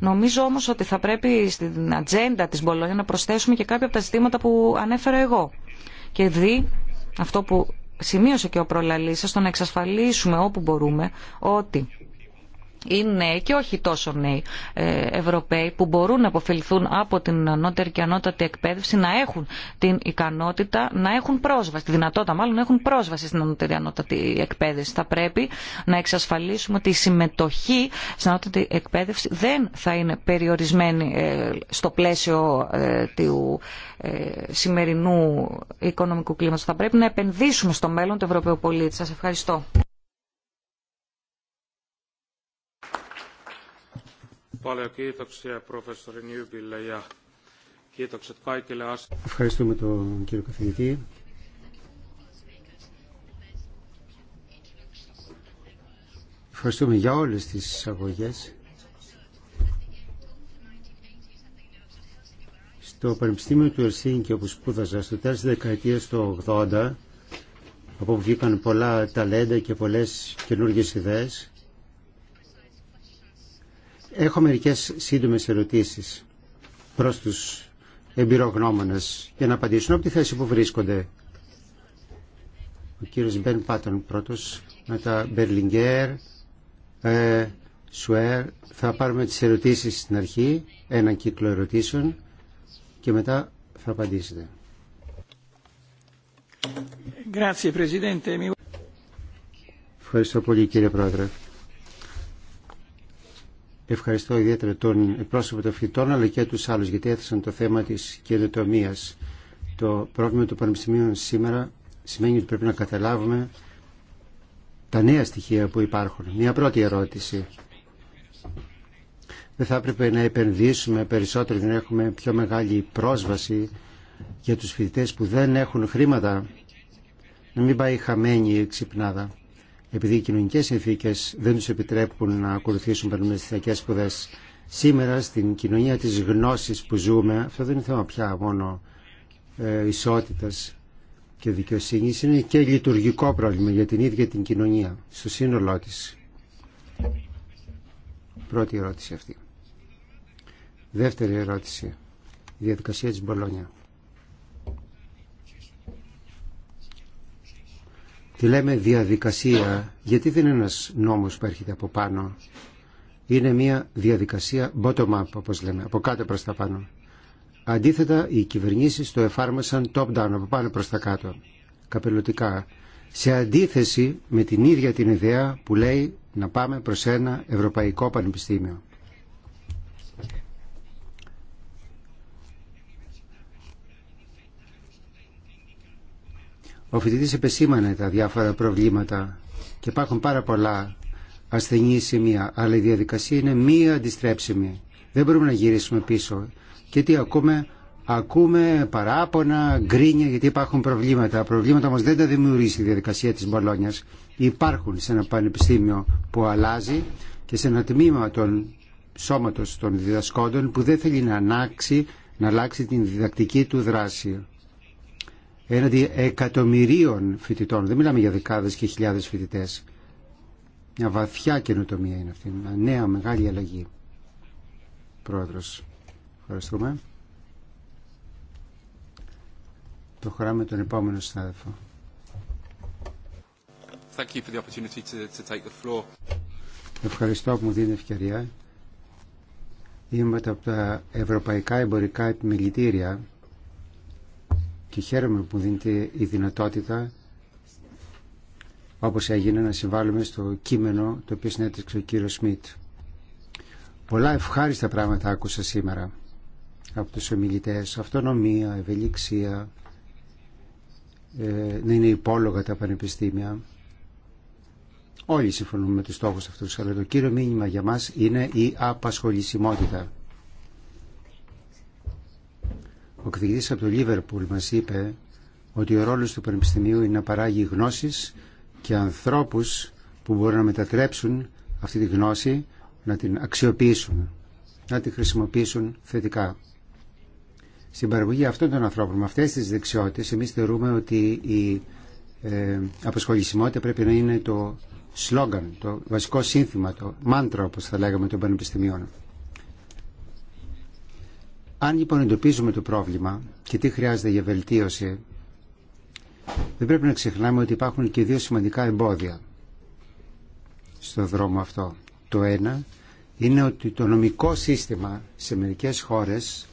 Νομίζω όμως ότι θα πρέπει στην ατζέντα της Μπολόνια να προσθέσουμε και κάποια από τα ζητήματα που ανέφερα εγώ. Και δει αυτό που σημείωσε και ο προλαλής, να εξασφαλίσουμε όπου μπορούμε ότι είναι νέοι και όχι τόσο νέοι ε, Ευρωπαίοι που μπορούν να αποφεληθούν από την ανώτερη και ανώτατη εκπαίδευση να έχουν την ικανότητα να έχουν πρόσβαση, τη δυνατότητα μάλλον να έχουν πρόσβαση στην ανώτερη ανώτατη εκπαίδευση. Θα πρέπει να εξασφαλίσουμε ότι η συμμετοχή στην ανώτατη εκπαίδευση δεν θα είναι περιορισμένη ε, στο πλαίσιο ε, του σημερινού οικονομικού κλίματος. Θα πρέπει να επενδύσουμε στο μέλλον του Ευρωπαίου πολίτη. Σας ευχαριστώ. Ευχαριστούμε τον κύριο καθηγητή. Ευχαριστούμε για όλες τις εισαγωγές. Στο Πανεπιστήμιο του Ελσίνκη όπου σπούδαζα στο τέλος της δεκαετίας του 80 από όπου βγήκαν πολλά ταλέντα και πολλές καινούργιες ιδέες Έχω μερικές σύντομες ερωτήσεις προς τους εμπειρογνώμονες για να απαντήσουν από τη θέση που βρίσκονται. Ο κύριος Μπεν Πάτον πρώτος, μετά Μπερλιγκέρ, ε, Σουέρ. Θα πάρουμε τις ερωτήσεις στην αρχή, έναν κύκλο ερωτήσεων και μετά θα απαντήσετε. Ευχαριστώ πολύ κύριε Πρόεδρε. Ευχαριστώ ιδιαίτερα τον εκπρόσωπο των φοιτητών αλλά και του άλλου, γιατί έθεσαν το θέμα τη καινοτομία. Το πρόβλημα των πανεπιστημίων σήμερα σημαίνει ότι πρέπει να καταλάβουμε τα νέα στοιχεία που υπάρχουν. Μια πρώτη ερώτηση. Δεν θα έπρεπε να επενδύσουμε περισσότερο για να έχουμε πιο μεγάλη πρόσβαση για τους φοιτητές που δεν έχουν χρήματα να μην πάει χαμένη η ξυπνάδα επειδή οι κοινωνικές συνθήκες δεν τους επιτρέπουν να ακολουθήσουν πανεπιστημιακές σπουδέ. Σήμερα στην κοινωνία της γνώσης που ζούμε, αυτό δεν είναι θέμα πια μόνο ε, ισότητας και δικαιοσύνης, είναι και λειτουργικό πρόβλημα για την ίδια την κοινωνία, στο σύνολό της. Πρώτη ερώτηση αυτή. Δεύτερη ερώτηση. Η διαδικασία της Μπολόνια. Τη λέμε διαδικασία γιατί δεν είναι ένας νόμος που έρχεται από πάνω. Είναι μια διαδικασία bottom-up όπως λέμε, από κάτω προς τα πάνω. Αντίθετα, οι κυβερνήσεις το εφάρμοσαν top-down, από πάνω προς τα κάτω, καπελωτικά. Σε αντίθεση με την ίδια την ιδέα που λέει να πάμε προς ένα ευρωπαϊκό πανεπιστήμιο. Ο φοιτητή επεσήμανε τα διάφορα προβλήματα και υπάρχουν πάρα πολλά ασθενή σημεία, αλλά η διαδικασία είναι μη αντιστρέψιμη. Δεν μπορούμε να γυρίσουμε πίσω. Και τι ακούμε, ακούμε παράπονα, γκρίνια, γιατί υπάρχουν προβλήματα. Προβλήματα όμω δεν τα δημιουργήσει η διαδικασία τη Μπολόνια. Υπάρχουν σε ένα πανεπιστήμιο που αλλάζει και σε ένα τμήμα των σώματος των διδασκόντων που δεν θέλει να, ανάξει, να αλλάξει την διδακτική του δράση έναντι εκατομμυρίων φοιτητών. Δεν μιλάμε για δεκάδες και χιλιάδες φοιτητές. Μια βαθιά καινοτομία είναι αυτή. Μια νέα μεγάλη αλλαγή. Πρόεδρος, ευχαριστούμε. Το χωράμε τον επόμενο συνάδελφο. Thank you for the opportunity to, to take the floor. Ευχαριστώ που μου δίνει ευκαιρία. Είμαι από τα Ευρωπαϊκά Εμπορικά Επιμελητήρια και χαίρομαι που δίνεται η δυνατότητα όπως έγινε να συμβάλλουμε στο κείμενο το οποίο συνέτρεξε ο κύριος Σμιτ. Πολλά ευχάριστα πράγματα άκουσα σήμερα από τους ομιλητές. Αυτονομία, ευελιξία, ε, να είναι υπόλογα τα πανεπιστήμια. Όλοι συμφωνούμε με τους στόχους αυτούς, αλλά το κύριο μήνυμα για μας είναι η απασχολησιμότητα. Ο καθηγητής από το Λίβερπουλ μας είπε ότι ο ρόλος του Πανεπιστημίου είναι να παράγει γνώσεις και ανθρώπους που μπορούν να μετατρέψουν αυτή τη γνώση, να την αξιοποιήσουν, να τη χρησιμοποιήσουν θετικά. Στην παραγωγή αυτών των ανθρώπων, με αυτές τις δεξιότητες, εμείς θεωρούμε ότι η ε, απασχολησιμότητα πρέπει να είναι το σλόγγαν, το βασικό σύνθημα, το μάντρα, όπω θα λέγαμε, των πανεπιστημίων. Αν λοιπόν εντοπίζουμε το πρόβλημα και τι χρειάζεται για βελτίωση, δεν πρέπει να ξεχνάμε ότι υπάρχουν και δύο σημαντικά εμπόδια στον δρόμο αυτό. Το ένα είναι ότι το νομικό σύστημα σε μερικές χώρες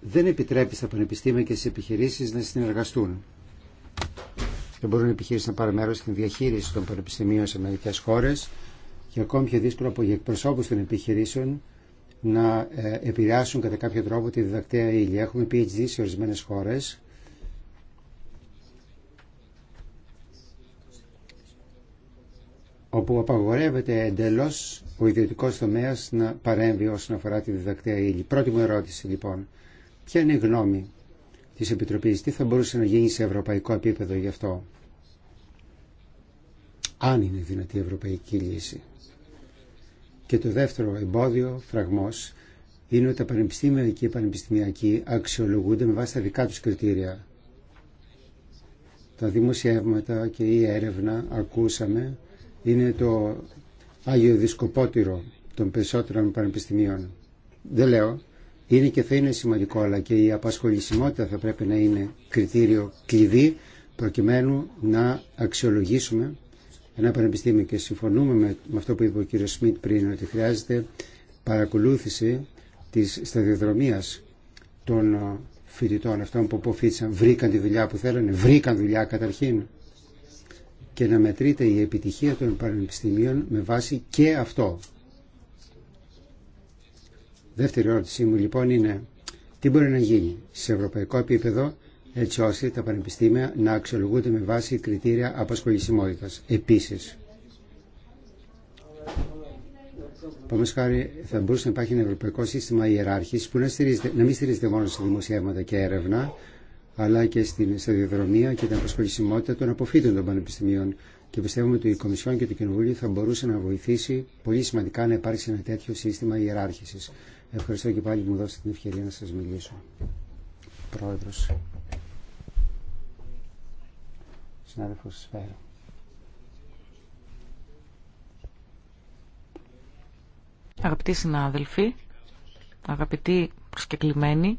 δεν επιτρέπει στα πανεπιστήμια και στις επιχειρήσεις να συνεργαστούν. Δεν μπορούν οι επιχειρήσεις να πάρουν μέρος στην διαχείριση των πανεπιστημίων σε μερικές χώρες και ακόμη πιο δύσκολο από εκπροσώπους των επιχειρήσεων να ε, επηρεάσουν κατά κάποιο τρόπο τη διδακτέα ύλη. Έχουμε PhD σε ορισμένες χώρες. όπου απαγορεύεται εντελώς ο ιδιωτικός τομέας να παρέμβει όσον αφορά τη διδακτέα ύλη. Πρώτη μου ερώτηση λοιπόν, ποια είναι η γνώμη της Επιτροπής, τι θα μπορούσε να γίνει σε ευρωπαϊκό επίπεδο γι' αυτό, αν είναι δυνατή η ευρωπαϊκή λύση. Και το δεύτερο εμπόδιο, φραγμός, είναι ότι τα πανεπιστήμια και οι πανεπιστημιακοί αξιολογούνται με βάση τα δικά τους κριτήρια. Τα δημοσιεύματα και η έρευνα, ακούσαμε, είναι το Άγιο Δισκοπότηρο των περισσότερων πανεπιστημίων. Δεν λέω, είναι και θα είναι σημαντικό, αλλά και η απασχολησιμότητα θα πρέπει να είναι κριτήριο κλειδί προκειμένου να αξιολογήσουμε ένα πανεπιστήμιο και συμφωνούμε με, αυτό που είπε ο κύριος Σμιτ πριν ότι χρειάζεται παρακολούθηση της σταδιοδρομίας των ε, φοιτητών αυτών που αποφύτησαν, βρήκαν τη δουλειά που θέλανε, βρήκαν δουλειά καταρχήν και να μετρείται η επιτυχία των πανεπιστημίων με βάση και αυτό. Δεύτερη ερώτησή μου λοιπόν είναι τι μπορεί να γίνει σε ευρωπαϊκό επίπεδο έτσι ώστε τα πανεπιστήμια να αξιολογούνται με βάση κριτήρια απασχολησιμότητας. Επίσης, χάρη, θα μπορούσε να υπάρχει ένα ευρωπαϊκό σύστημα ιεράρχηση που να, να μην στηρίζεται μόνο σε δημοσιεύματα και έρευνα, αλλά και στην σταδιοδρομία και την απασχολησιμότητα των αποφύτων των πανεπιστημίων. Και πιστεύουμε ότι η Κομισιόν και το Κοινοβούλιο θα μπορούσε να βοηθήσει πολύ σημαντικά να υπάρξει ένα τέτοιο σύστημα ιεράρχηση. Ευχαριστώ και πάλι που μου δώσετε την ευκαιρία να σα μιλήσω. Πρόεδρος. Αγαπητοί συνάδελφοι, αγαπητοί προσκεκλημένοι,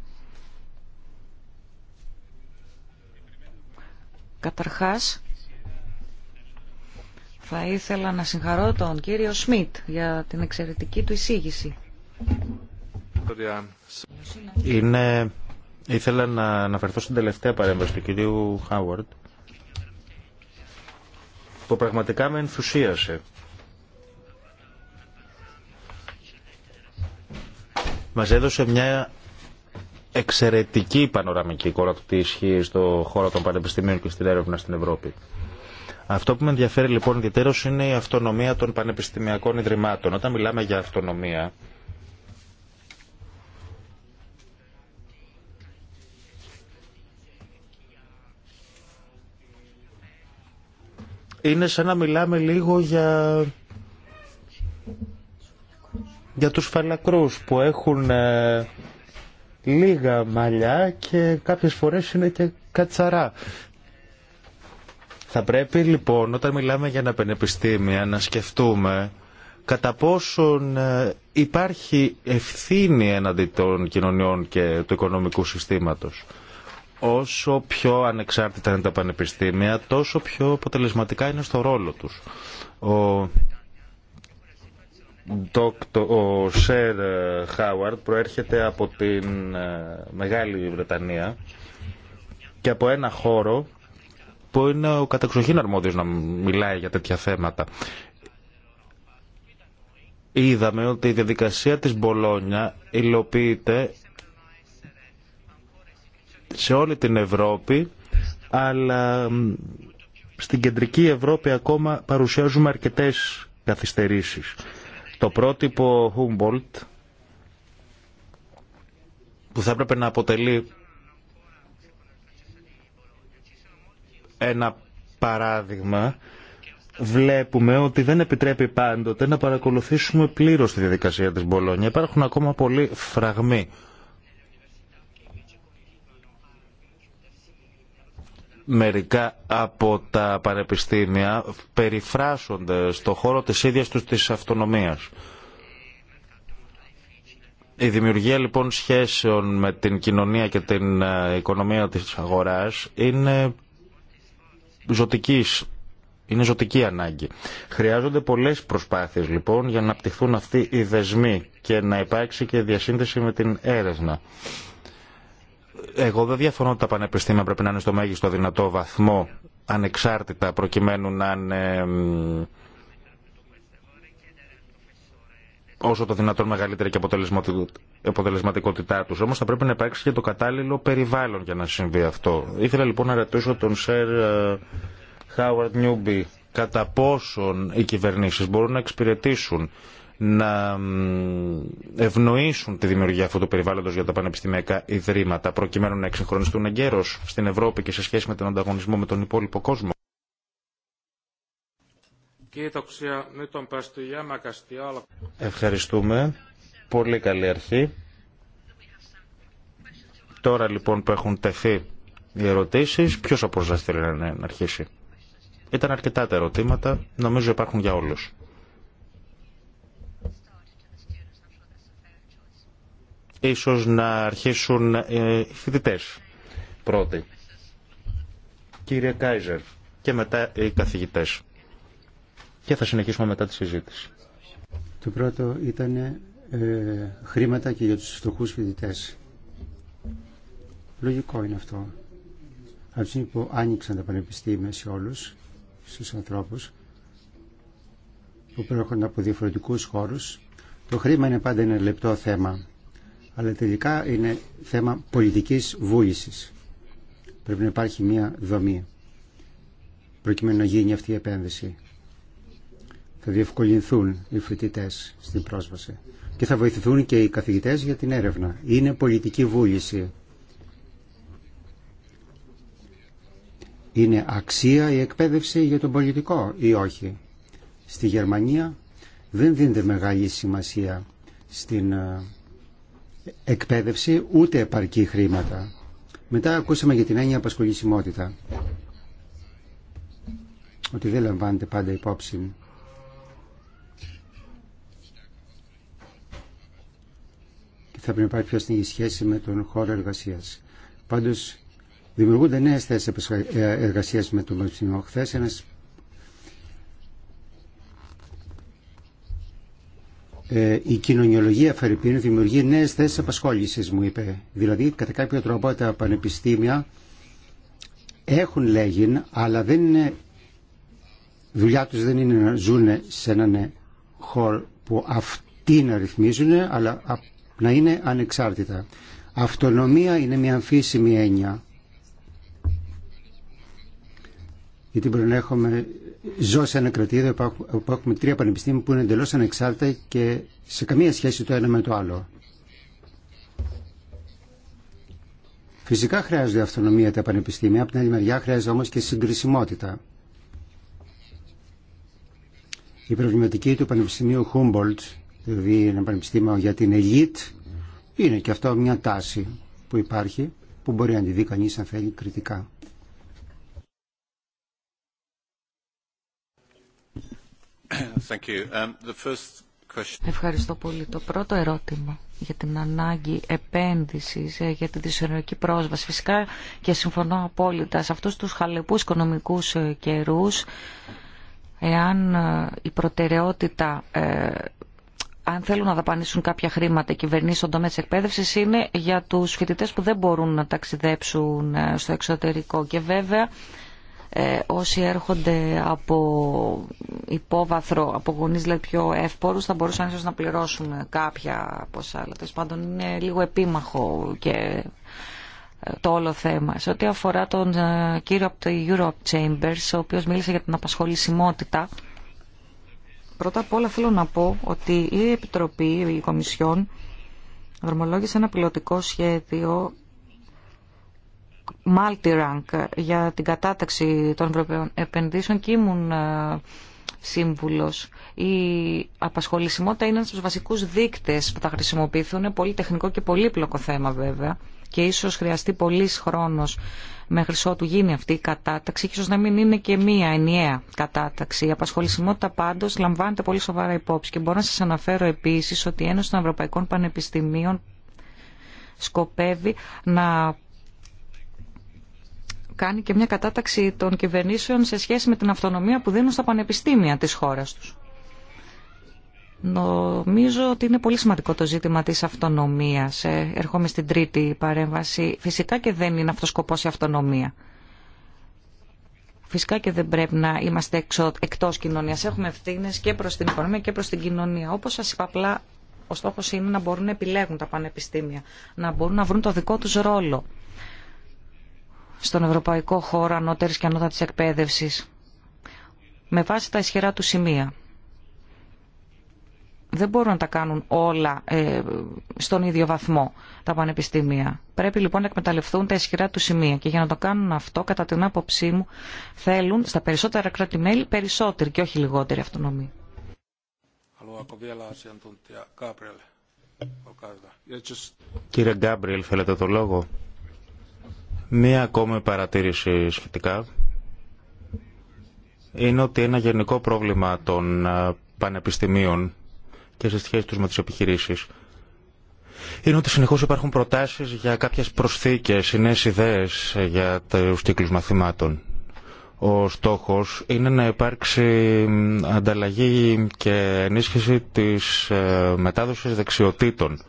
καταρχάς θα ήθελα να συγχαρώ τον κύριο Σμιτ για την εξαιρετική του εισήγηση. Είναι... Ήθελα να αναφερθώ στην τελευταία παρέμβαση του κυρίου Χάουαρτ που πραγματικά με ενθουσίασε. Μας έδωσε μια εξαιρετική πανοραμική εικόνα του τι ισχύει στο χώρο των πανεπιστημίων και στην έρευνα στην Ευρώπη. Αυτό που με ενδιαφέρει λοιπόν ιδιαίτερω είναι η αυτονομία των πανεπιστημιακών ιδρυμάτων. Όταν μιλάμε για αυτονομία, είναι σαν να μιλάμε λίγο για για τους φαλακρούς που έχουν ε, λίγα μαλλιά και κάποιες φορές είναι και κατσαρά. Θα πρέπει λοιπόν όταν μιλάμε για ένα πενεπιστήμια να σκεφτούμε κατά πόσον ε, υπάρχει ευθύνη έναντι των κοινωνιών και του οικονομικού συστήματος όσο πιο ανεξάρτητα είναι τα πανεπιστήμια, τόσο πιο αποτελεσματικά είναι στο ρόλο τους. Ο ο Σερ Χάουαρτ προέρχεται από την ε, Μεγάλη Βρετανία και από ένα χώρο που είναι ο κατεξοχήν αρμόδιος να μιλάει για τέτοια θέματα. Είδαμε ότι η διαδικασία της Μπολόνια υλοποιείται σε όλη την Ευρώπη, αλλά στην κεντρική Ευρώπη ακόμα παρουσιάζουμε αρκετές καθυστερήσεις. Το πρότυπο Humboldt, που θα έπρεπε να αποτελεί ένα παράδειγμα, βλέπουμε ότι δεν επιτρέπει πάντοτε να παρακολουθήσουμε πλήρως τη διαδικασία της Μπολόνια. Υπάρχουν ακόμα πολλοί φραγμοί μερικά από τα πανεπιστήμια περιφράσονται στο χώρο της ίδιας τους της αυτονομίας. Η δημιουργία λοιπόν σχέσεων με την κοινωνία και την ε, οικονομία της αγοράς είναι ζωτικής είναι ζωτική ανάγκη. Χρειάζονται πολλές προσπάθειες λοιπόν για να απτυχθούν αυτοί οι δεσμοί και να υπάρξει και διασύνδεση με την έρευνα. Εγώ δεν διαφωνώ ότι τα πανεπιστήμια πρέπει να είναι στο μέγιστο δυνατό βαθμό ανεξάρτητα προκειμένου να είναι όσο το δυνατόν μεγαλύτερη και αποτελεσματικότητά τους. Όμως θα πρέπει να υπάρξει και το κατάλληλο περιβάλλον για να συμβεί αυτό. Ήθελα λοιπόν να ρωτήσω τον Σερ ε, Χάουαρτ Νιούμπι κατά πόσον οι κυβερνήσεις μπορούν να εξυπηρετήσουν να ευνοήσουν τη δημιουργία αυτού του περιβάλλοντο για τα πανεπιστημιακά ιδρύματα, προκειμένου να εξυγχρονιστούν εγκαίρω στην Ευρώπη και σε σχέση με τον ανταγωνισμό με τον υπόλοιπο κόσμο. Ευχαριστούμε. Πολύ καλή αρχή. Τώρα λοιπόν που έχουν τεθεί οι ερωτήσει, ποιο από εσά θέλει να αρχίσει. Ήταν αρκετά τα ερωτήματα, νομίζω υπάρχουν για όλους. ίσως να αρχίσουν ε, οι φοιτητέ. πρώτοι. Κύριε Κάιζερ και μετά οι καθηγητές. Και θα συνεχίσουμε μετά τη συζήτηση. Το πρώτο ήταν ε, χρήματα και για τους φτωχούς φοιτητέ. Λογικό είναι αυτό. Από τη που άνοιξαν τα πανεπιστήμια σε όλους, στους ανθρώπους, που προέρχονται από διαφορετικούς χώρους, το χρήμα είναι πάντα ένα λεπτό θέμα αλλά τελικά είναι θέμα πολιτικής βούλησης. Πρέπει να υπάρχει μια δομή προκειμένου να γίνει αυτή η επένδυση. Θα διευκολυνθούν οι φοιτητέ στην πρόσβαση και θα βοηθηθούν και οι καθηγητές για την έρευνα. Είναι πολιτική βούληση. Είναι αξία η εκπαίδευση για τον πολιτικό ή όχι. Στη Γερμανία δεν δίνεται μεγάλη σημασία στην ε, εκπαίδευση ούτε επαρκή χρήματα. Μετά ακούσαμε για την έννοια απασχολησιμότητα. Ότι δεν λαμβάνεται πάντα υπόψη. Και θα πρέπει να υπάρχει πιο στενή σχέση με τον χώρο εργασία. Πάντως δημιουργούνται νέες θέσει ε, εργασία με τον Πανεπιστήμιο. Χθε ένας Ε, η κοινωνιολογία Φερρυπίνου δημιουργεί νέες θέσει απασχόληση, μου είπε. Δηλαδή, κατά κάποιο τρόπο τα πανεπιστήμια έχουν λέγει, αλλά δεν είναι, δουλειά του δεν είναι να ζουν σε έναν χώρο που αυτοί να ρυθμίζουν, αλλά να είναι ανεξάρτητα. Αυτονομία είναι μια αμφίσιμη έννοια. Γιατί μπορεί να έχουμε ζω σε ένα κρατήδιο που έχουμε τρία πανεπιστήμια που είναι εντελώ ανεξάρτητα και σε καμία σχέση το ένα με το άλλο. Φυσικά χρειάζονται αυτονομία τα πανεπιστήμια, από την άλλη μεριά χρειάζεται όμως και συγκρισιμότητα. Η προβληματική του Πανεπιστημίου Humboldt, δηλαδή ένα πανεπιστήμιο για την ελίτ, είναι και αυτό μια τάση που υπάρχει, που μπορεί να τη δει κανεί αν θέλει κριτικά. Um, Ευχαριστώ πολύ. Το πρώτο ερώτημα για την ανάγκη επένδυσης, ε, για τη δυσονοϊκή πρόσβαση. Φυσικά και συμφωνώ απόλυτα σε αυτούς τους χαλεπούς οικονομικούς ε, καιρούς, εάν ε, η προτεραιότητα αν θέλουν να δαπανίσουν κάποια χρήματα οι κυβερνήσει στον τομέα τη εκπαίδευση είναι για του φοιτητέ που δεν μπορούν να ταξιδέψουν στο εξωτερικό. Και βέβαια ε, όσοι έρχονται από υπόβαθρο, από γονεί πιο εύπορου, θα μπορούσαν ίσω να πληρώσουν κάποια ποσά. Αλλά τέλο πάντων είναι λίγο επίμαχο και ε, το όλο θέμα. Σε ό,τι αφορά τον ε, κύριο από το Europe Chambers, ο οποίος μίλησε για την απασχολησιμότητα, πρώτα απ' όλα θέλω να πω ότι η Επιτροπή, η Κομισιόν, δρομολόγησε ένα πιλωτικό σχέδιο Multirank για την κατάταξη των Ευρωπαίων επενδύσεων και ήμουν ε, σύμβουλος. Η απασχολησιμότητα είναι ένας από τους βασικούς δείκτες που θα χρησιμοποιηθούν. Είναι Πολύ τεχνικό και πολύπλοκο θέμα βέβαια και ίσως χρειαστεί πολλή χρόνο μέχρι ότου γίνει αυτή η κατάταξη και ίσως να μην είναι και μία ενιαία κατάταξη. Η απασχολησιμότητα πάντως λαμβάνεται πολύ σοβαρά υπόψη και μπορώ να σας αναφέρω επίσης ότι η Ένωση των Ευρωπαϊκών Πανεπιστημίων σκοπεύει να κάνει και μια κατάταξη των κυβερνήσεων σε σχέση με την αυτονομία που δίνουν στα πανεπιστήμια της χώρας τους. Νομίζω ότι είναι πολύ σημαντικό το ζήτημα της αυτονομίας. Ε, ερχόμαι στην τρίτη παρέμβαση. Φυσικά και δεν είναι αυτός σκοπός η αυτονομία. Φυσικά και δεν πρέπει να είμαστε εξω, εκτός κοινωνίας. Έχουμε ευθύνε και προς την οικονομία και προς την κοινωνία. Όπως σας είπα απλά, ο στόχος είναι να μπορούν να επιλέγουν τα πανεπιστήμια, να μπορούν να βρουν το δικό τους ρόλο στον Ευρωπαϊκό Χώρο Ανώτερης και Ανώτατης Εκπαίδευσης με βάση τα ισχυρά του σημεία. Δεν μπορούν να τα κάνουν όλα ε, στον ίδιο βαθμό τα πανεπιστήμια. Πρέπει λοιπόν να εκμεταλλευτούν τα ισχυρά του σημεία και για να το κάνουν αυτό, κατά την άποψή μου, θέλουν στα περισσότερα κράτη-μέλη περισσότερη και όχι λιγότερη αυτονομία. Κύριε Γκάμπριελ, θέλετε το λόγο. Μία ακόμη παρατήρηση σχετικά είναι ότι ένα γενικό πρόβλημα των ε, πανεπιστημίων και σε σχέση τους με τις επιχειρήσεις είναι ότι συνεχώς υπάρχουν προτάσεις για κάποιες προσθήκες, νέες ιδέες για τους κύκλους μαθημάτων. Ο στόχος είναι να υπάρξει ανταλλαγή και ενίσχυση της ε, μετάδοσης δεξιοτήτων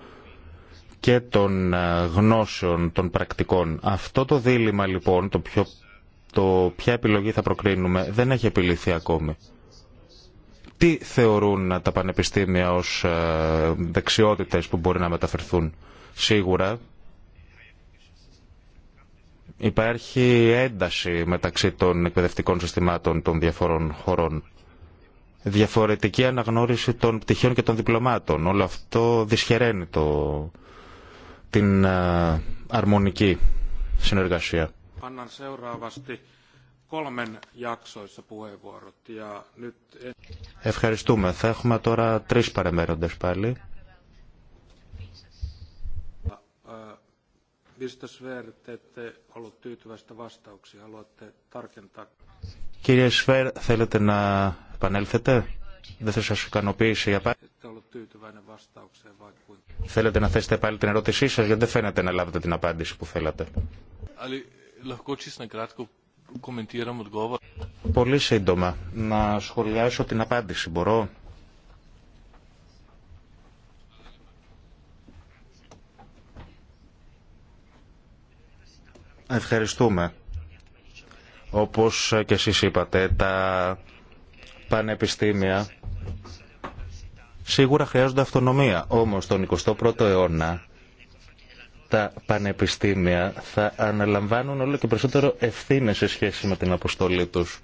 και των ε, γνώσεων των πρακτικών. Αυτό το δίλημα λοιπόν, το, το ποια επιλογή θα προκρίνουμε, δεν έχει επιληθεί ακόμη. Τι θεωρούν ε, τα πανεπιστήμια ως ε, δεξιότητες που μπορεί να μεταφερθούν. Σίγουρα υπάρχει ένταση μεταξύ των εκπαιδευτικών συστημάτων των διαφορών χωρών. Διαφορετική αναγνώριση των πτυχίων και των διπλωμάτων. Όλο αυτό δυσχεραίνει το την ε, αρμονική συνεργασία. Ευχαριστούμε. Θα έχουμε τώρα τρεις παρεμέροντες πάλι. Ε, Κύριε Σφέρ, θέλετε να επανέλθετε. Δεν θα σας ικανοποιήσει η απάντηση. Θέλετε να θέσετε πάλι την ερώτησή σας, γιατί δεν φαίνεται να λάβετε την απάντηση που θέλατε. Πολύ σύντομα. Να σχολιάσω την απάντηση. Μπορώ. Ευχαριστούμε. Όπως και εσείς είπατε, τα πανεπιστήμια σίγουρα χρειάζονται αυτονομία. Όμως τον 21ο αιώνα τα πανεπιστήμια θα αναλαμβάνουν όλο και περισσότερο ευθύνε σε σχέση με την αποστολή τους.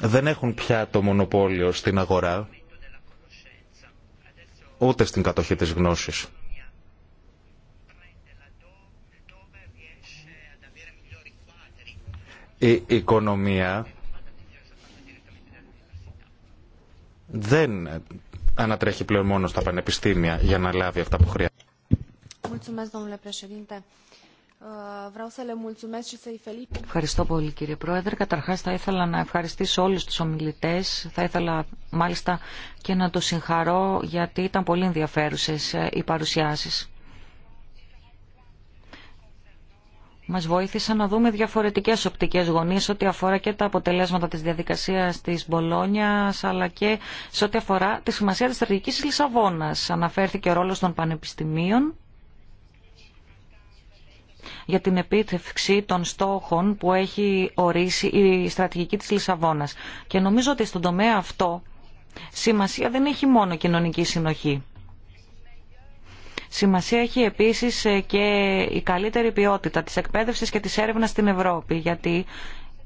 Δεν έχουν πια το μονοπόλιο στην αγορά, ούτε στην κατοχή της γνώσης. Η οικονομία δεν ανατρέχει πλέον μόνο στα πανεπιστήμια για να λάβει αυτά που χρειάζεται. Ευχαριστώ πολύ κύριε Πρόεδρε. Καταρχάς θα ήθελα να ευχαριστήσω όλους τους ομιλητές. Θα ήθελα μάλιστα και να τους συγχαρώ γιατί ήταν πολύ ενδιαφέρουσες ε, οι παρουσιάσεις. μας βοήθησαν να δούμε διαφορετικές οπτικές γωνίες ό,τι αφορά και τα αποτελέσματα της διαδικασίας της Μπολόνιας αλλά και σε ό,τι αφορά τη σημασία της στρατηγικής Λισαβόνας. Αναφέρθηκε ο ρόλος των πανεπιστημίων για την επίτευξη των στόχων που έχει ορίσει η στρατηγική της Λισαβόνας. Και νομίζω ότι στον τομέα αυτό σημασία δεν έχει μόνο κοινωνική συνοχή. Σημασία έχει επίσης ε, και η καλύτερη ποιότητα της εκπαίδευσης και της έρευνα στην Ευρώπη, γιατί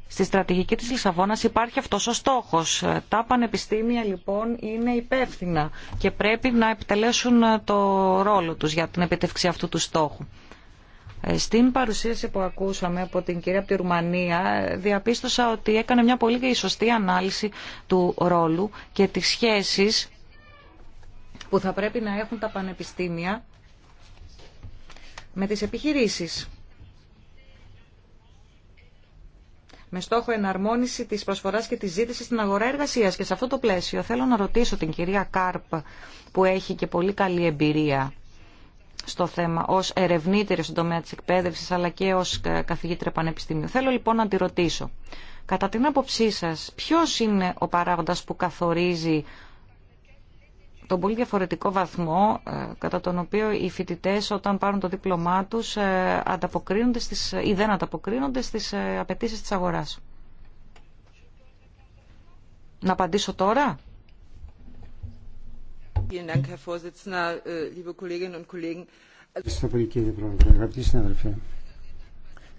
στη στρατηγική της Λισαβόνας υπάρχει αυτός ο στόχος. Ε, τα πανεπιστήμια λοιπόν είναι υπεύθυνα και πρέπει να επιτελέσουν ε, το ρόλο τους για την επιτευξή αυτού του στόχου. Στην παρουσίαση που ακούσαμε από την κυρία από τη Ρουμανία διαπίστωσα ότι έκανε μια πολύ σωστή ανάλυση του ρόλου και τις σχέσεις που θα πρέπει να έχουν τα πανεπιστήμια με τις επιχειρήσεις. με στόχο εναρμόνιση της προσφοράς και της ζήτησης στην αγορά εργασίας. Και σε αυτό το πλαίσιο θέλω να ρωτήσω την κυρία Κάρπ που έχει και πολύ καλή εμπειρία στο θέμα ως ερευνήτρια στον τομέα της εκπαίδευσης αλλά και ως καθηγήτρια πανεπιστημίου. Θέλω λοιπόν να τη ρωτήσω. Κατά την άποψή σας, ποιος είναι ο παράγοντας που καθορίζει τον πολύ διαφορετικό βαθμό ε, κατά τον οποίο οι φοιτητέ όταν πάρουν το δίπλωμά τους ε, ανταποκρίνονται στις, ε, ή δεν ανταποκρίνονται στις απαιτήσει τη αγορά. Να απαντήσω τώρα. Ευχαριστώ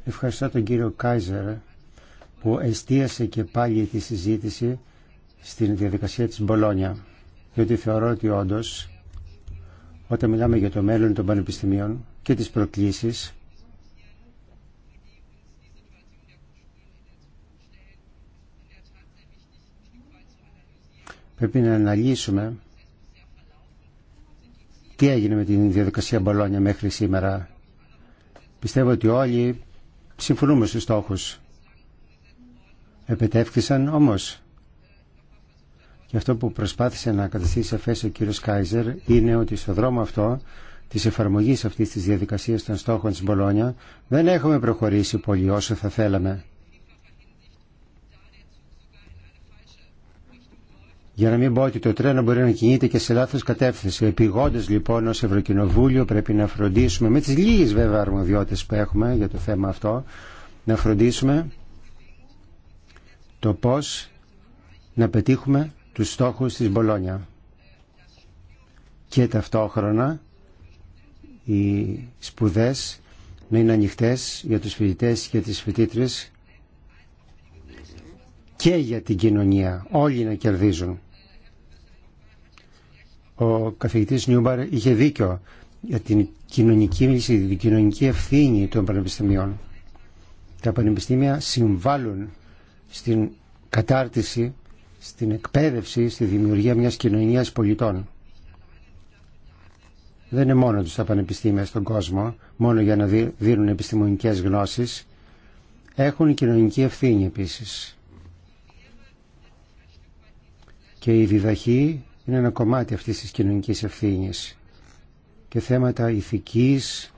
Ευχαριστώ τον κύριο Κάιζερ που εστίασε και πάλι τη συζήτηση στην διαδικασία της Μπολόνια διότι θεωρώ ότι όντω όταν μιλάμε για το μέλλον των πανεπιστημίων και τις προκλήσεις πρέπει να αναλύσουμε τι έγινε με την διαδικασία Μπολόνια μέχρι σήμερα. Πιστεύω ότι όλοι συμφωνούμε στους στόχους. Επετεύχθησαν όμως και αυτό που προσπάθησε να καταστήσει σαφές ο κύριος Κάιζερ είναι ότι στο δρόμο αυτό τη εφαρμογή αυτή τη διαδικασία των στόχων τη Μπολόνια δεν έχουμε προχωρήσει πολύ όσο θα θέλαμε. Για να μην πω ότι το τρένο μπορεί να κινείται και σε λάθο κατεύθυνση. Επιγόντω λοιπόν ω Ευρωκοινοβούλιο πρέπει να φροντίσουμε, με τι λίγε βέβαια αρμοδιότητε που έχουμε για το θέμα αυτό, να φροντίσουμε το πώ να πετύχουμε τους στόχους της Μπολόνια και ταυτόχρονα οι σπουδές να είναι ανοιχτέ για τους φοιτητές και τις φοιτήτρες και για την κοινωνία. Όλοι να κερδίζουν. Ο καθηγητής Νιούμπαρ είχε δίκιο για την κοινωνική την κοινωνική ευθύνη των πανεπιστημίων. Τα πανεπιστήμια συμβάλλουν στην κατάρτιση στην εκπαίδευση, στη δημιουργία μιας κοινωνίας πολιτών. Δεν είναι μόνο τους τα πανεπιστήμια στον κόσμο, μόνο για να δίνουν επιστημονικές γνώσεις. Έχουν κοινωνική ευθύνη επίσης. Και η διδαχή είναι ένα κομμάτι αυτής της κοινωνικής ευθύνης. Και θέματα ηθικής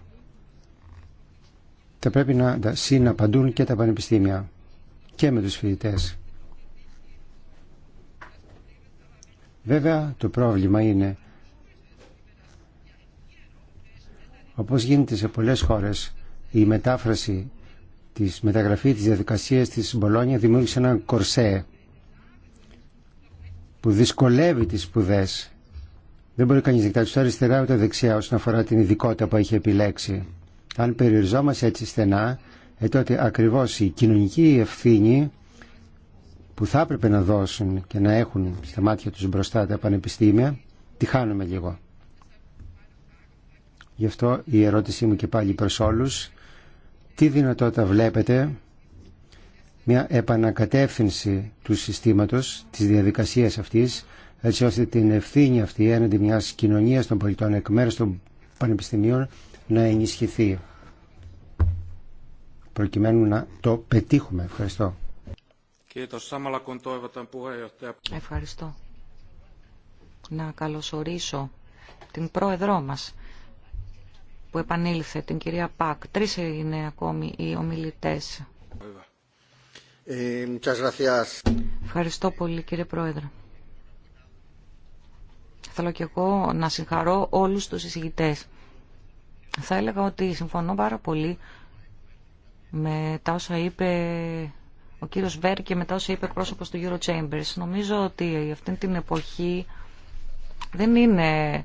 θα πρέπει να συναπαντούν και τα πανεπιστήμια και με τους φοιτητές. Βέβαια το πρόβλημα είναι όπως γίνεται σε πολλές χώρες η μετάφραση της μεταγραφή της διαδικασίας της Μπολόνια δημιούργησε ένα κορσέ που δυσκολεύει τις σπουδέ. Δεν μπορεί κανείς να κοιτάξει ούτε αριστερά ούτε δεξιά όσον αφορά την ειδικότητα που έχει επιλέξει. Αν περιοριζόμαστε έτσι στενά, ε, τότε ακριβώς η κοινωνική ευθύνη που θα έπρεπε να δώσουν και να έχουν στα μάτια τους μπροστά τα πανεπιστήμια, τη χάνουμε λίγο. Γι' αυτό η ερώτησή μου και πάλι προς όλους, τι δυνατότητα βλέπετε μια επανακατεύθυνση του συστήματος, της διαδικασίας αυτής, έτσι ώστε την ευθύνη αυτή έναντι μιας κοινωνίας των πολιτών εκ μέρους των πανεπιστημίων να ενισχυθεί προκειμένου να το πετύχουμε. Ευχαριστώ. Ευχαριστώ. Να καλωσορίσω την πρόεδρό μας που επανήλθε, την κυρία Πακ. Τρεις είναι ακόμη οι ομιλητές. Ε, Ευχαριστώ πολύ κύριε Πρόεδρε. Θέλω και εγώ να συγχαρώ όλους τους εισηγητές. Θα έλεγα ότι συμφωνώ πάρα πολύ με τα όσα είπε ο κύριος Βέρ και μετά όσα είπε εκπρόσωπο του Euro Chambers. Νομίζω ότι αυτή την εποχή δεν είναι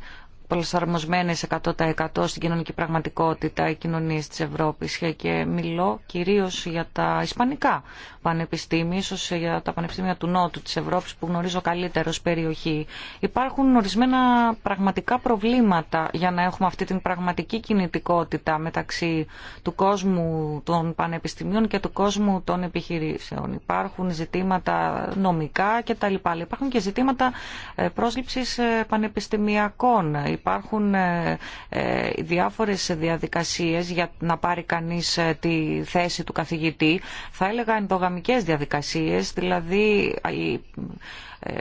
σε 100% στην κοινωνική πραγματικότητα οι κοινωνίε της Ευρώπης και μιλώ κυρίω για τα ισπανικά πανεπιστήμια, ίσω για τα πανεπιστήμια του Νότου τη Ευρώπη που γνωρίζω ω περιοχή. Υπάρχουν ορισμένα πραγματικά προβλήματα για να έχουμε αυτή την πραγματική κινητικότητα μεταξύ του κόσμου των πανεπιστημίων και του κόσμου των επιχειρήσεων. Υπάρχουν ζητήματα νομικά κτλ. Υπάρχουν και ζητήματα ε, πρόσληψη ε, πανεπιστημιακών υπάρχουν ε, ε, διάφορες διαδικασίες για να πάρει κανείς ε, τη θέση του καθηγητή. Θα έλεγα ενδογαμικές διαδικασίες, δηλαδή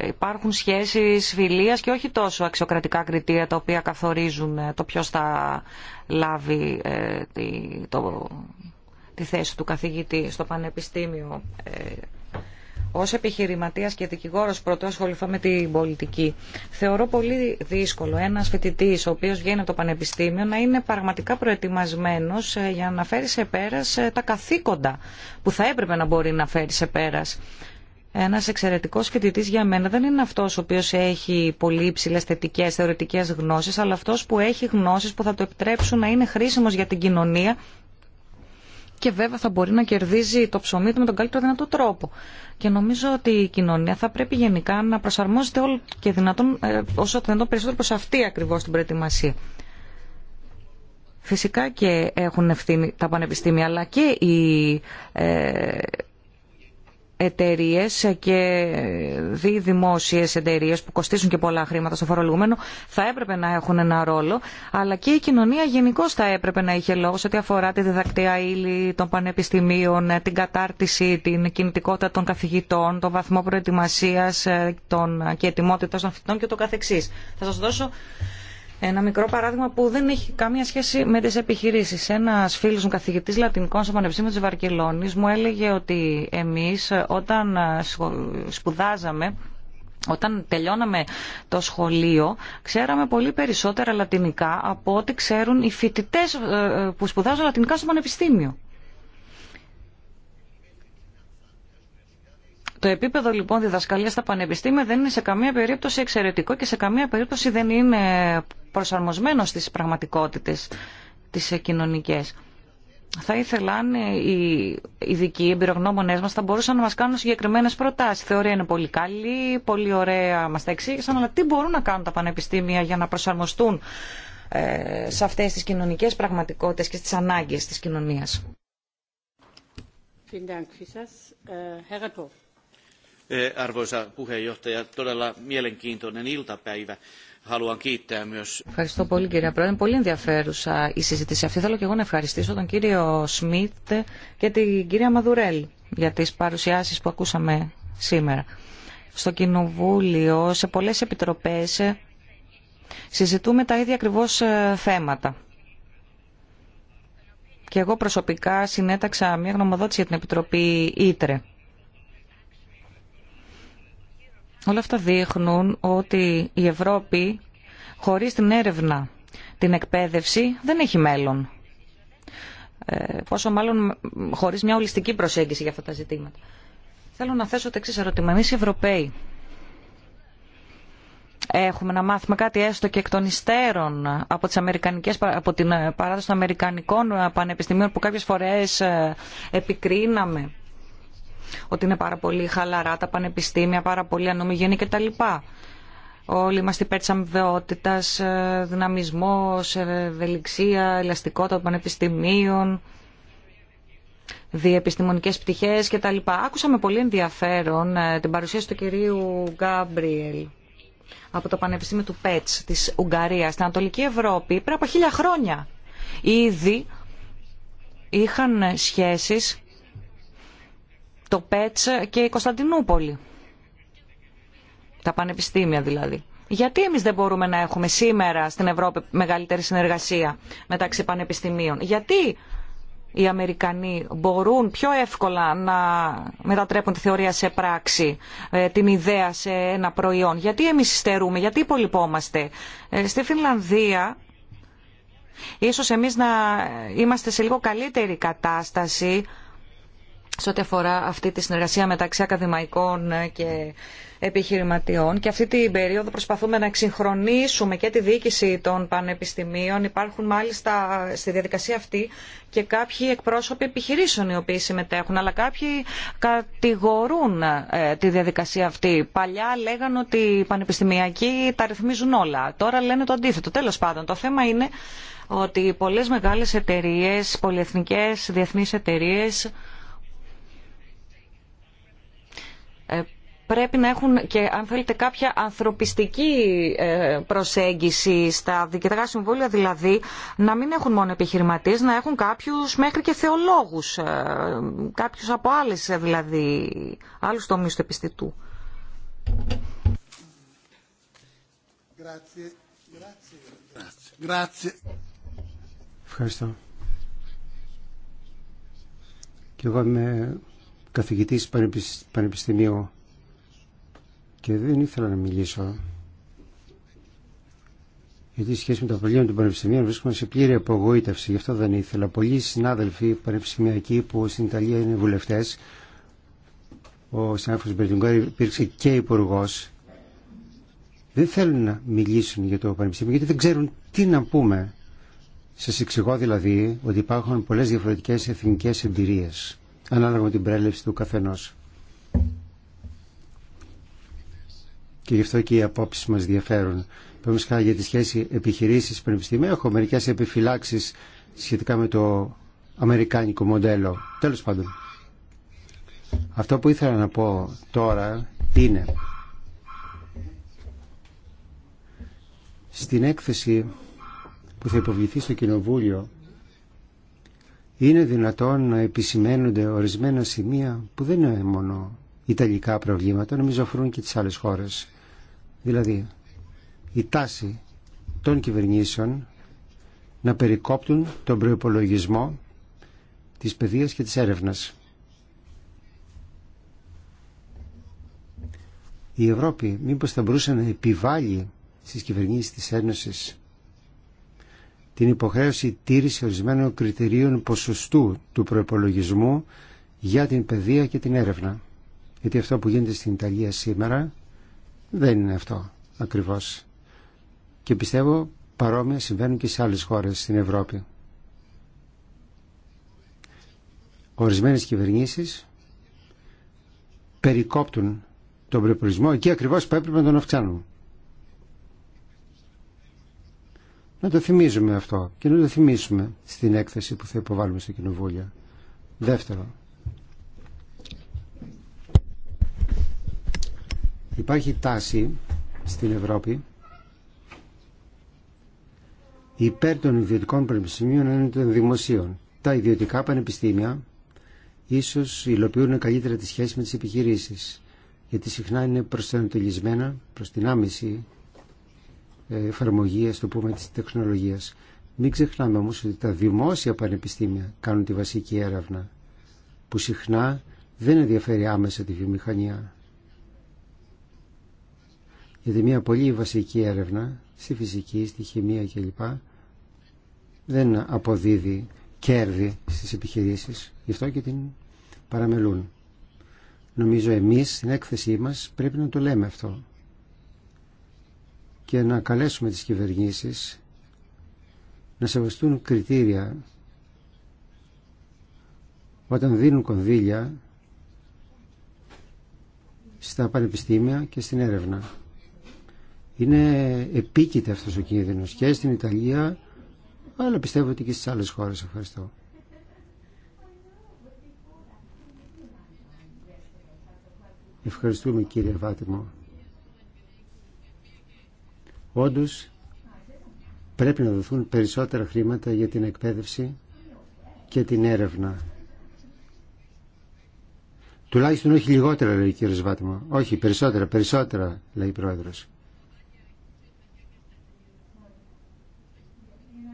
υπάρχουν σχέσεις φιλίας και όχι τόσο αξιοκρατικά κριτήρια τα οποία καθορίζουν το ποιος θα λάβει το, τη θέση του καθηγητή στο πανεπιστήμιο ως επιχειρηματίας και δικηγόρος πρώτο ασχοληθώ με την πολιτική. Θεωρώ πολύ δύσκολο ένας φοιτητής ο οποίος βγαίνει από το πανεπιστήμιο να είναι πραγματικά προετοιμασμένος ε, για να φέρει σε πέρας ε, τα καθήκοντα που θα έπρεπε να μπορεί να φέρει σε πέρας. Ένας εξαιρετικός φοιτητής για μένα δεν είναι αυτός ο οποίος έχει πολύ υψηλές θετικές θεωρητικές γνώσεις, αλλά αυτός που έχει γνώσεις που θα το επιτρέψουν να είναι χρήσιμος για την κοινωνία και βέβαια θα μπορεί να κερδίζει το ψωμί του με τον καλύτερο δυνατό τρόπο. Και νομίζω ότι η κοινωνία θα πρέπει γενικά να προσαρμόζεται όλο και δυνατόν, ε, όσο το δυνατόν περισσότερο προ αυτή ακριβώς την προετοιμασία. Φυσικά και έχουν ευθύνη τα πανεπιστήμια, αλλά και οι ε, εταιρείε και δι δημόσιε εταιρείε που κοστίζουν και πολλά χρήματα στο φορολογούμενο θα έπρεπε να έχουν ένα ρόλο, αλλά και η κοινωνία γενικώ θα έπρεπε να είχε λόγο σε ό,τι αφορά τη διδακτία ύλη των πανεπιστημίων, την κατάρτιση, την κινητικότητα των καθηγητών, τον βαθμό προετοιμασία ε, και ετοιμότητα των φοιτητών και το καθεξής. Θα σα δώσω ένα μικρό παράδειγμα που δεν έχει καμία σχέση με τι επιχειρήσει. Ένα φίλο μου καθηγητή Λατινικών στο Πανεπιστήμιο τη Βαρκελόνη μου έλεγε ότι εμεί όταν σπουδάζαμε όταν τελειώναμε το σχολείο, ξέραμε πολύ περισσότερα λατινικά από ό,τι ξέρουν οι φοιτητέ ε, ε, που σπουδάζουν λατινικά στο πανεπιστήμιο. Το επίπεδο λοιπόν διδασκαλία στα πανεπιστήμια δεν είναι σε καμία περίπτωση εξαιρετικό και σε καμία περίπτωση δεν είναι προσαρμοσμένο στι πραγματικότητε, τι κοινωνικέ. Θα ήθελα αν οι ειδικοί εμπειρογνώμονε μα θα μπορούσαν να μα κάνουν συγκεκριμένε προτάσει. Η θεωρία είναι πολύ καλή, πολύ ωραία μα τα εξήγησαν, αλλά τι μπορούν να κάνουν τα πανεπιστήμια για να προσαρμοστούν ε, σε αυτέ τι κοινωνικέ πραγματικότητε και στι ανάγκε τη κοινωνία. Eh, Ευχαριστώ πολύ κύριε Πρόεδρε. Πολύ ενδιαφέρουσα η συζήτηση αυτή. Θέλω και εγώ να ευχαριστήσω τον κύριο Σμιτ και την κυρία Μαδουρέλ για τις παρουσιάσεις που ακούσαμε σήμερα. Στο Κοινοβούλιο, σε πολλές επιτροπές, συζητούμε τα ίδια ακριβώς ε, θέματα. Και εγώ προσωπικά συνέταξα μια γνωμοδότηση για την Επιτροπή Ήτρε Όλα αυτά δείχνουν ότι η Ευρώπη χωρίς την έρευνα, την εκπαίδευση δεν έχει μέλλον. Ε, πόσο μάλλον χωρίς μια ολιστική προσέγγιση για αυτά τα ζητήματα. Θέλω να θέσω το εξή ερώτημα. Εμείς οι Ευρωπαίοι έχουμε να μάθουμε κάτι έστω και εκ των υστέρων από, τις αμερικανικές, από την παράδοση των Αμερικανικών πανεπιστημίων που κάποιες φορές ε, επικρίναμε ότι είναι πάρα πολύ χαλαρά τα πανεπιστήμια, πάρα πολύ ανομιγένη κτλ. Όλοι είμαστε υπέρ της αμοιβαιότητας, ε, δυναμισμός, ε, ευελιξία, ελαστικότητα των πανεπιστημίων, διεπιστημονικές πτυχές κτλ. Άκουσα με πολύ ενδιαφέρον ε, την παρουσίαση του κυρίου Γκάμπριελ από το Πανεπιστήμιο του ΠΕΤΣ της Ουγγαρίας στην Ανατολική Ευρώπη πριν από χίλια χρόνια. Ήδη είχαν σχέσεις το ΠΕΤΣ και η Κωνσταντινούπολη. Τα πανεπιστήμια δηλαδή. Γιατί εμείς δεν μπορούμε να έχουμε σήμερα στην Ευρώπη μεγαλύτερη συνεργασία μεταξύ πανεπιστημίων. Γιατί οι Αμερικανοί μπορούν πιο εύκολα να μετατρέπουν τη θεωρία σε πράξη, ε, την ιδέα σε ένα προϊόν. Γιατί εμείς στερούμε, γιατί υπολοιπόμαστε. Ε, στη Φινλανδία ίσως εμείς να είμαστε σε λίγο καλύτερη κατάσταση σε ό,τι αφορά αυτή τη συνεργασία μεταξύ ακαδημαϊκών και επιχειρηματιών και αυτή την περίοδο προσπαθούμε να εξυγχρονίσουμε και τη διοίκηση των πανεπιστημίων. Υπάρχουν μάλιστα στη διαδικασία αυτή και κάποιοι εκπρόσωποι επιχειρήσεων οι οποίοι συμμετέχουν, αλλά κάποιοι κατηγορούν ε, τη διαδικασία αυτή. Παλιά λέγανε ότι οι πανεπιστημιακοί τα ρυθμίζουν όλα. Τώρα λένε το αντίθετο. Τέλος πάντων, το θέμα είναι ότι πολλές μεγάλες εταιρείες, πολυεθνικές, διεθνείς εταιρείες Ε, πρέπει να έχουν και αν θέλετε κάποια ανθρωπιστική ε, προσέγγιση στα διοικητικά συμβούλια, δηλαδή να μην έχουν μόνο επιχειρηματίες, να έχουν κάποιους μέχρι και θεολόγους, ε, κάποιους από άλλες δηλαδή, άλλους τομείς του επιστητού. Ευχαριστώ. Και εγώ είμαι καθηγητής πανεπιστημίου και δεν ήθελα να μιλήσω γιατί σχέση με τα προβλήματα του Πανεπιστημίου βρίσκομαι σε πλήρη απογοήτευση, γι' αυτό δεν ήθελα. Πολλοί συνάδελφοι πανεπιστημιακοί που στην Ιταλία είναι βουλευτέ, ο συνάδελφο Μπερτιγκόρη υπήρξε και υπουργό, δεν θέλουν να μιλήσουν για το πανεπιστήμιο γιατί δεν ξέρουν τι να πούμε. Σα εξηγώ δηλαδή ότι υπάρχουν πολλέ διαφορετικέ εθνικέ εμπειρίε ανάλογα με την πρέλευση του καθενός. Και γι' αυτό και οι απόψεις μας διαφέρουν. Πρέπει για τη σχέση επιχειρήσεις πανεπιστημίου έχω μερικές επιφυλάξεις σχετικά με το αμερικάνικο μοντέλο. Τέλος πάντων. Αυτό που ήθελα να πω τώρα είναι στην έκθεση που θα υποβληθεί στο Κοινοβούλιο είναι δυνατόν να επισημαίνονται ορισμένα σημεία που δεν είναι μόνο ιταλικά προβλήματα, νομίζω αφορούν και τις άλλες χώρες. Δηλαδή, η τάση των κυβερνήσεων να περικόπτουν τον προϋπολογισμό της παιδείας και της έρευνας. Η Ευρώπη μήπως θα μπορούσε να επιβάλλει στις κυβερνήσεις της Ένωσης την υποχρέωση τήρηση ορισμένων κριτηρίων ποσοστού του προπολογισμού για την παιδεία και την έρευνα. Γιατί αυτό που γίνεται στην Ιταλία σήμερα δεν είναι αυτό ακριβώς. Και πιστεύω παρόμοια συμβαίνουν και σε άλλες χώρες στην Ευρώπη. Ορισμένες κυβερνήσεις περικόπτουν τον προπολογισμό εκεί ακριβώς που έπρεπε να τον αυξάνουν. να το θυμίζουμε αυτό και να το θυμίσουμε στην έκθεση που θα υποβάλουμε στο Κοινοβούλιο. Δεύτερο. Υπάρχει τάση στην Ευρώπη υπέρ των ιδιωτικών πανεπιστημίων είναι των δημοσίων. Τα ιδιωτικά πανεπιστήμια ίσως υλοποιούν καλύτερα τη σχέση με τις επιχειρήσεις γιατί συχνά είναι προσανατολισμένα προς την άμεση ε, εφαρμογή, α το πούμε, της τεχνολογίας. Μην ξεχνάμε όμως ότι τα δημόσια πανεπιστήμια κάνουν τη βασική έρευνα, που συχνά δεν ενδιαφέρει άμεσα τη βιομηχανία. Γιατί μια πολύ βασική έρευνα, στη φυσική, στη χημεία κλπ, δεν αποδίδει κέρδη στις επιχειρήσεις. Γι' αυτό και την παραμελούν. Νομίζω εμείς στην έκθεσή μας πρέπει να το λέμε αυτό και να καλέσουμε τις κυβερνήσεις να σεβαστούν κριτήρια όταν δίνουν κονδύλια στα πανεπιστήμια και στην έρευνα. Είναι επίκειται αυτός ο κίνδυνος και στην Ιταλία αλλά πιστεύω ότι και στις άλλες χώρες. Ευχαριστώ. Ευχαριστούμε κύριε Βάτιμο. Όντως πρέπει να δοθούν περισσότερα χρήματα για την εκπαίδευση και την έρευνα. Τουλάχιστον όχι λιγότερα, λέει ο κύριο Βάτμα. Όχι, περισσότερα, περισσότερα, λέει η πρόεδρο.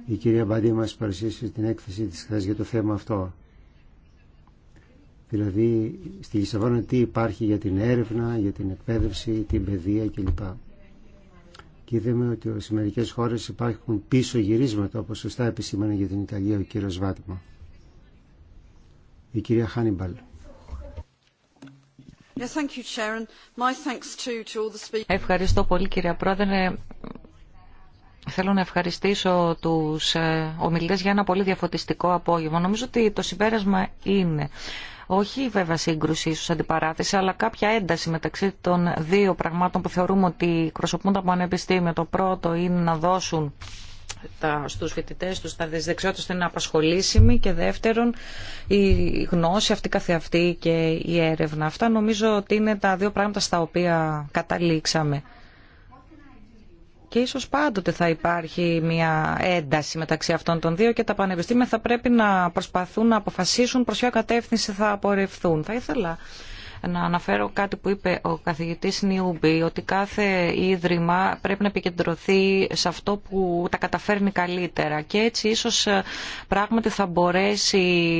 Η κυρία Μπάντι μας παρουσίασε την έκθεση της χθες για το θέμα αυτό. Δηλαδή, στη Λισαβόνα τι υπάρχει για την έρευνα, για την εκπαίδευση, την παιδεία κλπ και είδαμε ότι σε μερικέ χώρε υπάρχουν πίσω γυρίσματα, όπω σωστά επισήμανε για την Ιταλία ο κύριο Βάτμα. Η κυρία Χάνιμπαλ. Ευχαριστώ πολύ κυρία Πρόεδρε. Θέλω να ευχαριστήσω τους ε, ομιλητές για ένα πολύ διαφωτιστικό απόγευμα. Νομίζω ότι το συμπέρασμα είναι όχι βέβαια σύγκρουση, ίσω αντιπαράθεση, αλλά κάποια ένταση μεταξύ των δύο πραγμάτων που θεωρούμε ότι κροσοπούν τα πανεπιστήμια. Το πρώτο είναι να δώσουν τα, στους φοιτητές τους τα δεξιότητες είναι απασχολήσιμη και δεύτερον η γνώση αυτή καθεαυτή και η έρευνα. Αυτά νομίζω ότι είναι τα δύο πράγματα στα οποία καταλήξαμε και ίσως πάντοτε θα υπάρχει μια ένταση μεταξύ αυτών των δύο και τα πανεπιστήμια θα πρέπει να προσπαθούν να αποφασίσουν προς ποια κατεύθυνση θα απορρευθούν. Θα ήθελα να αναφέρω κάτι που είπε ο καθηγητής Νιούμπι, ότι κάθε ίδρυμα πρέπει να επικεντρωθεί σε αυτό που τα καταφέρνει καλύτερα και έτσι ίσως ε, πράγματι θα μπορέσει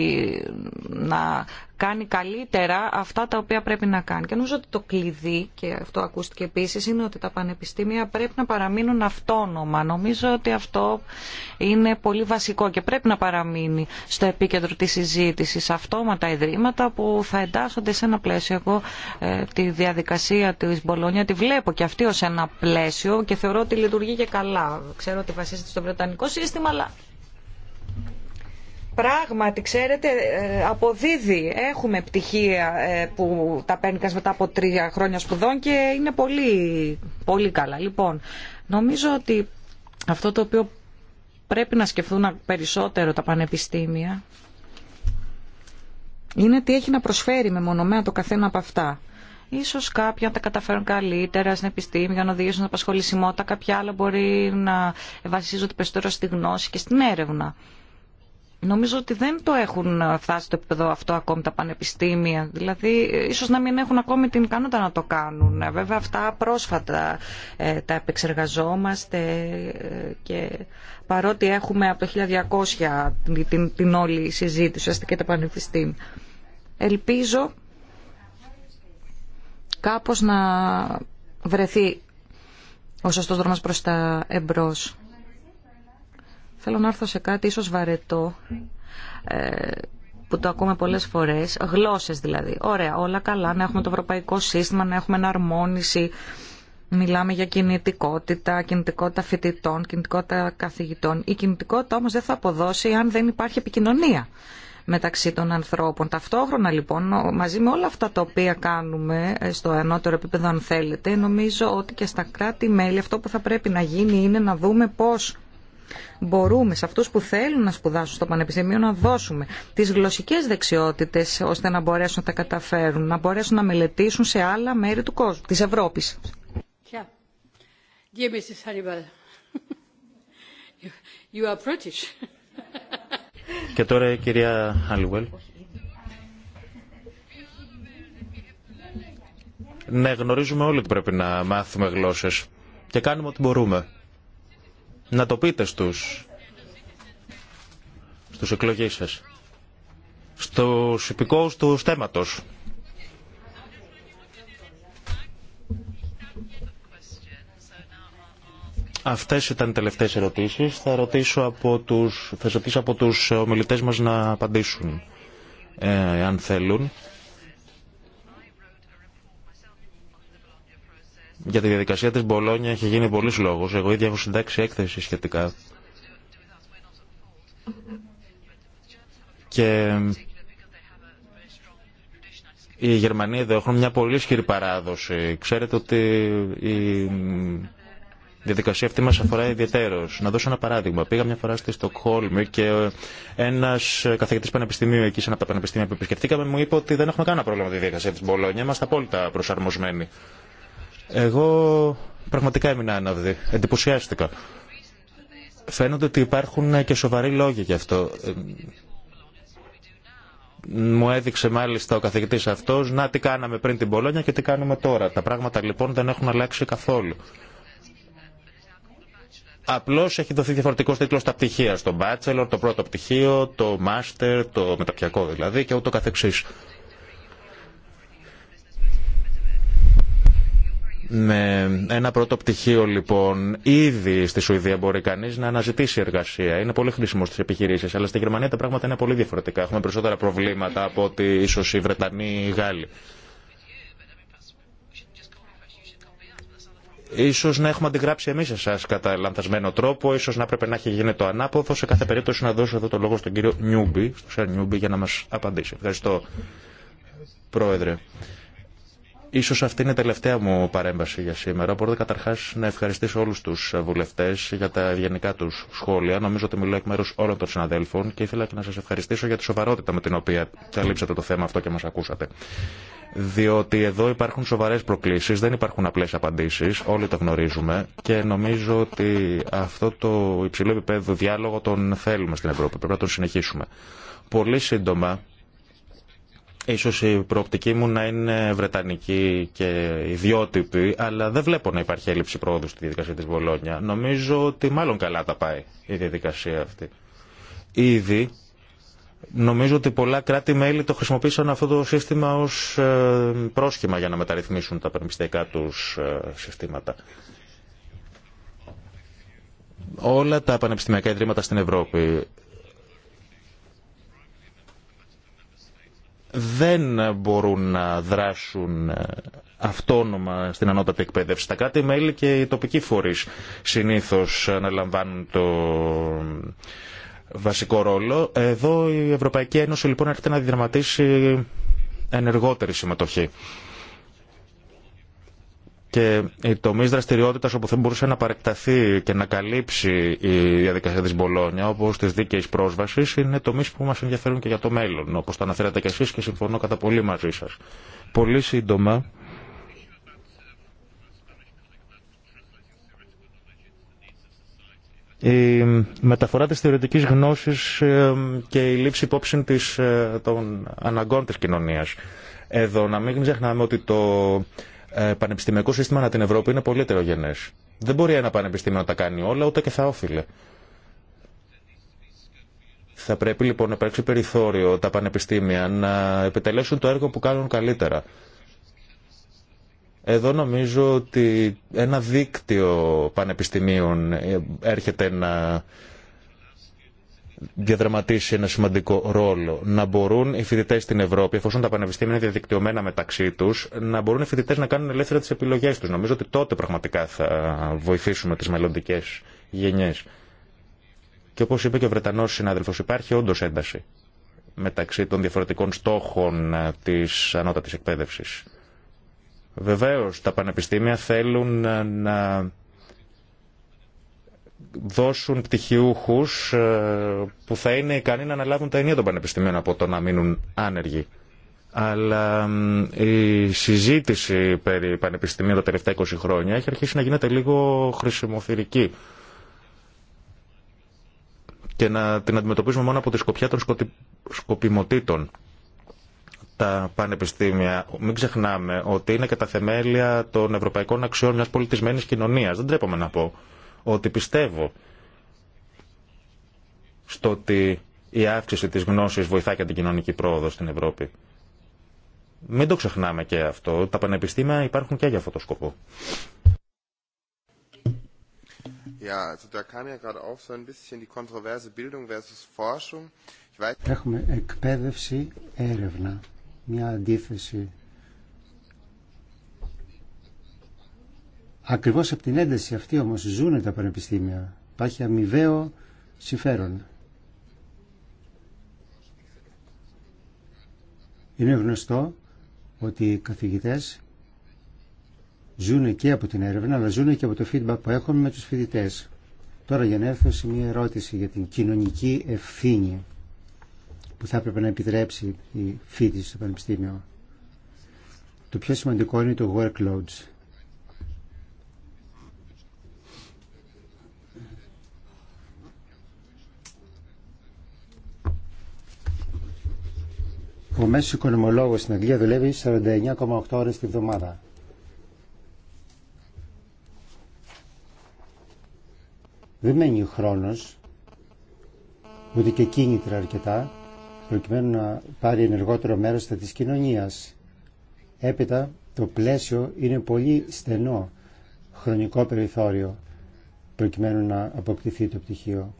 να κάνει καλύτερα αυτά τα οποία πρέπει να κάνει. Και νομίζω ότι το κλειδί, και αυτό ακούστηκε επίση, είναι ότι τα πανεπιστήμια πρέπει να παραμείνουν αυτόνομα. Νομίζω ότι αυτό είναι πολύ βασικό και πρέπει να παραμείνει στο επίκεντρο της συζήτηση. αυτόματα ιδρύματα που θα εντάσσονται σε ένα πλαίσιο. Εγώ ε, τη διαδικασία της Μπολόνια τη βλέπω και αυτή ως ένα πλαίσιο και θεωρώ ότι λειτουργεί και καλά. Ξέρω ότι βασίζεται στο Βρετανικό σύστημα, αλλά πράγματι ξέρετε ε, αποδίδει. Έχουμε πτυχία ε, που τα παίρνει μετά από τρία χρόνια σπουδών και είναι πολύ, πολύ καλά. Λοιπόν, νομίζω ότι αυτό το οποίο πρέπει να σκεφτούν περισσότερο τα πανεπιστήμια είναι τι έχει να προσφέρει με μονομένα το καθένα από αυτά. Ίσως κάποια τα καταφέρουν καλύτερα στην επιστήμη για να οδηγήσουν στην απασχολησιμότητα, κάποια άλλα μπορεί να βασίζονται περισσότερο στη γνώση και στην έρευνα. Νομίζω ότι δεν το έχουν φτάσει το επίπεδο αυτό ακόμη τα πανεπιστήμια. Δηλαδή, ίσως να μην έχουν ακόμη την ικανότητα να το κάνουν. Ε, βέβαια, αυτά πρόσφατα ε, τα επεξεργαζόμαστε ε, και παρότι έχουμε από το 1200 την, την, όλη συζήτηση, ουσιαστικά και τα πανεπιστήμια. Ελπίζω κάπως να βρεθεί ο σωστός δρόμος προς τα εμπρός. Θέλω να έρθω σε κάτι ίσως βαρετό, ε, που το ακούμε πολλές φορές, γλώσσες δηλαδή. Ωραία, όλα καλά, να έχουμε το ευρωπαϊκό σύστημα, να έχουμε εναρμόνιση, μιλάμε για κινητικότητα, κινητικότητα φοιτητών, κινητικότητα καθηγητών. Η κινητικότητα όμως δεν θα αποδώσει αν δεν υπάρχει επικοινωνία μεταξύ των ανθρώπων. Ταυτόχρονα λοιπόν, μαζί με όλα αυτά τα οποία κάνουμε ε, στο ενώτερο επίπεδο αν θέλετε, νομίζω ότι και στα κράτη-μέλη αυτό που θα πρέπει να γίνει είναι να δούμε πώς μπορούμε σε αυτούς που θέλουν να σπουδάσουν στο Πανεπιστήμιο να δώσουμε τις γλωσσικές δεξιότητες ώστε να μπορέσουν να τα καταφέρουν, να μπορέσουν να μελετήσουν σε άλλα μέρη του κόσμου, της Ευρώπης. [laughs] You are British. Και τώρα η κυρία Χάλιουελ. Ναι, γνωρίζουμε όλοι ότι πρέπει να μάθουμε γλώσσες και κάνουμε ό,τι μπορούμε να το πείτε στους, στους εκλογείς σας, στους υπηκόους του στέματος. Αυτές ήταν οι τελευταίες ερωτήσεις. Θα ρωτήσω από τους, θα ρωτήσω από τους ομιλητές μας να απαντήσουν, ε, αν θέλουν. Για τη διαδικασία της Μπολόνια έχει γίνει πολλή λόγος. Εγώ ήδη έχω συντάξει έκθεση σχετικά. Και οι Γερμανοί εδώ έχουν μια πολύ ισχυρή παράδοση. Ξέρετε ότι η διαδικασία αυτή μας αφορά ιδιαίτερως. Να δώσω ένα παράδειγμα. Πήγα μια φορά στη Στοκχόλμη και ένας καθηγητής πανεπιστημίου εκεί σε ένα από τα πανεπιστήμια που επισκεφτήκαμε μου είπε ότι δεν έχουμε κανένα πρόβλημα με τη διαδικασία της Μπολόνια. Είμαστε απόλυτα προσαρμοσμένοι. Εγώ πραγματικά έμεινα άναυδη. Εντυπωσιάστηκα. Φαίνονται ότι υπάρχουν και σοβαροί λόγοι γι' αυτό. Ε, μου έδειξε μάλιστα ο καθηγητή αυτός να τι κάναμε πριν την Πολόνια και τι κάνουμε τώρα. Τα πράγματα λοιπόν δεν έχουν αλλάξει καθόλου. Απλώ έχει δοθεί διαφορετικό τίτλο στα πτυχία. Στο bachelor, το πρώτο πτυχίο, το master, το μεταπτυχιακό δηλαδή και ούτω καθεξής. Με ένα πρώτο πτυχίο λοιπόν, ήδη στη Σουηδία μπορεί κανεί να αναζητήσει εργασία. Είναι πολύ χρήσιμο στι επιχειρήσει, αλλά στη Γερμανία τα πράγματα είναι πολύ διαφορετικά. Έχουμε περισσότερα προβλήματα από ότι ίσω οι Βρετανοί ή οι Γάλλοι. Σω να έχουμε αντιγράψει εμεί εσά κατά λανθασμένο τρόπο, ίσω να έπρεπε να έχει γίνει το ανάποδο. Σε κάθε περίπτωση να δώσω εδώ το λόγο στον κύριο Νιούμπι, στον Σερ Νιούμπι, για να μα απαντήσει. Ευχαριστώ, Πρόεδρε. Ίσως αυτή είναι η τελευταία μου παρέμβαση για σήμερα. Μπορώ καταρχά να ευχαριστήσω όλου του βουλευτέ για τα γενικά του σχόλια. Νομίζω ότι μιλώ εκ μέρου όλων των συναδέλφων και ήθελα και να σα ευχαριστήσω για τη σοβαρότητα με την οποία καλύψατε το θέμα αυτό και μα ακούσατε. Διότι εδώ υπάρχουν σοβαρέ προκλήσει, δεν υπάρχουν απλέ απαντήσει, όλοι τα γνωρίζουμε και νομίζω ότι αυτό το υψηλό επίπεδο διάλογο τον θέλουμε στην Ευρώπη, πρέπει να τον συνεχίσουμε. Πολύ σύντομα Ίσως η προοπτική μου να είναι βρετανική και ιδιότυπη, αλλά δεν βλέπω να υπάρχει έλλειψη πρόοδου στη διαδικασία της Βολόνια. Νομίζω ότι μάλλον καλά τα πάει η διαδικασία αυτή. Ήδη νομίζω ότι πολλά κράτη-μέλη το χρησιμοποίησαν αυτό το σύστημα ως ε, πρόσχημα για να μεταρρυθμίσουν τα πανεπιστημιακά τους ε, συστήματα. Όλα τα πανεπιστημιακά ιδρύματα στην Ευρώπη δεν μπορούν να δράσουν ε, αυτόνομα στην ανώτατη εκπαίδευση. Τα κάτι μελη και οι τοπικοί φορείς συνήθως αναλαμβάνουν το βασικό ρόλο. Εδώ η Ευρωπαϊκή Ένωση λοιπόν έρχεται να διδραματίσει ενεργότερη συμμετοχή και οι τομεί δραστηριότητα όπου θα μπορούσε να παρεκταθεί και να καλύψει η διαδικασία τη Μπολόνια, όπω τη δίκαιη πρόσβαση, είναι τομεί που μα ενδιαφέρουν και για το μέλλον, όπω το αναφέρατε κι εσεί και συμφωνώ κατά πολύ μαζί σα. Πολύ σύντομα. η μεταφορά της θεωρητικής γνώσης ε, και η λήψη υπόψη της, ε, των αναγκών της κοινωνίας. Εδώ να μην ξεχνάμε ότι το ε, πανεπιστημιακό σύστημα ανά την Ευρώπη είναι πολύ ετερογενέ. Δεν μπορεί ένα πανεπιστήμιο να τα κάνει όλα, ούτε και θα όφιλε. Θα πρέπει λοιπόν να υπάρξει περιθώριο τα πανεπιστήμια να επιτελέσουν το έργο που κάνουν καλύτερα. Εδώ νομίζω ότι ένα δίκτυο πανεπιστημίων ε, έρχεται να διαδραματίσει ένα σημαντικό ρόλο. Να μπορούν οι φοιτητέ στην Ευρώπη, εφόσον τα πανεπιστήμια είναι διαδικτυωμένα μεταξύ του, να μπορούν οι φοιτητέ να κάνουν ελεύθερα τι επιλογέ του. Νομίζω ότι τότε πραγματικά θα βοηθήσουμε τι μελλοντικέ γενιέ. Και όπω είπε και ο Βρετανό συνάδελφο, υπάρχει όντω ένταση μεταξύ των διαφορετικών στόχων ε, τη ανώτατη εκπαίδευση. Βεβαίω, τα πανεπιστήμια θέλουν ε, να δώσουν πτυχιούχους ε, που θα είναι ικανοί να αναλάβουν τα ενία των πανεπιστημίων από το να μείνουν άνεργοι. Αλλά η συζήτηση περί πανεπιστημίων τα τελευταία 20 χρόνια έχει αρχίσει να γίνεται λίγο χρησιμοθυρική και να την αντιμετωπίζουμε μόνο από τη σκοπιά των σκοπιμοτήτων τα πανεπιστήμια, μην ξεχνάμε ότι είναι και τα θεμέλια των ευρωπαϊκών αξιών μιας πολιτισμένης κοινωνίας. Δεν τρέπομαι να πω ότι πιστεύω στο ότι η αύξηση της γνώσης βοηθά και την κοινωνική πρόοδο στην Ευρώπη. Μην το ξεχνάμε και αυτό. Τα πανεπιστήμια υπάρχουν και για αυτό το σκοπό. Έχουμε εκπαίδευση, έρευνα, μια αντίθεση Ακριβώς από την ένταση αυτή όμως ζουν τα πανεπιστήμια. Υπάρχει αμοιβαίο συμφέρον. Είναι γνωστό ότι οι καθηγητές ζουν και από την έρευνα, αλλά ζουν και από το feedback που έχουν με τους φοιτητέ. Τώρα για να έρθω σε μια ερώτηση για την κοινωνική ευθύνη που θα έπρεπε να επιτρέψει η φοιτηση στο Πανεπιστήμιο. Το πιο σημαντικό είναι το workloads, Ο μέσο οικονομολόγο στην Αγγλία δουλεύει 49,8 ώρε τη βδομάδα. Δεν μένει ο χρόνος, ούτε και κίνητρα αρκετά, προκειμένου να πάρει ενεργότερο μέρος της κοινωνία. Έπειτα, το πλαίσιο είναι πολύ στενό χρονικό περιθώριο προκειμένου να αποκτηθεί το πτυχίο.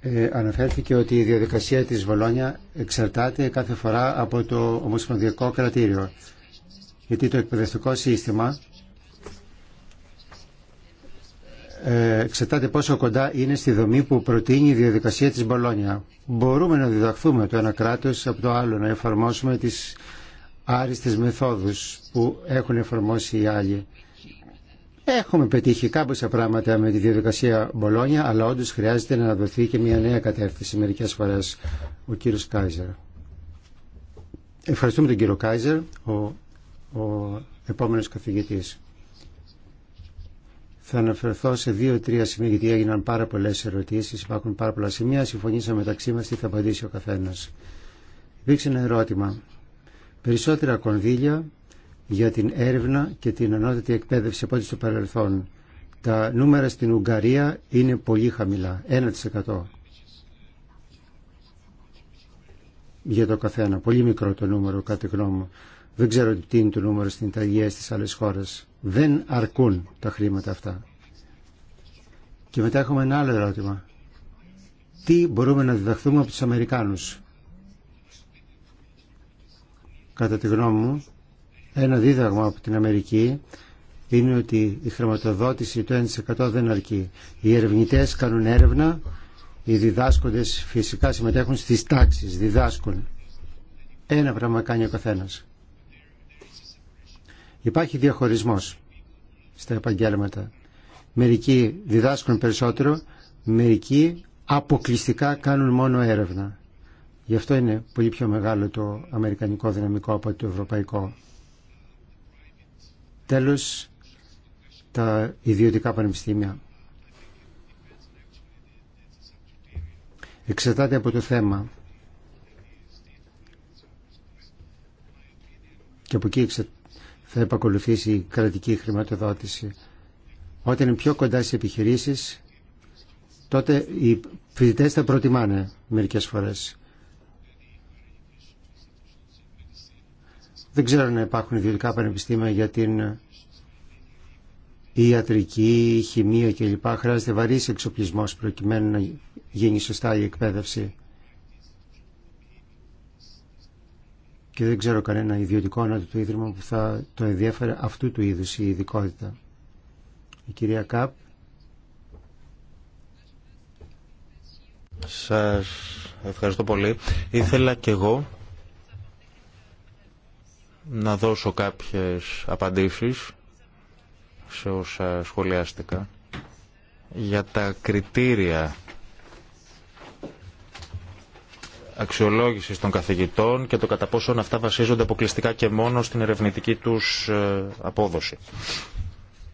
Ε, αναφέρθηκε ότι η διαδικασία της Βολόνια εξαρτάται κάθε φορά από το Ομοσπονδιακό Κρατήριο γιατί το εκπαιδευτικό σύστημα ε, εξαρτάται πόσο κοντά είναι στη δομή που προτείνει η διαδικασία της Βολόνια. Μπορούμε να διδαχθούμε το ένα κράτος από το άλλο, να εφαρμόσουμε τις άριστες μεθόδους που έχουν εφαρμόσει οι άλλοι. Έχουμε πετύχει κάποια πράγματα με τη διαδικασία Μπολόνια, αλλά όντω χρειάζεται να δοθεί και μια νέα κατεύθυνση μερικέ φορέ ο κύριο Κάιζερ. Ευχαριστούμε τον κύριο Κάιζερ, ο, ο επόμενο καθηγητή. Θα αναφερθώ σε δύο-τρία σημεία, γιατί έγιναν πάρα πολλέ ερωτήσει, υπάρχουν πάρα πολλά σημεία. Συμφωνήσαμε μεταξύ μα τι θα απαντήσει ο καθένα. Υπήρξε ένα ερώτημα. Περισσότερα κονδύλια για την έρευνα και την ανώτατη εκπαίδευση από ό,τι στο παρελθόν. Τα νούμερα στην Ουγγαρία είναι πολύ χαμηλά, 1%. Για το καθένα, πολύ μικρό το νούμερο κατά τη γνώμη μου. Δεν ξέρω τι είναι το νούμερο στην Ιταλία ή στις άλλες χώρες. Δεν αρκούν τα χρήματα αυτά. Και μετά έχουμε ένα άλλο ερώτημα. Τι μπορούμε να διδαχθούμε από τους Αμερικάνους. Κατά τη γνώμη μου, ένα δίδαγμα από την Αμερική είναι ότι η χρηματοδότηση του 1% δεν αρκεί. Οι ερευνητές κάνουν έρευνα, οι διδάσκοντες φυσικά συμμετέχουν στις τάξεις, διδάσκουν. Ένα πράγμα κάνει ο καθένας. Υπάρχει διαχωρισμός στα επαγγέλματα. Μερικοί διδάσκουν περισσότερο, μερικοί αποκλειστικά κάνουν μόνο έρευνα. Γι' αυτό είναι πολύ πιο μεγάλο το αμερικανικό δυναμικό από το ευρωπαϊκό. Τέλος, τα ιδιωτικά πανεπιστήμια. Εξετάται από το θέμα και από εκεί θα επακολουθήσει η κρατική χρηματοδότηση. Όταν είναι πιο κοντά στις επιχειρήσεις, τότε οι φοιτητές θα προτιμάνε μερικές φορές. Δεν ξέρω να υπάρχουν ιδιωτικά πανεπιστήμια για την ιατρική, χημεία κλπ. Χρειάζεται βαρύ εξοπλισμός προκειμένου να γίνει σωστά η εκπαίδευση. Και δεν ξέρω κανένα ιδιωτικό ανάτο του Ίδρυμα που θα το ενδιαφέρε αυτού του είδου η ειδικότητα. Η κυρία Καπ. Σας ευχαριστώ πολύ. Ήθελα και εγώ να δώσω κάποιες απαντήσεις σε όσα σχολιάστηκα για τα κριτήρια αξιολόγησης των καθηγητών και το κατά πόσο αυτά βασίζονται αποκλειστικά και μόνο στην ερευνητική τους ε, απόδοση.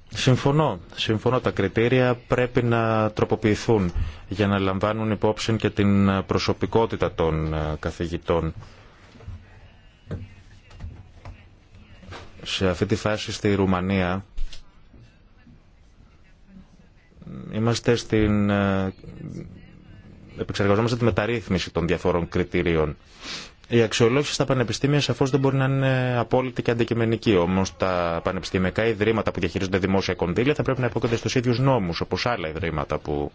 Συμφωνώ. Συμφωνώ. Τα κριτήρια πρέπει να τροποποιηθούν για να λαμβάνουν υπόψη και την προσωπικότητα των ε, καθηγητών σε αυτή τη φάση στη Ρουμανία είμαστε στην... Ε, επεξεργαζόμαστε τη μεταρρύθμιση των διαφόρων κριτηρίων. Η αξιολόγηση στα πανεπιστήμια σαφώ δεν μπορεί να είναι απόλυτη και αντικειμενική. όμως τα πανεπιστημιακά ιδρύματα που διαχειρίζονται δημόσια κονδύλια θα πρέπει να υπόκειται στου ίδιου νόμου όπω άλλα ιδρύματα που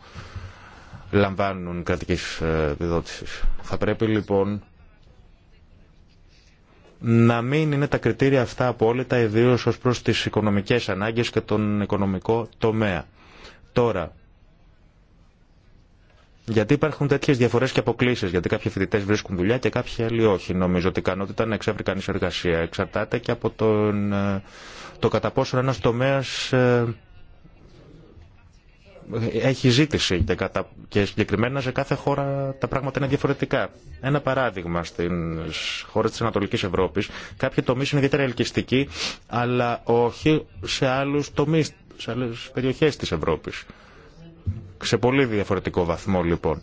λαμβάνουν κρατικής διδότησης. Ε, θα πρέπει λοιπόν να μην είναι τα κριτήρια αυτά απόλυτα, ιδίω ω προ τι οικονομικέ ανάγκε και τον οικονομικό τομέα. Τώρα, γιατί υπάρχουν τέτοιε διαφορέ και αποκλήσει, γιατί κάποιοι φοιτητέ βρίσκουν δουλειά και κάποιοι άλλοι όχι. Νομίζω ότι η ικανότητα να εξεύρει κανεί εργασία εξαρτάται και από τον, ε, το κατά πόσο ένα τομέα ε, έχει ζήτηση και, συγκεκριμένα σε κάθε χώρα τα πράγματα είναι διαφορετικά. Ένα παράδειγμα στι χώρε της Ανατολική Ευρώπης, κάποιοι τομείς είναι ιδιαίτερα ελκυστικοί, αλλά όχι σε άλλους τομείς, σε άλλες περιοχές της Ευρώπης. Σε πολύ διαφορετικό βαθμό λοιπόν.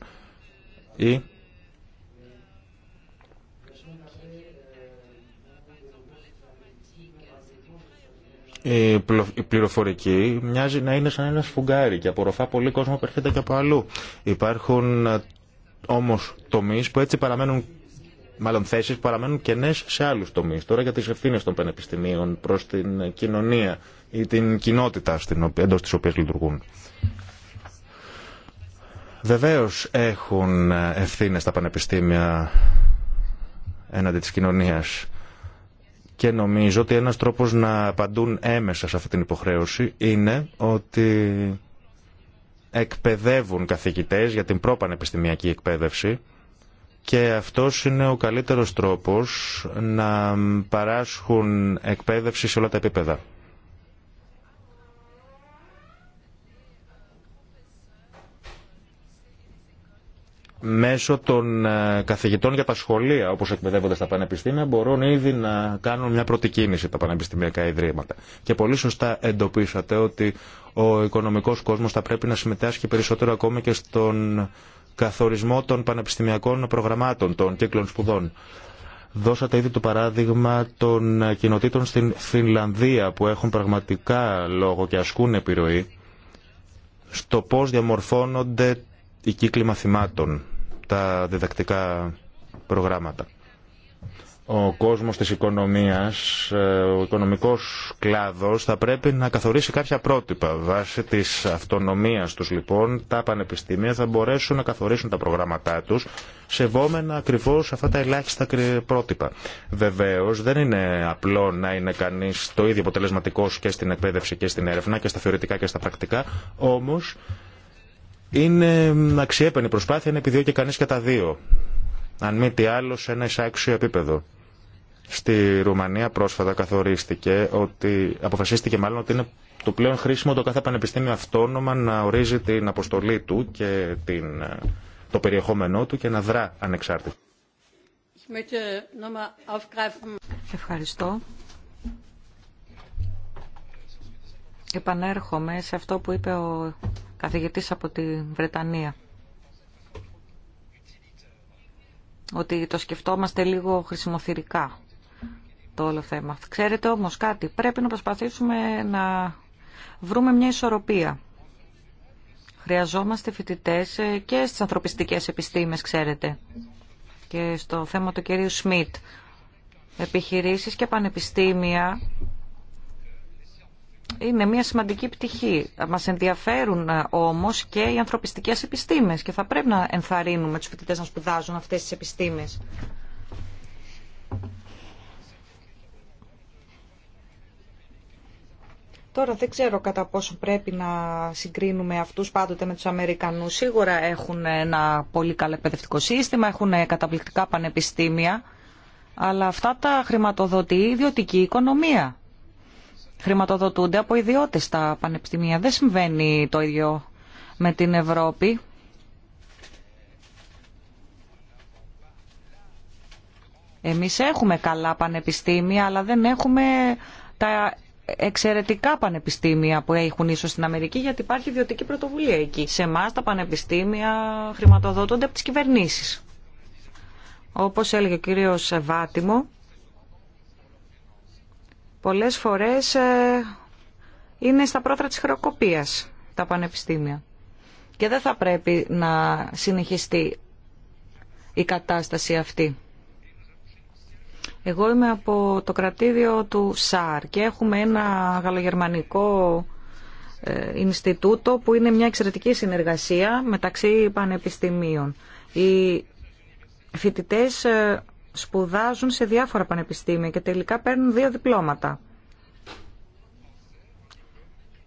Η πληροφορική μοιάζει να είναι σαν ένα σφουγγάρι και απορροφά πολύ κόσμο που έρχεται και από αλλού. Υπάρχουν ε, όμως τομείς που έτσι παραμένουν μάλλον θέσει που παραμένουν κενέ σε άλλου τομεί. Τώρα για τι ευθύνε των πανεπιστημίων προ την κοινωνία ή την κοινότητα εντό τη οποία λειτουργούν. Βεβαίω έχουν ε, ευθύνε τα πανεπιστήμια έναντι τη κοινωνία. Και νομίζω ότι ένας τρόπος να απαντούν έμεσα σε αυτή την υποχρέωση είναι ότι εκπαιδεύουν καθηγητές για την προπανεπιστημιακή εκπαίδευση και αυτός είναι ο καλύτερος τρόπος να παράσχουν εκπαίδευση σε όλα τα επίπεδα. μέσω των ε, καθηγητών για τα σχολεία, όπως εκπαιδεύονται στα πανεπιστήμια, μπορούν ήδη να κάνουν μια πρώτη κίνηση τα πανεπιστημιακά ιδρύματα. Και πολύ σωστά εντοπίσατε ότι ο οικονομικός κόσμος θα πρέπει να συμμετάσχει περισσότερο ακόμα και στον καθορισμό των πανεπιστημιακών προγραμμάτων, των κύκλων σπουδών. Δώσατε ήδη το παράδειγμα των κοινοτήτων στην Φινλανδία που έχουν πραγματικά λόγο και ασκούν επιρροή στο πώς διαμορφώνονται η κύκλη μαθημάτων, τα διδακτικά προγράμματα. Ο κόσμος της οικονομίας, ε, ο οικονομικός κλάδος θα πρέπει να καθορίσει κάποια πρότυπα. Βάσει της αυτονομίας τους λοιπόν τα πανεπιστήμια θα μπορέσουν να καθορίσουν τα προγράμματά τους σεβόμενα ακριβώς αυτά τα ελάχιστα πρότυπα. Βεβαίως δεν είναι απλό να είναι κανείς το ίδιο αποτελεσματικός και στην εκπαίδευση και στην έρευνα και στα θεωρητικά και στα πρακτικά, όμως είναι αξιέπαινη προσπάθεια να επιδιώκει κανεί και τα δύο. Αν μη τι άλλο, σε ένα εισάξιο επίπεδο. Στη Ρουμανία πρόσφατα καθορίστηκε ότι αποφασίστηκε μάλλον ότι είναι το πλέον χρήσιμο το κάθε πανεπιστήμιο αυτόνομα να ορίζει την αποστολή του και την, το περιεχόμενό του και να δρά ανεξάρτητα. Ευχαριστώ. Επανέρχομαι σε αυτό που είπε ο καθηγητής από τη Βρετανία. Ότι το σκεφτόμαστε λίγο χρησιμοθυρικά το όλο θέμα. Ξέρετε όμως κάτι, πρέπει να προσπαθήσουμε να βρούμε μια ισορροπία. Χρειαζόμαστε φοιτητέ ε, και στις ανθρωπιστικές επιστήμες, ξέρετε, και στο θέμα του κυρίου Σμιτ. Επιχειρήσεις και πανεπιστήμια είναι μια σημαντική πτυχή. Μα ενδιαφέρουν ε, όμω και οι ανθρωπιστικές επιστήμες και θα πρέπει να ενθαρρύνουμε του φοιτητές να σπουδάζουν αυτές τις επιστήμες. Τώρα δεν ξέρω κατά πόσο πρέπει να συγκρίνουμε αυτούς πάντοτε με τους Αμερικανούς. Σίγουρα έχουν ένα πολύ καλό εκπαιδευτικό σύστημα, έχουν καταπληκτικά πανεπιστήμια, αλλά αυτά τα χρηματοδοτεί η ιδιωτική οικονομία χρηματοδοτούνται από ιδιώτες τα πανεπιστήμια. Δεν συμβαίνει το ίδιο με την Ευρώπη. Εμείς έχουμε καλά πανεπιστήμια, αλλά δεν έχουμε τα εξαιρετικά πανεπιστήμια που έχουν ίσως στην Αμερική, γιατί υπάρχει ιδιωτική πρωτοβουλία εκεί. Σε εμά τα πανεπιστήμια χρηματοδοτούνται από τις κυβερνήσεις. Όπως έλεγε ο κύριος Βάτιμο, Πολλές φορές ε, είναι στα πρόθρα της χρεοκοπίας τα πανεπιστήμια. Και δεν θα πρέπει να συνεχιστεί η κατάσταση αυτή. Εγώ είμαι από το κρατήδιο του ΣΑΡ και έχουμε ένα γαλλογερμανικό ε, Ινστιτούτο που είναι μια εξαιρετική συνεργασία μεταξύ πανεπιστημίων. Οι φοιτητές ε, σπουδάζουν σε διάφορα πανεπιστήμια και τελικά παίρνουν δύο διπλώματα.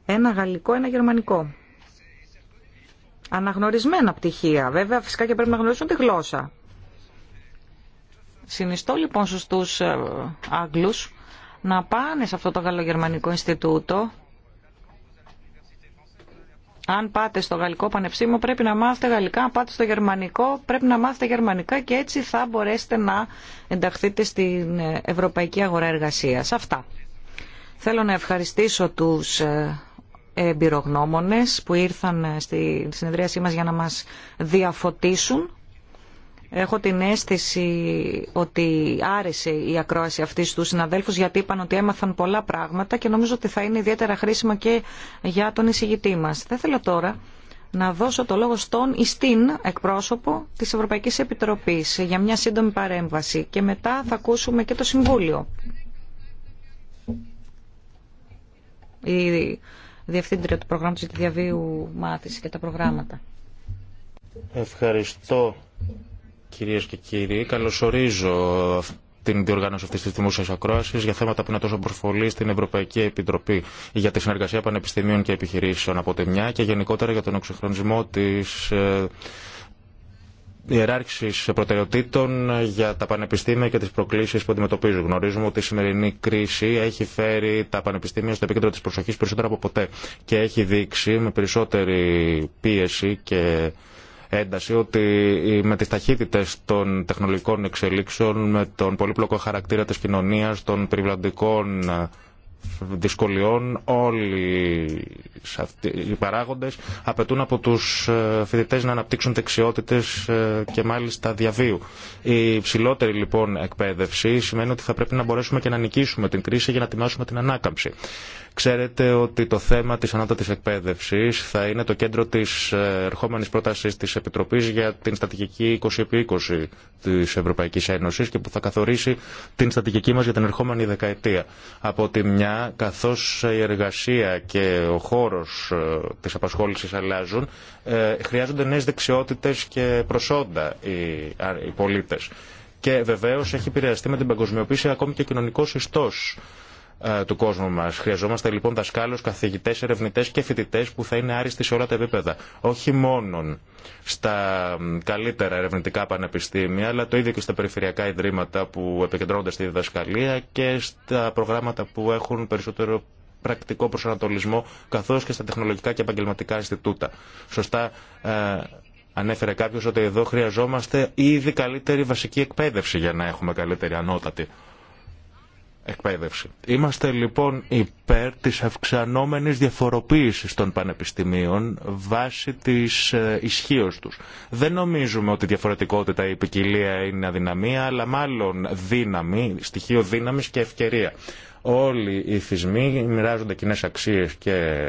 Ένα γαλλικό, ένα γερμανικό. Αναγνωρισμένα πτυχία. Βέβαια, φυσικά και πρέπει να γνωρίζουν τη γλώσσα. Συνιστώ λοιπόν στους ε, Άγγλους να πάνε σε αυτό το Γαλλογερμανικό Ινστιτούτο αν πάτε στο Γαλλικό Πανεπιστήμιο πρέπει να μάθετε γαλλικά, αν πάτε στο Γερμανικό πρέπει να μάθετε γερμανικά και έτσι θα μπορέσετε να ενταχθείτε στην ε, Ευρωπαϊκή Αγορά Εργασίας. Αυτά. Θέλω να ευχαριστήσω τους ε, εμπειρογνώμονες που ήρθαν ε, στη συνεδρίασή μας για να μας διαφωτίσουν Έχω την αίσθηση ότι άρεσε η ακρόαση αυτή στους συναδέλφους γιατί είπαν ότι έμαθαν πολλά πράγματα και νομίζω ότι θα είναι ιδιαίτερα χρήσιμα και για τον εισηγητή μας. Θα ήθελα τώρα να δώσω το λόγο στον ή στην εκπρόσωπο της Ευρωπαϊκής Επιτροπής για μια σύντομη παρέμβαση και μετά θα ακούσουμε και το Συμβούλιο. Η Διευθύντρια του Προγράμματος για τη Διαβίου Μάθηση και τα προγράμματα. Ευχαριστώ Κυρίες και κύριοι, καλωσορίζω την διοργάνωση αυτή τη δημόσια ακρόαση για θέματα που είναι τόσο προσφολή στην Ευρωπαϊκή Επιτροπή για τη συνεργασία πανεπιστημίων και επιχειρήσεων από τη μια και γενικότερα για τον εξυγχρονισμό τη ε, ιεράρχηση προτεραιοτήτων για τα πανεπιστήμια και τι προκλήσει που αντιμετωπίζουν. Γνωρίζουμε ότι η σημερινή κρίση έχει φέρει τα πανεπιστήμια στο επίκεντρο τη προσοχή περισσότερο από ποτέ και έχει δείξει με περισσότερη πίεση και ένταση ότι με τις ταχύτητες των τεχνολογικών εξελίξεων, με τον πολύπλοκο χαρακτήρα της κοινωνίας, των περιβαλλοντικών ε, δυσκολιών όλοι οι παράγοντες απαιτούν από τους ε, φοιτητές να αναπτύξουν δεξιότητες ε, και μάλιστα διαβίου. Η ψηλότερη λοιπόν εκπαίδευση σημαίνει ότι θα πρέπει να μπορέσουμε και να νικήσουμε την κρίση για να ετοιμάσουμε την ανάκαμψη. Ξέρετε ότι το θέμα της ανώτατης εκπαίδευσης θα είναι το κέντρο της ε, ερχόμενης πρότασης της Επιτροπής για την στατικική 2020 της Ευρωπαϊκής Ένωσης και που θα καθορίσει την στατικική μας για την ερχόμενη δεκαετία. Από τη μια, καθώς η εργασία και ο χώρος ε, της απασχόλησης αλλάζουν, ε, χρειάζονται νέες δεξιότητες και προσόντα οι πολίτες. Και βεβαίω έχει επηρεαστεί με την παγκοσμιοποίηση ακόμη και ο κοινωνικό ιστό. Ε, του κόσμου μα. Χρειαζόμαστε λοιπόν δασκάλου, καθηγητέ, ερευνητέ και φοιτητέ που θα είναι άριστοι σε όλα τα επίπεδα. Όχι μόνο στα καλύτερα ερευνητικά πανεπιστήμια, αλλά το ίδιο και στα περιφερειακά ιδρύματα που επικεντρώνονται στη διδασκαλία και στα προγράμματα που έχουν περισσότερο πρακτικό προσανατολισμό, καθώ και στα τεχνολογικά και επαγγελματικά Ινστιτούτα. Σωστά ε, ανέφερε κάποιο ότι εδώ χρειαζόμαστε ήδη καλύτερη βασική εκπαίδευση για να έχουμε καλύτερη ανώτατη εκπαίδευση. Είμαστε λοιπόν υπέρ της αυξανόμενης διαφοροποίησης των πανεπιστημίων βάσει της ε, ισχύω τους. Δεν νομίζουμε ότι διαφορετικότητα ή η ποικιλία είναι αδυναμία, αλλά μάλλον δύναμη, στοιχείο δύναμης και ευκαιρία. Όλοι οι θυσμοί μοιράζονται κοινέ αξίες και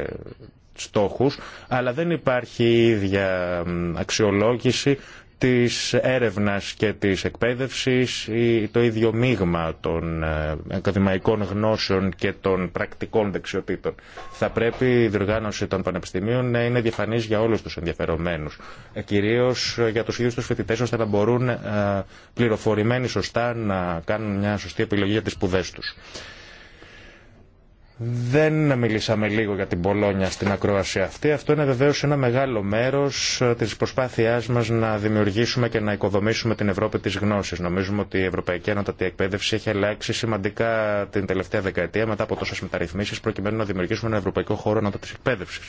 στόχους, αλλά δεν υπάρχει η ίδια αξιολόγηση της έρευνας και της εκπαίδευσης ή το ίδιο μείγμα των ε, ακαδημαϊκών γνώσεων και των πρακτικών δεξιοτήτων. Θα πρέπει η διοργάνωση των πανεπιστημίων να είναι διαφανής για όλους τους ενδιαφερομένους, ε, κυρίως για τους ίδιους τους φοιτητές, ώστε να μπορούν ε, πληροφορημένοι σωστά να κάνουν μια σωστή επιλογή για τις σπουδές τους. Δεν μιλήσαμε λίγο για την Πολόνια στην ακρόαση αυτή. Αυτό είναι βεβαίω ένα μεγάλο μέρο ε, τη προσπάθειά μα να δημιουργήσουμε και να οικοδομήσουμε την Ευρώπη τη γνώση. Νομίζουμε ότι η Ευρωπαϊκή Ανώτατη Εκπαίδευση έχει αλλάξει σημαντικά την τελευταία δεκαετία μετά από τόσε μεταρρυθμίσει προκειμένου να δημιουργήσουμε ένα ευρωπαϊκό χώρο ανώτατη εκπαίδευση.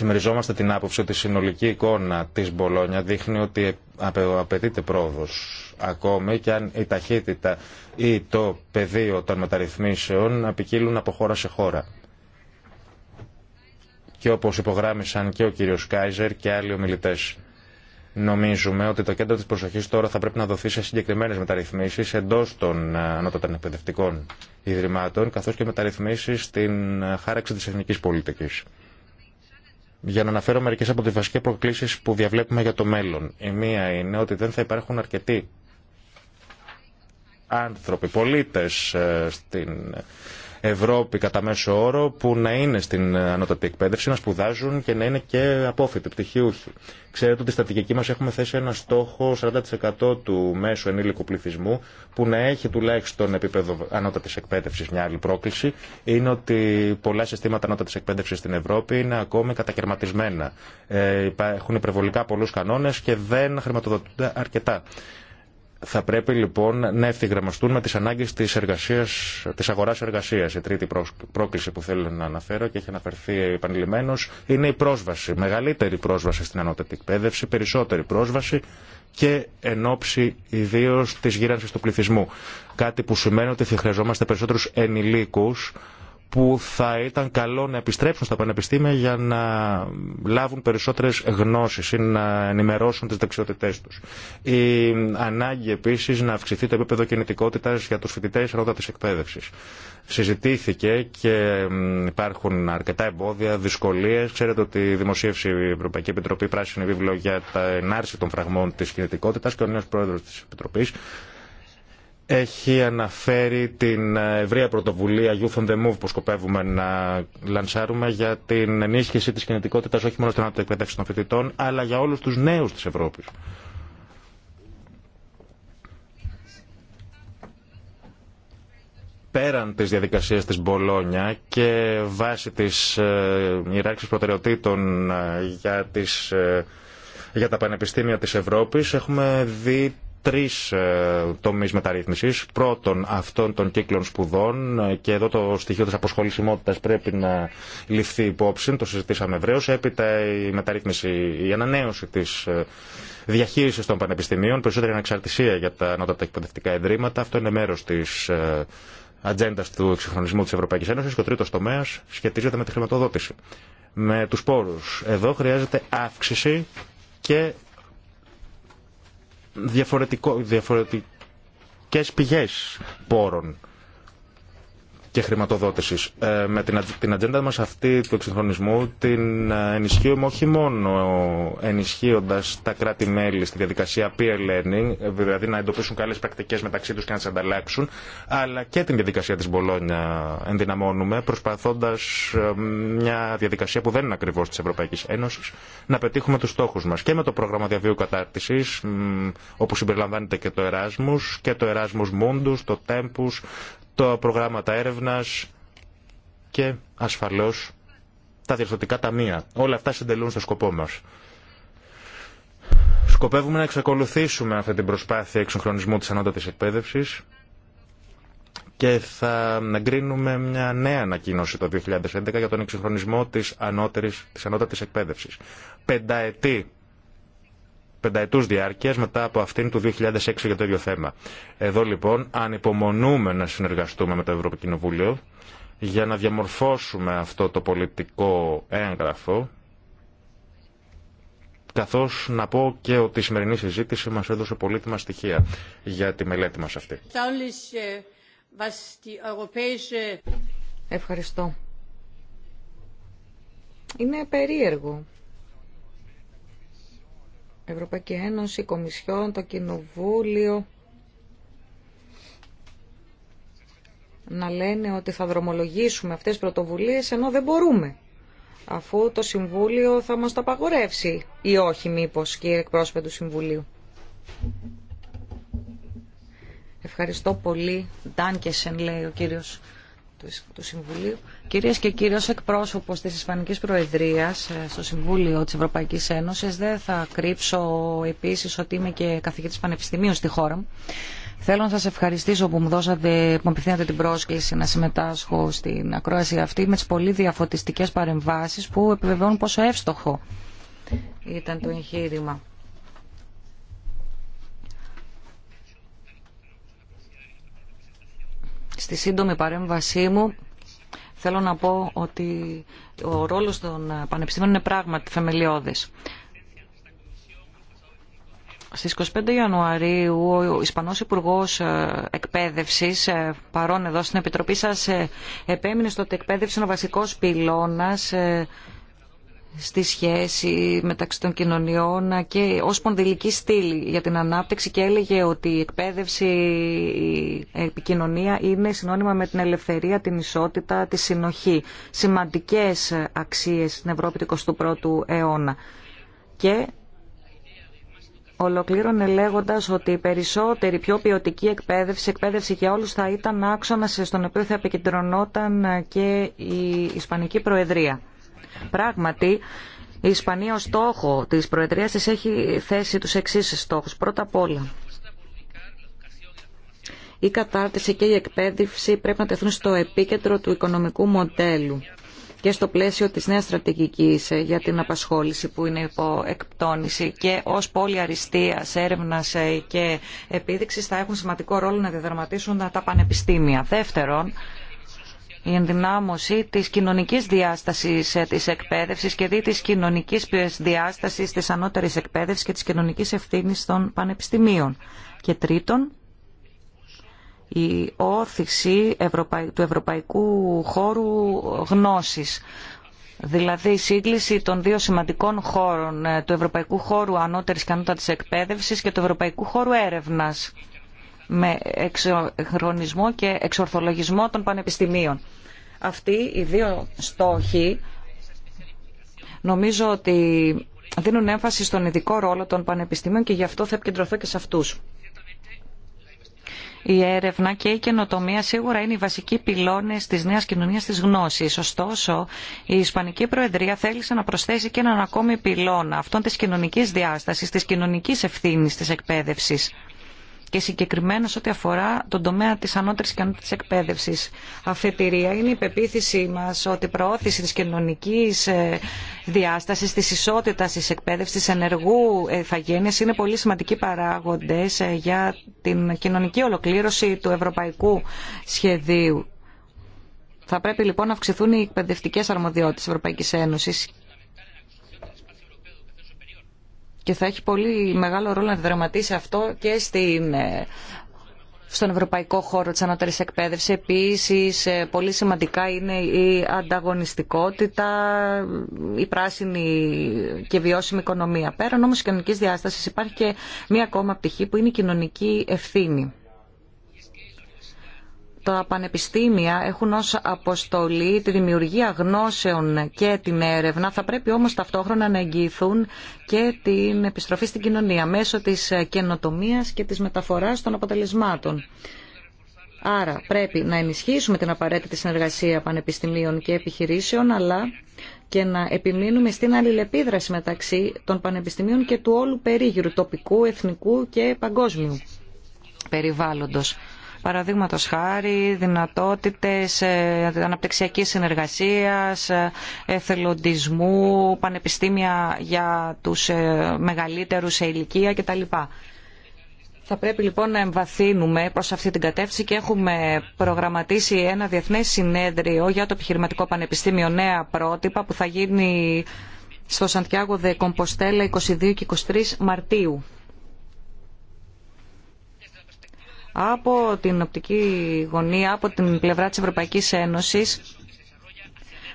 Συμμεριζόμαστε την άποψη ότι η συνολική εικόνα τη Μπολόνια δείχνει ότι απαιτείται πρόοδο ακόμη και αν η ταχύτητα ή το πεδίο των μεταρρυθμίσεων απικύλουν από χώρα σε χώρα. Και όπω υπογράμμισαν και ο κύριο Κάιζερ και άλλοι ομιλητέ. Νομίζουμε ότι το κέντρο τη προσοχή τώρα θα πρέπει να δοθεί σε συγκεκριμένε μεταρρυθμίσει εντό των ε, ανώτατων εκπαιδευτικών ιδρυμάτων, καθώ και μεταρρυθμίσει στην ε, χάραξη τη εθνική πολιτική για να αναφέρω μερικέ από τι βασικέ προκλήσει που διαβλέπουμε για το μέλλον. Η μία είναι ότι δεν θα υπάρχουν αρκετοί άνθρωποι, πολίτε ε, στην Ευρώπη κατά μέσο όρο που να είναι στην ανώτατη εκπαίδευση, να σπουδάζουν και να είναι και απόφοιτοι, πτυχιούχοι. Ξέρετε ότι στη στρατηγική μα έχουμε θέσει ένα στόχο 40% του μέσου ενήλικου πληθυσμού που να έχει τουλάχιστον επίπεδο ανώτατη εκπαίδευση. Μια άλλη πρόκληση είναι ότι πολλά συστήματα ανώτατη εκπαίδευση στην Ευρώπη είναι ακόμη κατακαιρματισμένα. Ε, έχουν υπερβολικά πολλού κανόνε και δεν χρηματοδοτούνται αρκετά. Θα πρέπει λοιπόν να ευθυγραμμαστούν με τις ανάγκες της, εργασίας, της αγοράς εργασίας. Η τρίτη πρόκληση που θέλω να αναφέρω και έχει αναφερθεί επανειλημμένως είναι η πρόσβαση. Μεγαλύτερη πρόσβαση στην ανώτατη εκπαίδευση, περισσότερη πρόσβαση και εν ώψη ιδίω της γύρανσης του πληθυσμού. Κάτι που σημαίνει ότι θα χρειαζόμαστε περισσότερους ενηλίκους που θα ήταν καλό να επιστρέψουν στα πανεπιστήμια για να λάβουν περισσότερες γνώσεις ή να ενημερώσουν τις δεξιότητές τους. Η ανάγκη επίσης να αυξηθεί το επίπεδο κινητικότητας για τους φοιτητές ρότα της εκπαίδευσης. Συζητήθηκε και υπάρχουν αρκετά εμπόδια, δυσκολίες. Ξέρετε ότι δημοσίευσε η Ευρωπαϊκή Επιτροπή πράσινη βίβλο για την άρση των φραγμών της κινητικότητας και ο νέος πρόεδρος της επιτροπή έχει αναφέρει την ευρεία πρωτοβουλία Youth on the Move που σκοπεύουμε να λανσάρουμε για την ενίσχυση της κινητικότητας όχι μόνο στην εκπαιδεύση των φοιτητών αλλά για όλους τους νέους της Ευρώπης. πέραν της διαδικασίας της Μπολόνια και βάσει της ε, προτεραιοτήτων ε, για, τις, ε, για τα πανεπιστήμια της Ευρώπης έχουμε δει τρει ε, τομεί μεταρρύθμιση. Πρώτον, αυτών των κύκλων σπουδών ε, και εδώ το στοιχείο τη αποσχολησιμότητα πρέπει να ληφθεί υπόψη, το συζητήσαμε ευρέω. Έπειτα η μεταρρύθμιση, η ανανέωση τη ε, διαχείριση των πανεπιστημίων, περισσότερη ανεξαρτησία για τα ανώτατα εκπαιδευτικά ιδρύματα. Αυτό είναι μέρο τη ατζέντα του εξυγχρονισμού τη Ευρωπαϊκή Ένωση. Και ο τρίτο τομέα σχετίζεται με τη χρηματοδότηση. Με του πόρου. Εδώ χρειάζεται αύξηση και διαφορετικές πηγές πόρων και χρηματοδότησης. Ε, με την, την ατζέντα μα αυτή του εξυγχρονισμού την ε, ενισχύουμε όχι μόνο ενισχύοντα τα κράτη-μέλη στη διαδικασία peer learning, δηλαδή να εντοπίσουν καλές πρακτικέ μεταξύ του και να τι ανταλλάξουν, αλλά και την διαδικασία τη Μπολόνια ενδυναμώνουμε, προσπαθώντας ε, μια διαδικασία που δεν είναι ακριβώ τη Ευρωπαϊκή Ένωση, να πετύχουμε του στόχου μα και με το πρόγραμμα διαβίου κατάρτισης, όπου συμπεριλαμβάνεται και το Erasmus και το Erasmus Mundus, το Tempus, τα προγράμματα έρευνας και ασφαλώς τα διευθυντικά ταμεία. Όλα αυτά συντελούν στο σκοπό μας. Σκοπεύουμε να εξακολουθήσουμε αυτή την προσπάθεια εξυγχρονισμού της ανώτατης εκπαίδευσης και θα εγκρίνουμε μια νέα ανακοίνωση το 2011 για τον εξυγχρονισμό της, ανώτερης, της ανώτατης εκπαίδευσης. Πενταετή πενταετούς διάρκειας μετά από αυτήν του 2006 για το ίδιο θέμα. Εδώ λοιπόν ανυπομονούμε να συνεργαστούμε με το Ευρωπαϊκό Κοινοβούλιο για να διαμορφώσουμε αυτό το πολιτικό έγγραφο καθώς να πω και ότι η σημερινή συζήτηση μας έδωσε πολύτιμα στοιχεία για τη μελέτη μας αυτή. Ευχαριστώ. Είναι περίεργο Ευρωπαϊκή Ένωση, Κομισιόν, το Κοινοβούλιο να λένε ότι θα δρομολογήσουμε αυτές τις πρωτοβουλίες ενώ δεν μπορούμε αφού το Συμβούλιο θα μας το απαγορεύσει ή όχι μήπως κύριε εκπρόσωπε του Συμβουλίου. Ευχαριστώ πολύ. Ντάνκεσεν λέει ο κύριος του Συμβουλίου. Κυρίες και κύριοι, ως εκπρόσωπος της Ισπανικής Προεδρίας ε, στο Συμβούλιο της Ευρωπαϊκής Ένωσης δεν θα κρύψω επίσης ότι είμαι και καθηγητής πανεπιστημίου στη χώρα μου. Θέλω να σας ευχαριστήσω που μου δώσατε, που μου την πρόσκληση να συμμετάσχω στην ακρόαση αυτή με τις πολύ διαφωτιστικές παρεμβάσεις που επιβεβαιώνουν πόσο εύστοχο ήταν το εγχείρημα. Στη σύντομη παρέμβασή μου Θέλω να πω ότι ο ρόλος των πανεπιστήμιων είναι πράγματι θεμελιώδης. Στις 25 Ιανουαρίου ο Ισπανός Υπουργός ε, Εκπαίδευσης, ε, παρόν εδώ στην Επιτροπή σας, ε, επέμεινε στο ότι εκπαίδευση είναι ο βασικός πυλώνας στη σχέση μεταξύ των κοινωνιών και ω πονδυλική στήλη για την ανάπτυξη και έλεγε ότι η εκπαίδευση, η επικοινωνία είναι συνώνυμα με την ελευθερία, την ισότητα, τη συνοχή. Σημαντικές αξίε στην Ευρώπη του 21ου αιώνα. Και ολοκλήρωνε λέγοντα ότι η περισσότερη, πιο ποιοτική εκπαίδευση, εκπαίδευση για όλου, θα ήταν άξονα στον οποίο θα επικεντρωνόταν και η Ισπανική Προεδρία. Πράγματι, η Ισπανία ως στόχο της Προεδρίας της έχει θέσει τους εξής στόχους. Πρώτα απ' όλα, η κατάρτιση και η εκπαίδευση πρέπει να τεθούν στο επίκεντρο του οικονομικού μοντέλου και στο πλαίσιο της νέας στρατηγικής για την απασχόληση που είναι υπό εκπτώνηση και ως πόλη αριστείας, έρευνας και επίδειξης θα έχουν σημαντικό ρόλο να διαδραματίσουν τα πανεπιστήμια. Δεύτερον, η ενδυνάμωση της κοινωνικής διάστασης ε, της εκπαίδευσης και δι της κοινωνικής διάστασης της ανώτερης εκπαίδευσης και της κοινωνικής ευθύνης των πανεπιστημίων. Και τρίτον, η όθηση του ευρωπαϊκού χώρου γνώσης δηλαδή η σύγκληση των δύο σημαντικών χώρων ε, του ευρωπαϊκού χώρου ανώτερης και της εκπαίδευσης και του ευρωπαϊκού χώρου έρευνας με εξοχρονισμό και εξορθολογισμό των πανεπιστημίων. Αυτοί οι δύο στόχοι νομίζω ότι δίνουν έμφαση στον ειδικό ρόλο των πανεπιστήμιων και γι' αυτό θα επικεντρωθώ και σε αυτούς. Η έρευνα και η καινοτομία σίγουρα είναι οι βασικοί πυλώνε τη νέα κοινωνία τη γνώση. Ωστόσο, η Ισπανική Προεδρία θέλησε να προσθέσει και έναν ακόμη πυλώνα, αυτών τη κοινωνική διάσταση, τη κοινωνική ευθύνη τη εκπαίδευση και συγκεκριμένα ό,τι αφορά τον τομέα της ανώτερης και ανώτερης εκπαίδευσης. Αφετηρία είναι η πεποίθησή μας ότι η προώθηση της κοινωνικής ε, διάστασης, της ισότητα της εκπαίδευσης, ενεργού ηθαγένειας είναι πολύ σημαντικοί παράγοντες ε, για την κοινωνική ολοκλήρωση του ευρωπαϊκού σχεδίου. Θα πρέπει λοιπόν να αυξηθούν οι εκπαιδευτικέ αρμοδιότητε τη Ευρωπαϊκή Ένωση και θα έχει πολύ μεγάλο ρόλο να δραματίσει αυτό και στην ε, στον ευρωπαϊκό χώρο της ανώτερης εκπαίδευσης. Επίσης, ε, πολύ σημαντικά είναι η ανταγωνιστικότητα, η πράσινη και βιώσιμη οικονομία. Πέραν όμως της κοινωνικής διάστασης υπάρχει και μία ακόμα πτυχή που είναι η κοινωνική ευθύνη. Τα πανεπιστήμια έχουν ως αποστολή τη δημιουργία γνώσεων και την έρευνα, θα πρέπει όμως ταυτόχρονα να εγγυηθούν και την επιστροφή στην κοινωνία μέσω της καινοτομίας και της μεταφοράς των αποτελεσμάτων. Άρα πρέπει να ενισχύσουμε την απαραίτητη συνεργασία πανεπιστημίων και επιχειρήσεων, αλλά και να επιμείνουμε στην αλληλεπίδραση μεταξύ των πανεπιστημίων και του όλου περίγυρου τοπικού, εθνικού και παγκόσμιου περιβάλλοντος. Παραδείγματο χάρη, δυνατότητε αναπτυξιακή συνεργασία, ε, εθελοντισμού, πανεπιστήμια για του ε, μεγαλύτερου σε ηλικία κτλ. Θα πρέπει λοιπόν να εμβαθύνουμε προ αυτή την κατεύθυνση και έχουμε προγραμματίσει ένα διεθνέ συνέδριο για το επιχειρηματικό πανεπιστήμιο Νέα Πρότυπα που θα γίνει στο Σαντιάγο Δε Κομποστέλα 22 και 23 Μαρτίου. από την οπτική γωνία, από την πλευρά της Ευρωπαϊκής Ένωσης,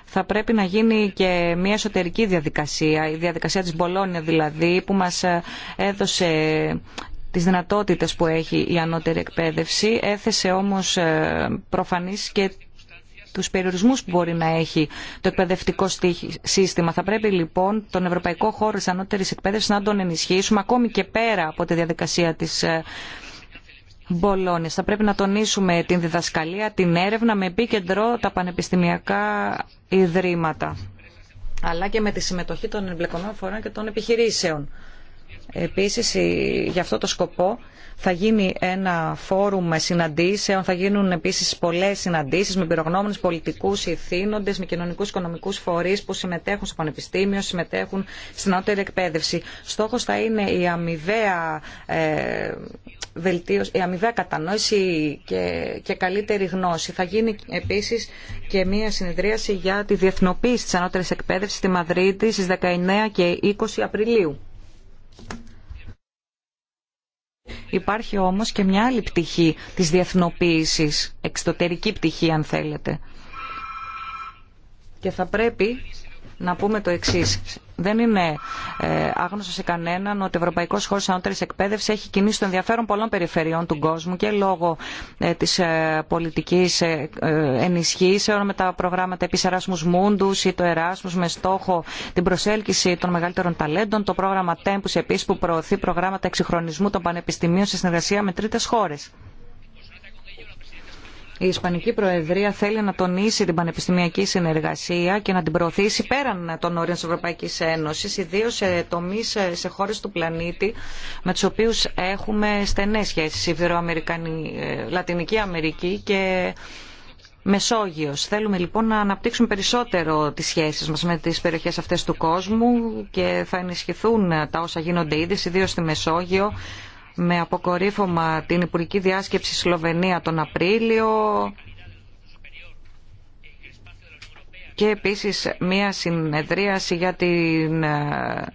θα πρέπει να γίνει και μια εσωτερική διαδικασία, η διαδικασία της Μπολόνια δηλαδή, που μας ε, έδωσε τις δυνατότητες που έχει η ανώτερη εκπαίδευση, έθεσε όμως ε, προφανής και τους περιορισμούς που μπορεί να έχει το εκπαιδευτικό σύστημα. Θα πρέπει λοιπόν τον ευρωπαϊκό χώρο της ανώτερης εκπαίδευσης να τον ενισχύσουμε ακόμη και πέρα από τη διαδικασία της ε, θα πρέπει να τονίσουμε την διδασκαλία, την έρευνα με επίκεντρο τα πανεπιστημιακά ιδρύματα αλλά και με τη συμμετοχή των εμπλεκομένων φορών και των επιχειρήσεων. Επίσης, για αυτό το σκοπό θα γίνει ένα φόρουμ συναντήσεων, θα γίνουν επίση πολλέ συναντήσει με πυρογνώμενους πολιτικούς ηθήνοντε, με κοινωνικούς οικονομικού φορεί που συμμετέχουν στο πανεπιστήμιο, συμμετέχουν στην ανώτερη εκπαίδευση. Στόχο θα είναι η αμοιβαία, ε, η αμοιβαία κατανόηση και, καλύτερη γνώση. Θα γίνει επίση και μια συνεδρίαση για τη διεθνοποίηση τη ανώτερης εκπαίδευση στη Μαδρίτη στι 19 και 20 Απριλίου. Υπάρχει όμως και μια άλλη πτυχή της διεθνοποίησης, εξωτερική πτυχή αν θέλετε. Και θα πρέπει να πούμε το εξή. Δεν είναι ε, άγνωστο σε κανέναν ότι ο Ευρωπαϊκό Χώρο Ανώτερη Εκπαίδευση έχει κινήσει το ενδιαφέρον πολλών περιφερειών του κόσμου και λόγω ε, της τη ε, πολιτική ενισχύσεων με τα προγράμματα επί Εράσμου Μούντου ή το Εράσμου με στόχο την προσέλκυση των μεγαλύτερων ταλέντων. Το πρόγραμμα Tempus επίση που προωθεί προγράμματα εξυγχρονισμού των πανεπιστημίων σε συνεργασία με τρίτε χώρε η Ισπανική Προεδρία θέλει να τονίσει την πανεπιστημιακή συνεργασία και να την προωθήσει πέραν των όριων της Ευρωπαϊκής Ένωσης, ιδίως σε τομείς ε, σε χώρες του πλανήτη με του οποίους έχουμε στενές σχέσεις, η ε, Λατινική Αμερική και Μεσόγειος. Θέλουμε λοιπόν να αναπτύξουμε περισσότερο τις σχέσεις μας με τις περιοχές αυτές του κόσμου και θα ενισχυθούν τα όσα γίνονται ήδη, ιδίως στη Μεσόγειο, με αποκορύφωμα την Υπουργική Διάσκεψη Σλοβενία τον Απρίλιο και επίσης μία συνεδρίαση για την ε,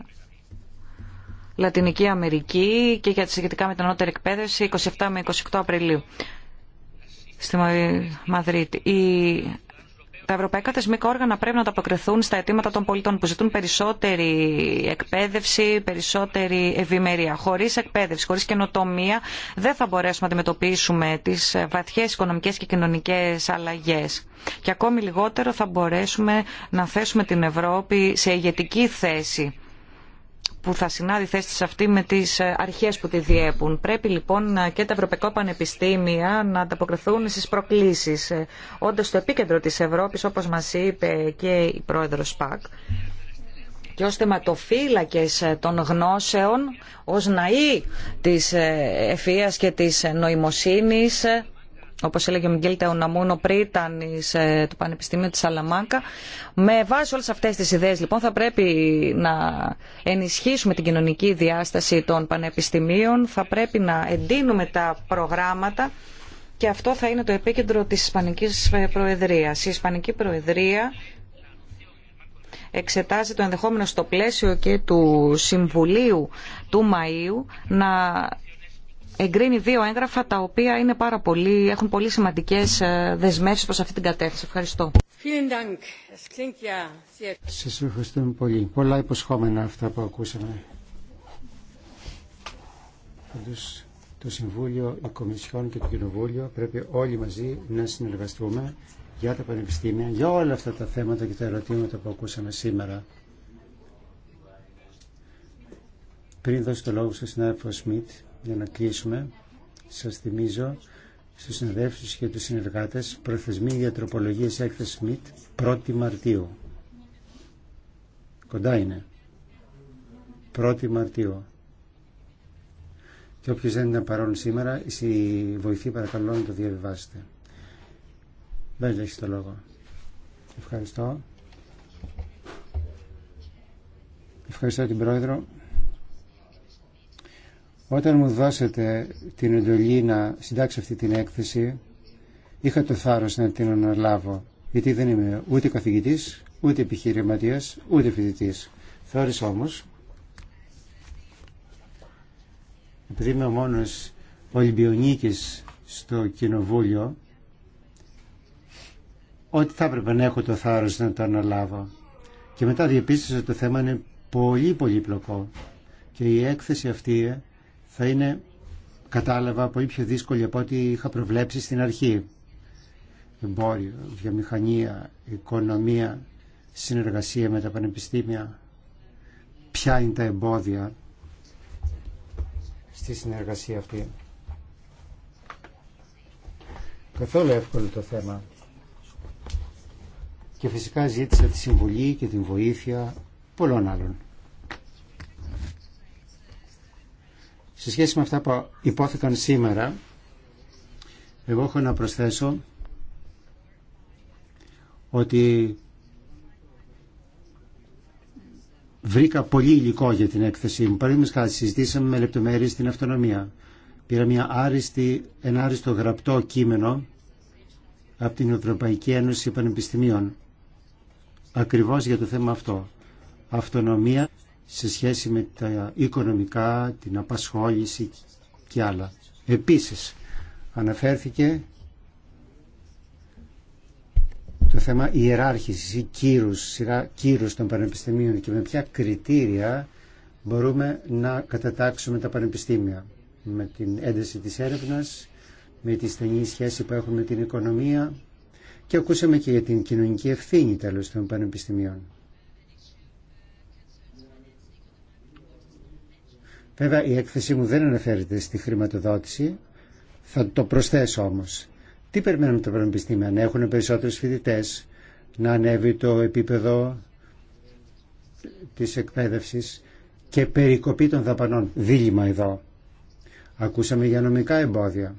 Λατινική Αμερική και για τη σχετικά με την ανώτερη εκπαίδευση 27 με 28 Απριλίου στη Μαδρίτη τα ευρωπαϊκά θεσμικά όργανα πρέπει να ανταποκριθούν στα αιτήματα των πολιτών που ζητούν περισσότερη εκπαίδευση, περισσότερη ευημερία. Χωρί εκπαίδευση, χωρί καινοτομία, δεν θα μπορέσουμε να αντιμετωπίσουμε τι βαθιέ οικονομικέ και κοινωνικέ αλλαγέ. Και ακόμη λιγότερο θα μπορέσουμε να θέσουμε την Ευρώπη σε ηγετική θέση που θα συνάδει θέση αυτή με τις ε, αρχές που τη διέπουν. Πρέπει λοιπόν ε, και τα ευρωπαϊκά πανεπιστήμια να ανταποκριθούν στις προκλήσεις. Ε, όντως στο επίκεντρο της Ευρώπης, όπως μας είπε και η πρόεδρος ΠΑΚ, και ως θεματοφύλακες των γνώσεων, ως ναοί της ευφυΐας και της νοημοσύνης, όπως έλεγε ο Μιγγέλ πριν πριν ε, του Πανεπιστημίο της Σαλαμάκα. Με βάση όλες αυτές τις ιδέες λοιπόν θα πρέπει να ενισχύσουμε την κοινωνική διάσταση των πανεπιστημίων, θα πρέπει να εντείνουμε τα προγράμματα και αυτό θα είναι το επίκεντρο της Ισπανικής ε, Προεδρίας. Η Ισπανική Προεδρία εξετάζει το ενδεχόμενο στο πλαίσιο και του Συμβουλίου του Μαΐου να εγκρίνει δύο έγγραφα τα οποία είναι πάρα πολύ, έχουν πολύ σημαντικές ε, δεσμεύσεις προς αυτή την κατεύθυνση. Ευχαριστώ. Σας ευχαριστούμε πολύ. Πολλά υποσχόμενα αυτά που ακούσαμε. Πάντως το Συμβούλιο, η Κομισιόν και το Κοινοβούλιο πρέπει όλοι μαζί να συνεργαστούμε για τα πανεπιστήμια, για όλα αυτά τα θέματα και τα ερωτήματα που ακούσαμε σήμερα. Πριν δώσω το λόγο στον συνάδελφο Σμιτ, για να κλείσουμε, σας θυμίζω στους συνδεύσεις και τους συνεργάτες προθεσμοί για τροπολογίες έκθεση ΣΜΙΤ 1η Μαρτίου. Κοντά είναι. 1η Μαρτίου. Και όποιος δεν είναι παρόν σήμερα, η βοηθή παρακαλώ να το διαβιβάσετε. Δεν έχει το λόγο. Ευχαριστώ. Ευχαριστώ την Πρόεδρο. Όταν μου δώσετε την εντολή να συντάξω αυτή την έκθεση, είχα το θάρρος να την αναλάβω, γιατί δεν είμαι ούτε καθηγητής, ούτε επιχειρηματίας, ούτε φοιτητής. Θεώρησα όμως, επειδή είμαι ο μόνος Ολυμπιονίκης στο Κοινοβούλιο, ότι θα έπρεπε να έχω το θάρρος να το αναλάβω. Και μετά διαπίστωσα ότι το θέμα είναι πολύ πολύ πλοκό Και η έκθεση αυτή θα είναι, κατάλαβα, πολύ πιο δύσκολη από ό,τι είχα προβλέψει στην αρχή. Εμπόριο, βιομηχανία, οικονομία, συνεργασία με τα πανεπιστήμια. Ποια είναι τα εμπόδια στη συνεργασία αυτή. Καθόλου εύκολο το θέμα. Και φυσικά ζήτησα τη συμβουλή και την βοήθεια πολλών άλλων. Σε σχέση με αυτά που υπόθηκαν σήμερα, εγώ έχω να προσθέσω ότι βρήκα πολύ υλικό για την έκθεσή μου. Παραδείγματος συζητήσαμε με λεπτομέρειες την αυτονομία. Πήρα μια άριστη, ένα άριστο γραπτό κείμενο από την Ευρωπαϊκή Ένωση Πανεπιστημίων ακριβώς για το θέμα αυτό. Αυτονομία σε σχέση με τα οικονομικά, την απασχόληση και άλλα. Επίσης, αναφέρθηκε το θέμα ιεράρχησης ή κύρους, σειρά κύρους των πανεπιστημίων και με ποια κριτήρια μπορούμε να κατατάξουμε τα πανεπιστήμια με την ένταση της έρευνας, με τη στενή σχέση που έχουμε με την οικονομία και ακούσαμε και για την κοινωνική ευθύνη τέλος των πανεπιστημίων. Βέβαια η έκθεσή μου δεν αναφέρεται στη χρηματοδότηση, θα το προσθέσω όμως. Τι περιμένουν τα πανεπιστήμια, να έχουν περισσότερους φοιτητές, να ανέβει το επίπεδο της εκπαίδευσης και περικοπή των δαπανών. Δίλημα εδώ. Ακούσαμε για νομικά εμπόδια.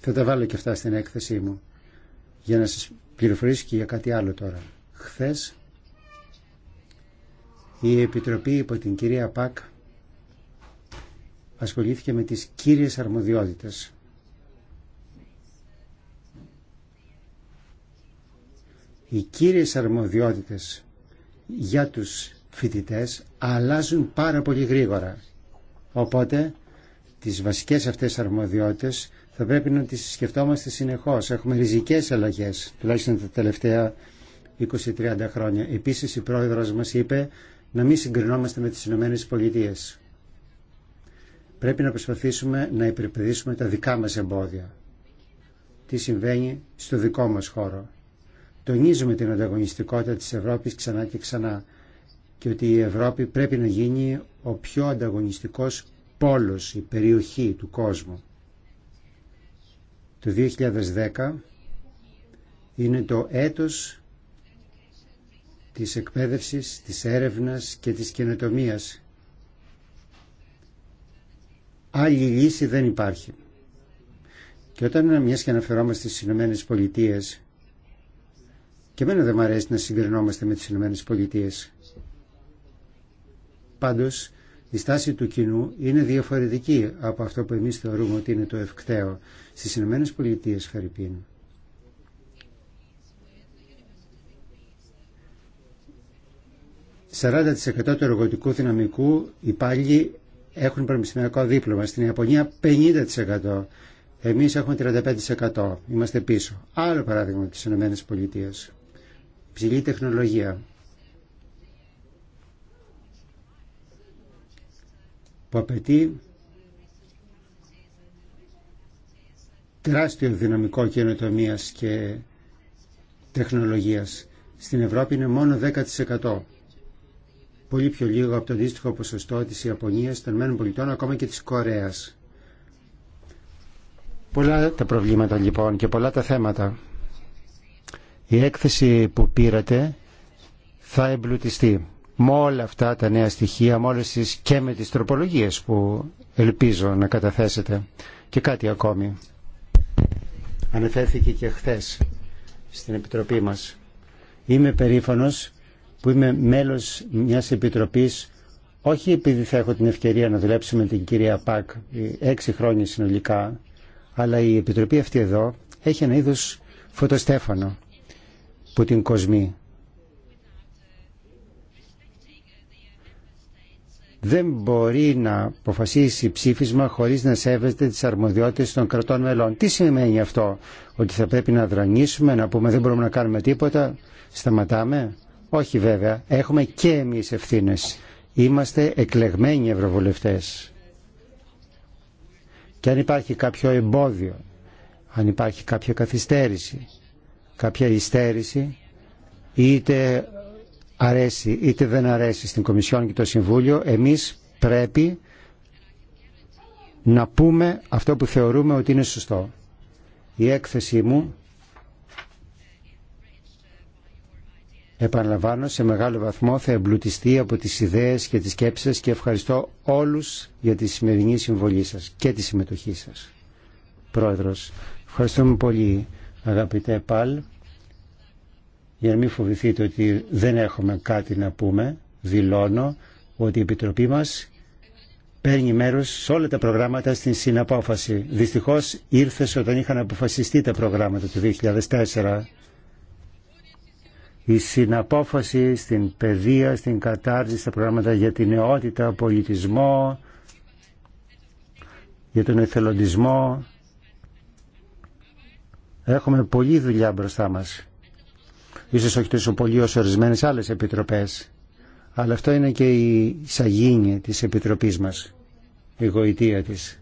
Θα τα βάλω και αυτά στην έκθεσή μου για να σας πληροφορήσω και για κάτι άλλο τώρα. Χθες η Επιτροπή υπό την κυρία Πακ ασχολήθηκε με τις κύριες αρμοδιότητες. Οι κύριες αρμοδιότητες για τους φοιτητές αλλάζουν πάρα πολύ γρήγορα. Οπότε τις βασικές αυτές αρμοδιότητες θα πρέπει να τις σκεφτόμαστε συνεχώς. Έχουμε ριζικές αλλαγές, τουλάχιστον τα τελευταία 20-30 χρόνια. Επίσης η πρόεδρος μας είπε να μην συγκρινόμαστε με τις Ηνωμένες Πολιτείες. Πρέπει να προσπαθήσουμε να υπερπαιδίσουμε τα δικά μας εμπόδια. Τι συμβαίνει στο δικό μας χώρο. Τονίζουμε την ανταγωνιστικότητα της Ευρώπης ξανά και ξανά και ότι η Ευρώπη πρέπει να γίνει ο πιο ανταγωνιστικός πόλος, η περιοχή του κόσμου. Το 2010 είναι το έτος της εκπαίδευσης, της έρευνας και της καινοτομίας. Άλλη λύση δεν υπάρχει. Και όταν μια και αναφερόμαστε στις Ηνωμένε Πολιτείε, και εμένα δεν μου αρέσει να συγκρινόμαστε με τις Ηνωμένε Πολιτείε. Πάντως, η στάση του κοινού είναι διαφορετική από αυτό που εμείς θεωρούμε ότι είναι το ευκταίο. Στις Ηνωμένε Πολιτείε, χαριπίν. 40% του εργοτικού δυναμικού υπάλληλοι έχουν πανεπιστημιακό δίπλωμα. Στην Ιαπωνία 50%. Εμείς έχουμε 35%. Είμαστε πίσω. Άλλο παράδειγμα της ΗΠΑ. Ψηλή τεχνολογία. Που απαιτεί τεράστιο δυναμικό καινοτομία και τεχνολογίας. Στην Ευρώπη είναι μόνο 10% πολύ πιο λίγο από το αντίστοιχο ποσοστό της Ιαπωνίας, των μένων πολιτών, ακόμα και της Κορέας. Πολλά τα προβλήματα λοιπόν και πολλά τα θέματα. Η έκθεση που πήρατε θα εμπλουτιστεί με όλα αυτά τα νέα στοιχεία, με τις και με τις τροπολογίες που ελπίζω να καταθέσετε. Και κάτι ακόμη. Αναφέρθηκε και χθες στην Επιτροπή μας. Είμαι περήφανος που είμαι μέλος μιας επιτροπής όχι επειδή θα έχω την ευκαιρία να δουλέψω με την κυρία Πακ έξι χρόνια συνολικά, αλλά η επιτροπή αυτή εδώ έχει ένα είδος φωτοστέφανο που την κοσμεί. Δεν μπορεί να αποφασίσει ψήφισμα χωρίς να σέβεται τις αρμοδιότητες των κρατών μελών. Τι σημαίνει αυτό, ότι θα πρέπει να δρανίσουμε, να πούμε δεν μπορούμε να κάνουμε τίποτα, σταματάμε. Όχι βέβαια, έχουμε και εμείς ευθύνες. Είμαστε εκλεγμένοι ευρωβουλευτές. Και αν υπάρχει κάποιο εμπόδιο, αν υπάρχει κάποια καθυστέρηση, κάποια υστέρηση, είτε αρέσει είτε δεν αρέσει στην Κομισιόν και το Συμβούλιο, εμείς πρέπει να πούμε αυτό που θεωρούμε ότι είναι σωστό. Η έκθεσή μου επαναλαμβάνω, σε μεγάλο βαθμό θα εμπλουτιστεί από τις ιδέες και τις σκέψεις και ευχαριστώ όλους για τη σημερινή συμβολή σας και τη συμμετοχή σας. Πρόεδρος, ευχαριστούμε πολύ αγαπητέ Παλ για να μην φοβηθείτε ότι δεν έχουμε κάτι να πούμε, δηλώνω ότι η Επιτροπή μας παίρνει μέρος σε όλα τα προγράμματα στην συναπόφαση. Δυστυχώς ήρθε όταν είχαν αποφασιστεί τα προγράμματα του 2004 η συναπόφαση στην παιδεία, στην κατάρτιση, στα προγράμματα για την νεότητα, πολιτισμό, για τον εθελοντισμό. Έχουμε πολλή δουλειά μπροστά μας. Ίσως όχι τόσο πολύ όσο ορισμένες άλλες επιτροπές. Αλλά αυτό είναι και η σαγίνη της επιτροπής μας, η γοητεία της.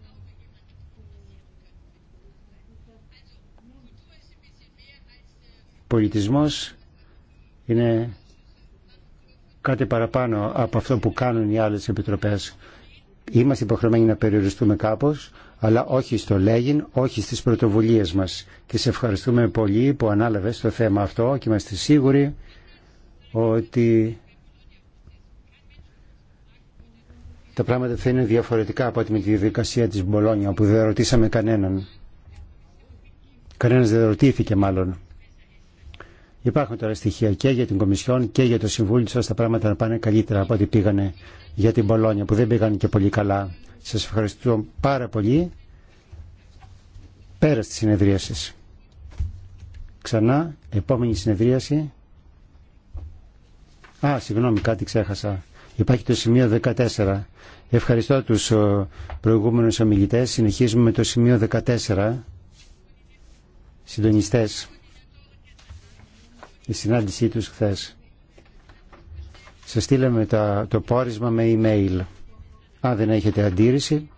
Πολιτισμός είναι κάτι παραπάνω από αυτό που κάνουν οι άλλες επιτροπές. Είμαστε υποχρεωμένοι να περιοριστούμε κάπως, αλλά όχι στο Λέγιν, όχι στις πρωτοβουλίες μας. Και σε ευχαριστούμε πολύ που ανάλαβες το θέμα αυτό και είμαστε σίγουροι ότι τα πράγματα θα είναι διαφορετικά από τη διαδικασία της Μπολόνια, που δεν ρωτήσαμε κανέναν. Κανένας δεν ρωτήθηκε μάλλον. Υπάρχουν τώρα στοιχεία και για την Κομισιόν και για το Συμβούλιο, ώστε τα πράγματα να πάνε καλύτερα από ό,τι πήγανε για την Πολόνια, που δεν πήγαν και πολύ καλά. Σας ευχαριστώ πάρα πολύ. Πέρα στη συνεδρίαση. Ξανά, επόμενη συνεδρίαση. Α, συγγνώμη, κάτι ξέχασα. Υπάρχει το σημείο 14. Ευχαριστώ τους ε, προηγούμενους ομιλητές. Συνεχίζουμε με το σημείο 14. Συντονιστές η συνάντησή τους χθες. Σας στείλαμε το πόρισμα με email. Αν δεν έχετε αντίρρηση,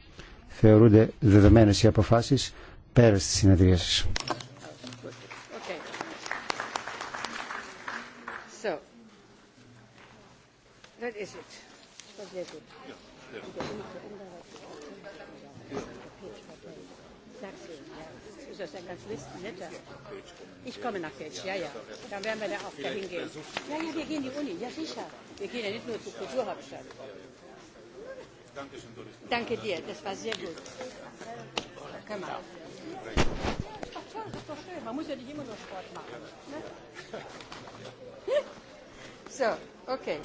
θεωρούνται δεδομένες οι αποφάσεις πέρα της συνέδρια Okay. ist das ja ganz netter. Ich komme nach Köln, ja, ja. Dann werden wir da auch dahin gehen. Ja, ja, wir gehen die Uni, ja sicher. Wir gehen ja nicht nur zur Kulturhauptstadt. Danke dir, das war sehr gut. Kann man. Ist doch toll, ist doch schön. Man muss ja nicht immer nur Sport machen. Ne? So, okay.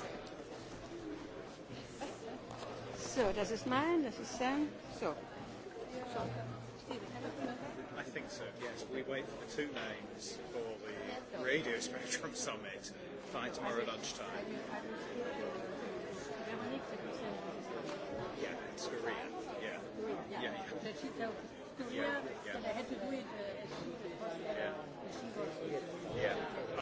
So, das ist mein, das ist Sam. So. so. I think so, yes. We wait for the two names for the Radio Spectrum Summit by tomorrow lunchtime. Yeah, it's Korea. Yeah. Yeah. Yeah. Yeah. Yeah. Yeah.